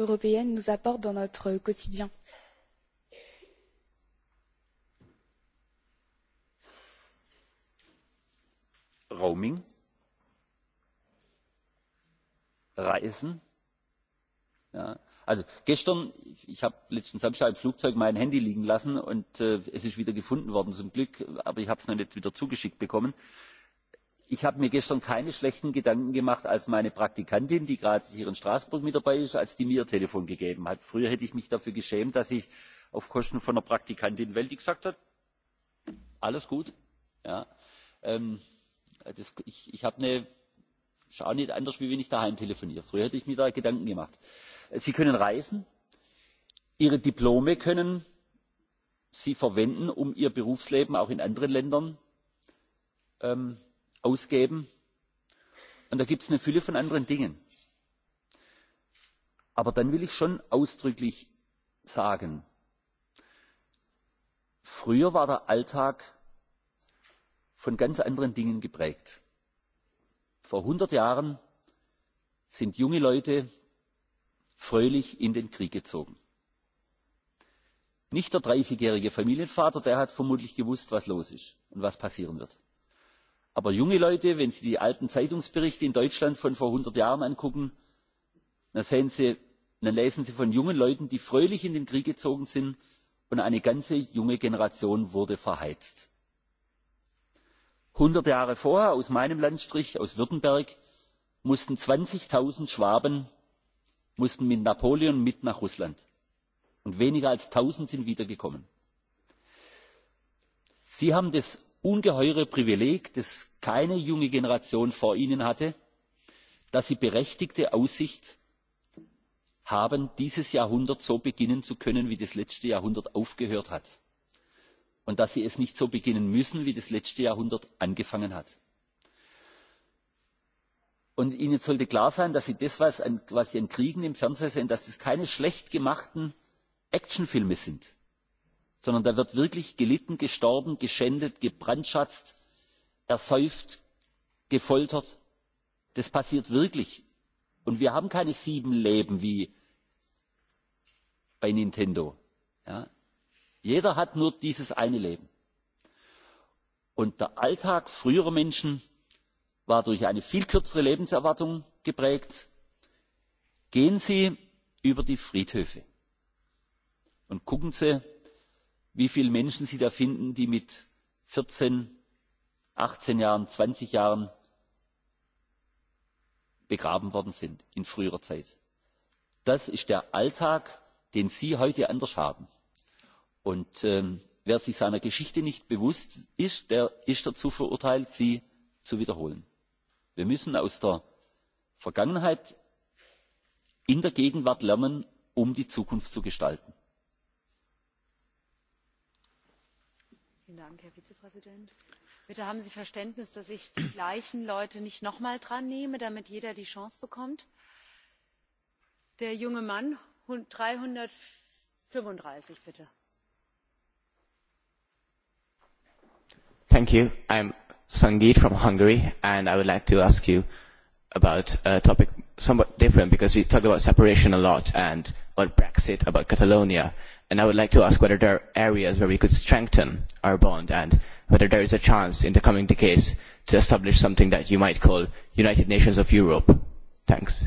Speaker 4: européenne nous apporte dans notre quotidien.
Speaker 23: Roaming. Reisen. Ja. Also gestern, ich habe letzten Samstag im Flugzeug mein Handy liegen lassen und äh, es ist wieder gefunden worden zum Glück, aber ich habe es noch nicht wieder zugeschickt bekommen ich habe mir gestern keine schlechten gedanken gemacht als meine praktikantin die gerade hier in straßburg mit dabei ist mir ihr telefon gegeben hat. früher hätte ich mich dafür geschämt dass ich auf kosten einer praktikantin weil die gesagt hat alles gut. Ja, ähm, ich schaue nicht anders als wenn ich daheim telefoniere. früher hätte ich mir da gedanken gemacht. sie können reisen ihre diplome können sie verwenden um ihr berufsleben auch in anderen ländern ähm, ausgeben und da gibt es eine fülle von anderen dingen. aber dann will ich schon ausdrücklich sagen früher war der alltag von ganz anderen dingen geprägt. vor hundert jahren sind junge leute fröhlich in den krieg gezogen. nicht der dreißigjährige familienvater der hat vermutlich gewusst was los ist und was passieren wird aber junge leute wenn sie die alten zeitungsberichte in deutschland von vor hundert jahren ansehen dann lesen sie von jungen leuten die fröhlich in den krieg gezogen sind und eine ganze junge generation wurde verheizt. hundert jahre vorher aus meinem landstrich aus württemberg mussten zwanzig null schwaben mit napoleon mit nach russland und weniger als eins null sind wiedergekommen. sie haben ungeheure privileg das keine junge generation vor ihnen hatte dass sie berechtigte aussicht haben dieses jahrhundert so beginnen zu können wie das letzte jahrhundert aufgehört hat und dass sie es nicht so beginnen müssen wie das letzte jahrhundert angefangen hat. und ihnen sollte klar sein dass sie das was sie an kriegen im fernsehen sehen keine schlecht gemachten actionfilme sind sondern da wird wirklich gelitten gestorben geschändet gebrandschatzt ersäuft gefoltert. das passiert wirklich und wir haben keine sieben leben wie bei nintendo. Ja? jeder hat nur dieses eine leben. und der alltag früherer menschen war durch eine viel kürzere lebenserwartung geprägt. gehen sie über die friedhöfe und gucken sie wie viele menschen sie da finden die mit vierzehn achtzehn jahren zwanzig jahren begraben worden sind in früherer zeit. das ist der alltag den sie heute anders haben. und ähm, wer sich seiner geschichte nicht bewusst ist der ist dazu verurteilt sie zu wiederholen. wir müssen aus der vergangenheit in der gegenwart lernen um die zukunft zu gestalten.
Speaker 19: herr vizepräsident! bitte haben sie verständnis dass ich die gleichen leute nicht noch mal drannehme damit jeder die chance bekommt. der junge mann dreihundertfünfunddreißig bitte.
Speaker 10: i am sangeet from hungary and i would like to ask you about a topic somewhat different because we talked about separation a lot and about brexit about catalonia. I would like to ask whether there are areas where we could strengthen our bond and whether there is a chance in the coming decades to establish something that you might call United Nations of Europe. Thanks.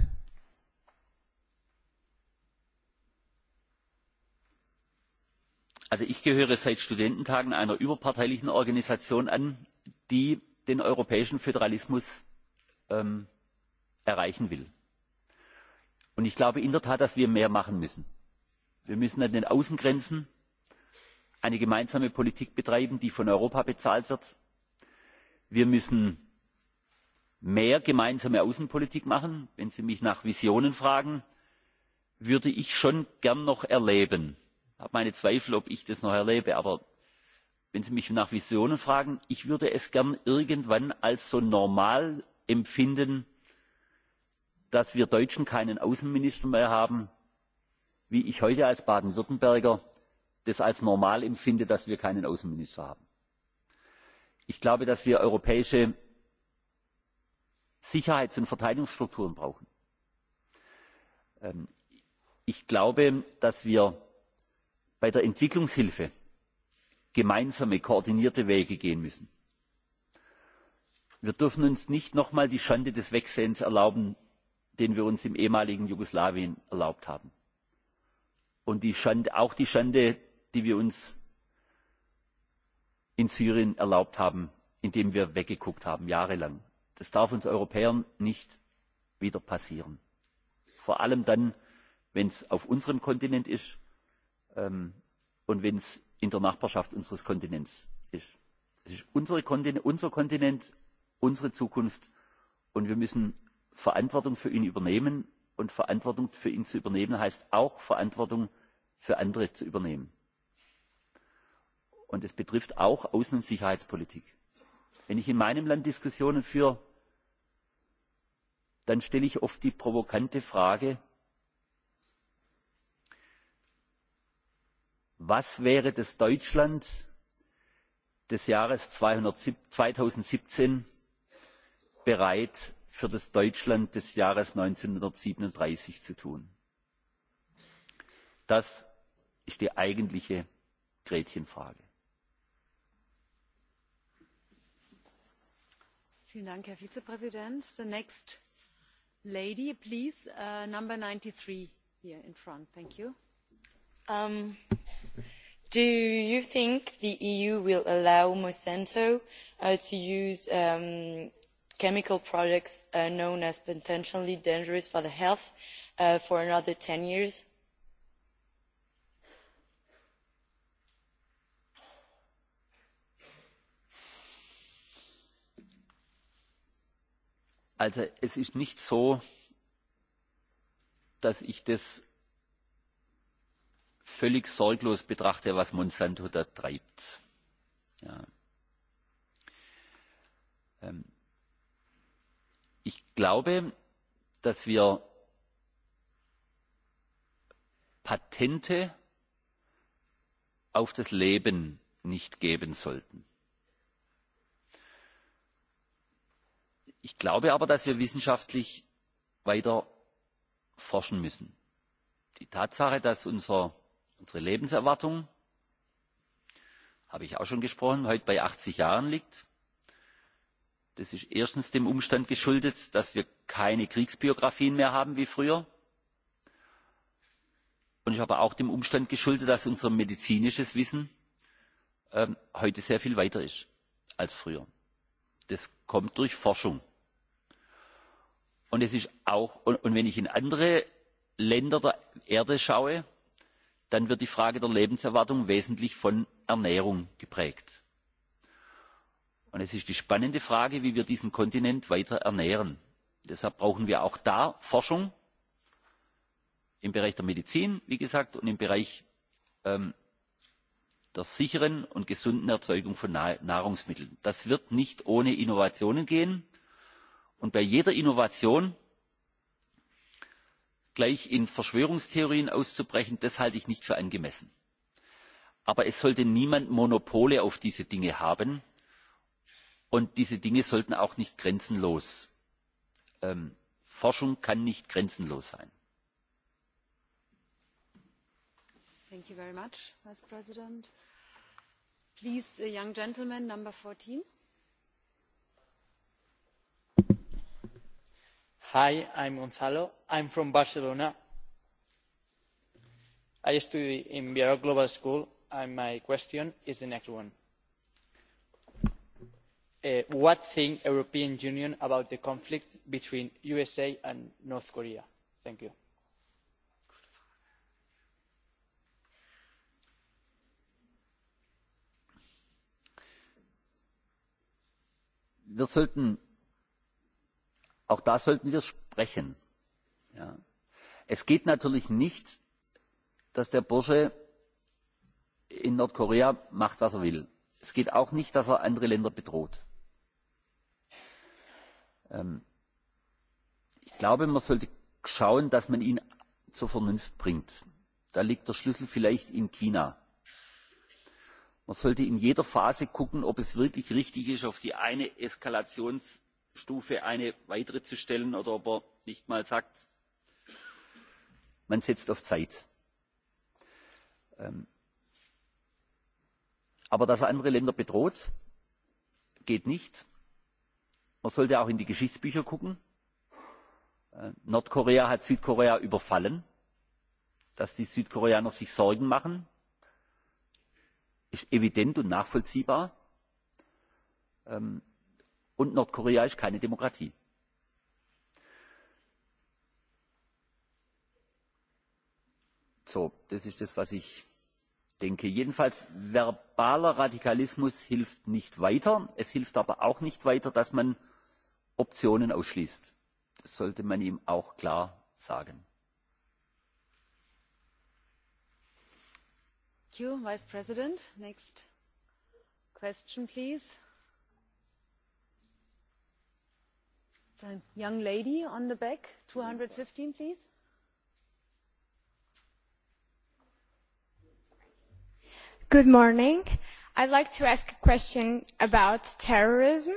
Speaker 23: Also ich gehöre seit Studententagen einer überparteilichen Organisation an, die den europäischen Föderalismus ähm, erreichen will. Und ich glaube in der Tat, dass wir mehr machen müssen wir müssen an den außengrenzen eine gemeinsame politik betreiben die von europa bezahlt wird wir müssen mehr gemeinsame außenpolitik machen. wenn sie mich nach visionen fragen würde ich schon gern noch erleben ich habe meine zweifel ob ich das noch erlebe aber wenn sie mich nach visionen fragen ich würde es gern irgendwann als so normal empfinden dass wir deutschen keinen außenminister mehr haben wie ich heute als baden württemberger das als normal empfinde dass wir keinen außenminister haben. ich glaube dass wir europäische sicherheits und verteidigungsstrukturen brauchen. Ähm, ich glaube dass wir bei der entwicklungshilfe gemeinsame koordinierte wege gehen müssen. wir dürfen uns nicht noch einmal die schande des wegsehens erlauben die wir uns im ehemaligen jugoslawien erlaubt und auch die schande die wir uns in syrien erlaubt haben indem wir jahrelang weggeguckt haben das darf uns europäern nicht wieder passieren vor allem dann wenn es auf unserem kontinent ist ähm, und wenn es in der nachbarschaft unseres kontinents ist. es ist unsere Kontin unser kontinent unsere zukunft und wir müssen verantwortung für ihn übernehmen und verantwortung für ihn zu übernehmen heißt auch verantwortung für andere zu übernehmen. und es betrifft auch außen und sicherheitspolitik. wenn ich in meinem land diskussionen führe dann stelle ich oft die provokante frage was wäre das deutschland des jahres 2017 bereit für das deutschland des jahres eintausendneunhundertsiebenunddreißig zu tun. das ist die eigentliche gretchenfrage.
Speaker 12: vielen
Speaker 19: dank herr vizepräsident! die nächste frau uh, bitte nummer. dreiundneunzig hier in der mitte. vielen
Speaker 5: dank. do you think the eu will allow monsanto uh, to use um, chemical products uh, known as potentially dangerous for the health uh, for another 10 years.
Speaker 23: Also es ist nicht so, dass ich das völlig sorglos betrachte, was Monsanto da treibt. Ja. Ähm, glaube dass wir patente auf das leben nicht geben sollten. ich glaube aber dass wir wissenschaftlich weiter forschen müssen. die tatsache dass unser, unsere lebenserwartung habe ich auch schon gesprochen heute bei achtzig jahren liegt das ist erstens dem umstand geschuldet dass wir keine kriegsbiografien mehr haben wie früher und aber auch dem umstand geschuldet dass unser medizinisches wissen ähm, heute sehr viel weiter ist als früher. das kommt durch forschung. und es ist auch und wenn ich in andere länder der erde schaue dann wird die frage der lebenserwartung wesentlich von ernährung geprägt es ist die spannende frage wie wir diesen kontinent weiter ernähren. deshalb brauchen wir auch da forschung im bereich der medizin wie gesagt und im bereich ähm, der sicheren und gesunden erzeugung von nahrungsmitteln. das wird nicht ohne innovationen gehen und bei jeder innovation gleich in verschwörungstheorien auszubrechen das halte ich nicht für angemessen. aber es sollte niemand monopole auf diese dinge haben Und diese Dinge sollten auch nicht grenzenlos. Ähm, Forschung kann nicht grenzenlos sein.
Speaker 19: Thank you very much, Vice President. Please, uh, young gentleman, number 14.
Speaker 2: Hi, I'm Gonzalo. I'm from Barcelona. I study in Biarritz Global School, and my question is the next one. Uh, what the european union thinks about the conflict between the usa and north korea. thank you.
Speaker 23: auch da sollten wir sprechen. Ja. es geht natürlich nicht dass der bursche in nordkorea macht was er will. es geht auch nicht dass er andere länder bedroht. Ähm, ich glaube man sollte schauen dass man ihn zur vernunft bringt. da liegt der schlüssel vielleicht in china. man sollte in jeder phase schauen ob es wirklich richtig ist auf die eine eskalationsstufe eine weitere zu stellen oder ob man er nicht einmal sagt man setzt auf zeit. Ähm, aber dass er andere länder bedroht geht nicht man sollte auch in die geschichtsbücher schauen äh, nordkorea hat südkorea überfallen. dass sich die südkoreaner sorgen machen ist evident und nachvollziehbar ähm, und nordkorea ist keine demokratie. das ist das was ich denke. jedenfalls verbaler radikalismus hilft nicht weiter. es hilft aber auch nicht weiter dass optionen ausschließt. das sollte man ihm auch klar sagen.
Speaker 19: Good
Speaker 14: morning.
Speaker 8: I'd like to ask a question about terrorism.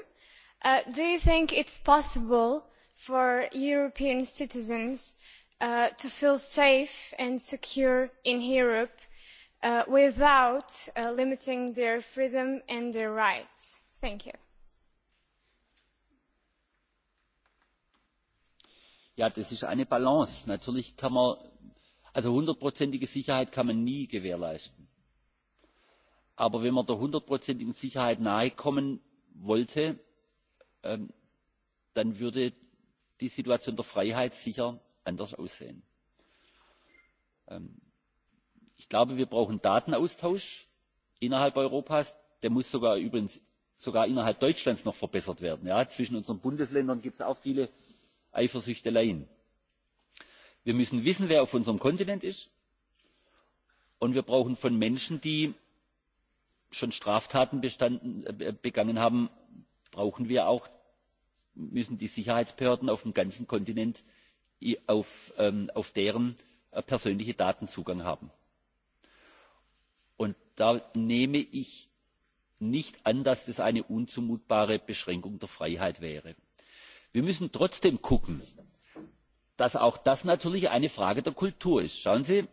Speaker 8: Uh, do you think it is possible for european citizens uh, to feel safe and secure in europe uh, without limiting their freedom and their rights?
Speaker 23: Ja, das ist eine balance. natürlich kann man hundertprozentige sicherheit nie gewährleisten. aber wenn wir der hundertprozentigen sicherheit nahe kommen wollten Ähm, dann würde die situation der freiheit sicher anders aussehen. Ähm, ich glaube wir brauchen datenaustausch innerhalb europas der muss übrigens sogar innerhalb deutschlands noch verbessert werden. Ja, zwischen unseren bundesländern gibt es auch viele eifersüchteleien. wir müssen wissen wer auf unserem kontinent ist und wir brauchen von menschen die schon straftaten äh, begangen haben brauchen wir müssen die sicherheitsbehörden auf dem ganzen kontinent ähm, auf deren äh, persönliche daten zugang haben. da nehme ich nicht an dass das eine unzumutbare beschränkung der freiheit wäre. wir müssen trotzdem schauen dass auch das natürlich eine frage der kultur ist. schauen sie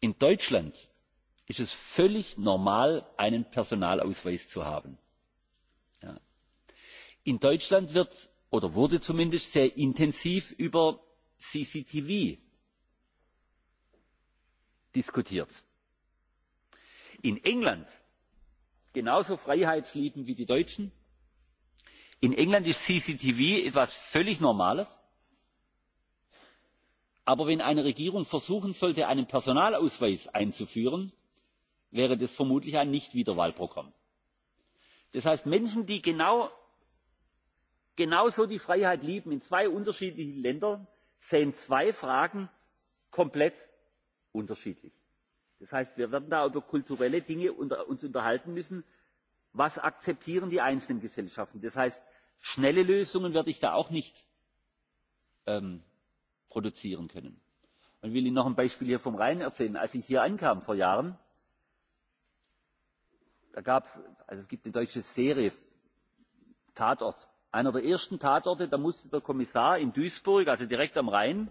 Speaker 23: in deutschland ist es völlig normal einen personalausweis zu haben in deutschland wird oder wurde zumindest sehr intensiv über cctv diskutiert. in england genauso freiheitsliebend wie die deutschen ist cctv etwas völlig normales. aber wenn eine regierung versuchen sollte einen personalausweis einzuführen wäre das vermutlich ein nichtwiederwahlprogramm. das heißt menschen die genau genauso die freiheit lieben in zwei unterschiedlichen ländern sehen zwei fragen komplett unterschiedlich. das heißt wir werden uns da über kulturelle dinge unterhalten müssen was akzeptieren die einzelnen gesellschaften? das heißt schnelle lösungen werde ich da auch nicht ähm, produzieren können. ich will ihnen noch ein beispiel hier vom rhein erzählen als ich hier ankam vor jahren da gab es also es gibt eine deutsche serie tatort einer der ersten tatorte da musste der kommissar in duisburg also direkt am rhein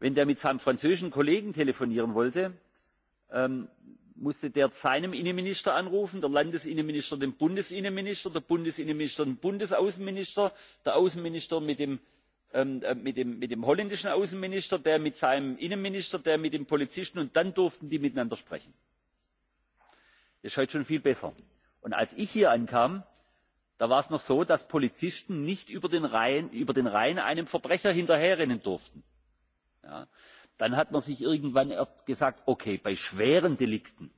Speaker 23: wenn er mit seinem französischen kollegen telefonieren wollte ähm, seinen innenminister anrufen den landesinnenminister den bundesinnenminister den bundesinnenminister den bundesaußenminister den außenminister ähm, äh, mit dem holländischen außenminister den mit seinem innenminister den mit dem polizisten und dann durften die miteinander sprechen. das ist heute schon viel besser. als ich hier ankam da war es noch so dass polizisten nicht über den rhein einem verbrecher hinterherrennen durften. Ja. dann hat man sich irgendwann gesagt okay bei schweren delikten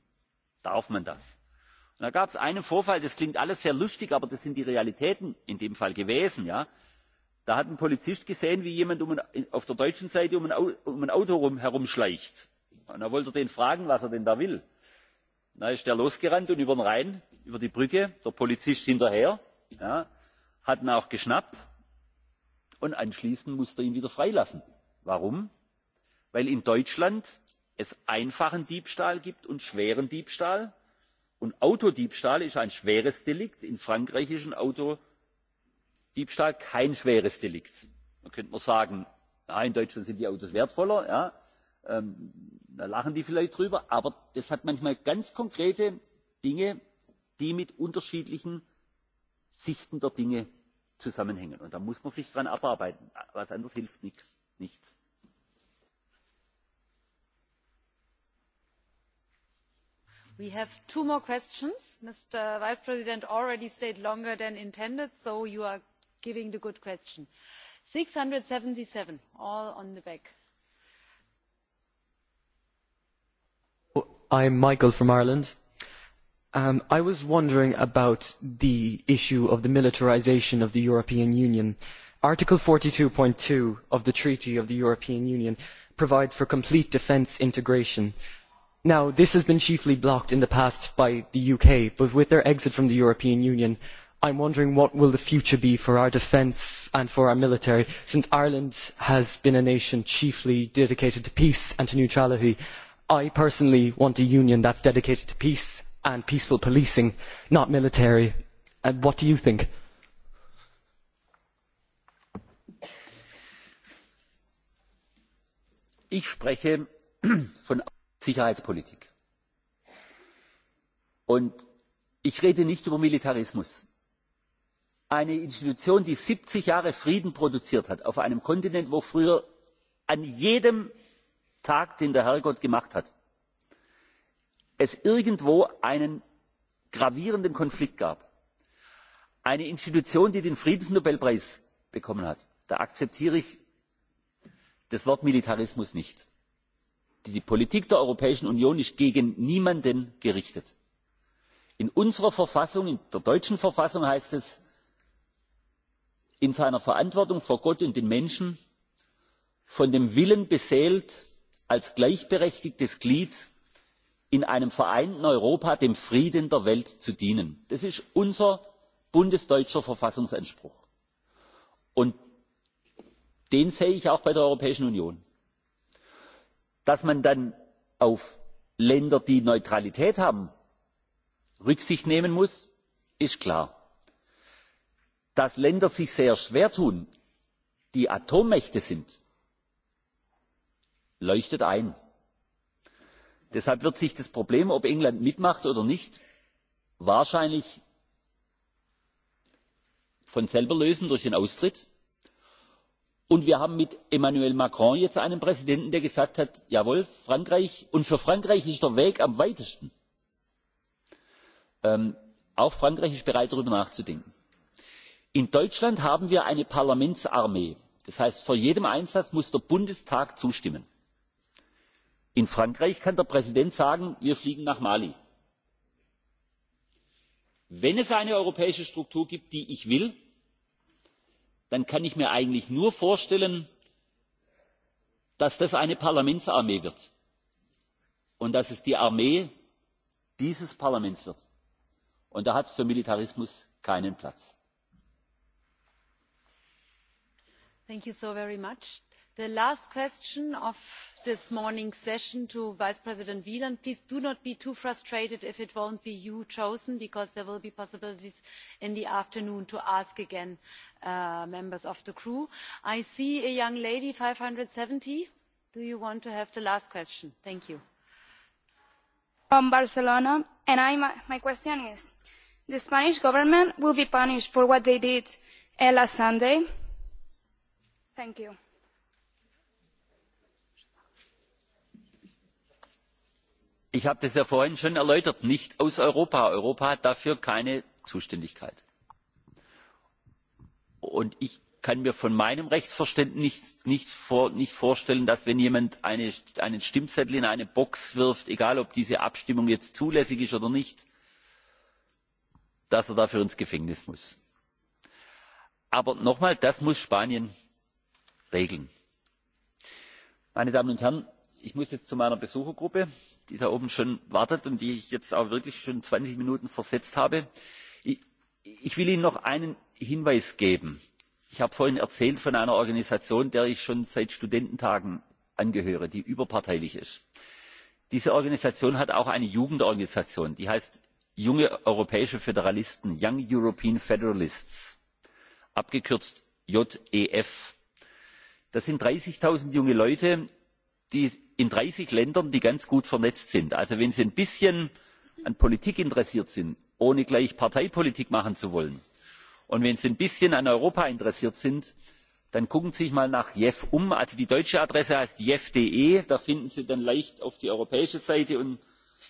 Speaker 23: darf man das. da gab es einen vorfall das klingt alles sehr lustig aber das sind die realitäten in dem fall gewesen. Ja. da hat ein polizist gesehen wie jemand um auf der deutschen seite um ein um auto herumschleicht. Und er wollte den fragen, was er denn da will. Da ist er losgerannt und über den Rhein, über die Brücke, der Polizist hinterher. Ja? hatten auch geschnappt und anschließend musste er ihn wieder freilassen. warum? weil es in deutschland einfachen diebstahl gibt und schweren diebstahl und autodiebstahl ist ein schweres delikt in frankreich ist ein autodiebstahl kein schweres delikt. man könnte man sagen ja, in deutschland sind die autos wertvoller ja, ähm, da lachen die vielleicht drüber aber das hat manchmal ganz konkrete dinge die mit unterschiedlichen sichten der dinge zusammenhängen und da muss man sich daran abarbeiten etwas anderes hilft nichts.
Speaker 19: we have two more questions mr vice president already stayed longer than intended so you are giving the good question six hundred and seventy seven all on the back.
Speaker 10: i am michael from ireland. Um, I was wondering about the issue of the militarization of the European Union. Article 42.2 of the Treaty of the European Union provides for complete defence integration. Now, this has been chiefly blocked in the past by the UK, but with their exit from the European Union, I'm wondering what will the future be for our defence and for our military, since Ireland has been a nation chiefly dedicated to peace and to neutrality. I personally want a union that's dedicated to peace and peaceful policing, not military. And uh, what do you think?
Speaker 23: Ich spreche von Sicherheitspolitik. Und ich rede nicht über Militarismus. Eine Institution, die 70 Jahre Frieden produziert hat auf einem Kontinent, wo früher an jedem Tag, den der Herrgott gemacht hat, es irgendwo einen gravierenden konflikt gab eine institution die den friedensnobelpreis bekommen hat da akzeptiere ich das wort militarismus nicht. die politik der europäischen union ist gegen niemanden gerichtet. in unserer verfassung in der deutschen verfassung heißt es in seiner verantwortung vor gott und den menschen von dem willen beseelt als gleichberechtigtes in einem vereinten europa dem frieden der welt zu dienen. das ist unser bundesdeutscher verfassungsanspruch und den sehe ich auch bei der europäischen union. dass man dann auf länder die neutralität haben rücksicht nehmen muss ist klar. dass länder sich sehr schwer tun die atommächte sind leuchtet deshalb wird sich das problem ob england mitmacht oder nicht wahrscheinlich von selber lösen durch den austritt und wir haben mit emmanuel macron jetzt einen präsidenten der gesagt hat jawohl frankreich und für frankreich ist der weg am weitesten ähm, auch frankreich ist bereit darüber nachzudenken. in deutschland haben wir eine parlamentsarmee das heißt vor jedem einsatz muss der bundestag zustimmen in frankreich kann der präsident sagen wir fliegen nach mali. wenn es eine europäische struktur gibt die ich will dann kann ich mir eigentlich nur vorstellen dass das eine parlamentsarmee wird und dass es die armee dieses parlaments wird. und da hat es für militarismus keinen platz.
Speaker 19: thank you so very much the last question of this morning's session to vice president wieland please do not be too frustrated if it won't be you chosen because there will be possibilities in the afternoon to ask again uh, members of the crew. i see a young lady five hundred and seventy do you want to have the last question? thank you.
Speaker 16: from barcelona and I, my question is the spanish government will be punished for what they did uh, last sunday?
Speaker 4: thank you.
Speaker 23: ich habe das ja vorhin schon erläutert nicht aus europa. europa hat dafür keine zuständigkeit. und ich kann mir von meinem rechtsverständnis nicht vorstellen dass wenn jemand einen stimmzettel in eine box wirft egal ob diese abstimmung jetzt zulässig ist oder nicht dass er dafür ins gefängnis muss. aber nochmals das muss spanien regeln. meine damen und herren ich muss jetzt zu meiner besuchergruppe die da oben schon wartet und die ich jetzt auch wirklich schon zwanzig minuten versetzt habe ich will ihnen noch einen hinweis geben ich habe vorhin erzählt von einer organisation der ich schon seit studententagen angehöre die überparteilich ist. diese organisation hat auch eine jugendorganisation die heißt junge europäische föderalisten young european federalists abgekürzt jef. das sind dreißig null junge leute in dreißig ländern die ganz gut vernetzt sind. also wenn sie ein bisschen an politik interessiert sind ohne gleich parteipolitik machen zu wollen und wenn sie ein bisschen an europa interessiert sind dann gucken sie sich mal nach yef um. die deutsche adresse heißt yef de da finden sie dann leicht auf die europäische seite und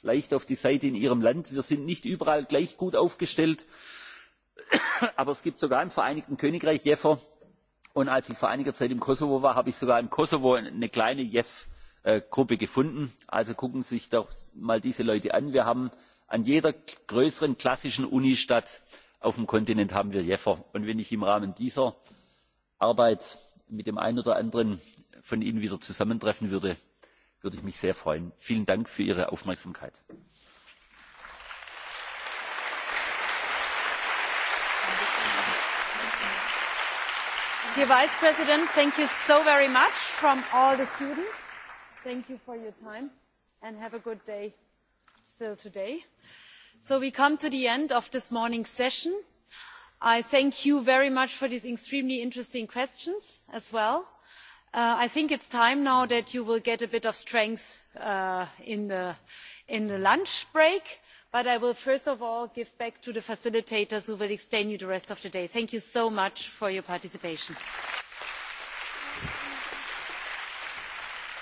Speaker 23: leicht auf die seite in ihrem land. wir sind nicht überall gleich gut aufgestellt aber es gibt sogar im vereinigten königreich yef er und als ich vor einiger zeit im kosovo war habe ich sogar im kosovo eine kleine yef Äh, gruppe gefunden. also gucken sie sich doch mal diese leute an. wir haben an jeder größeren klassischen unistadt auf dem kontinent jeffer. und wenn ich im rahmen dieser arbeit mit dem einen oder anderen von ihnen wieder zusammentreffen würde würde ich mich sehr freuen. vielen dank für ihre aufmerksamkeit!
Speaker 19: dear vice president thank you so very much from all the students thank you for your time and have a good day still today. So we come to the end of this morning's session. I thank you very much for these extremely interesting questions as well. Uh, I think it's time now that you will get a bit of strength uh, in, the, in the lunch break. But I will first of all give back to the facilitators who will explain you the rest of the day. Thank you so much for your participation. Thank you.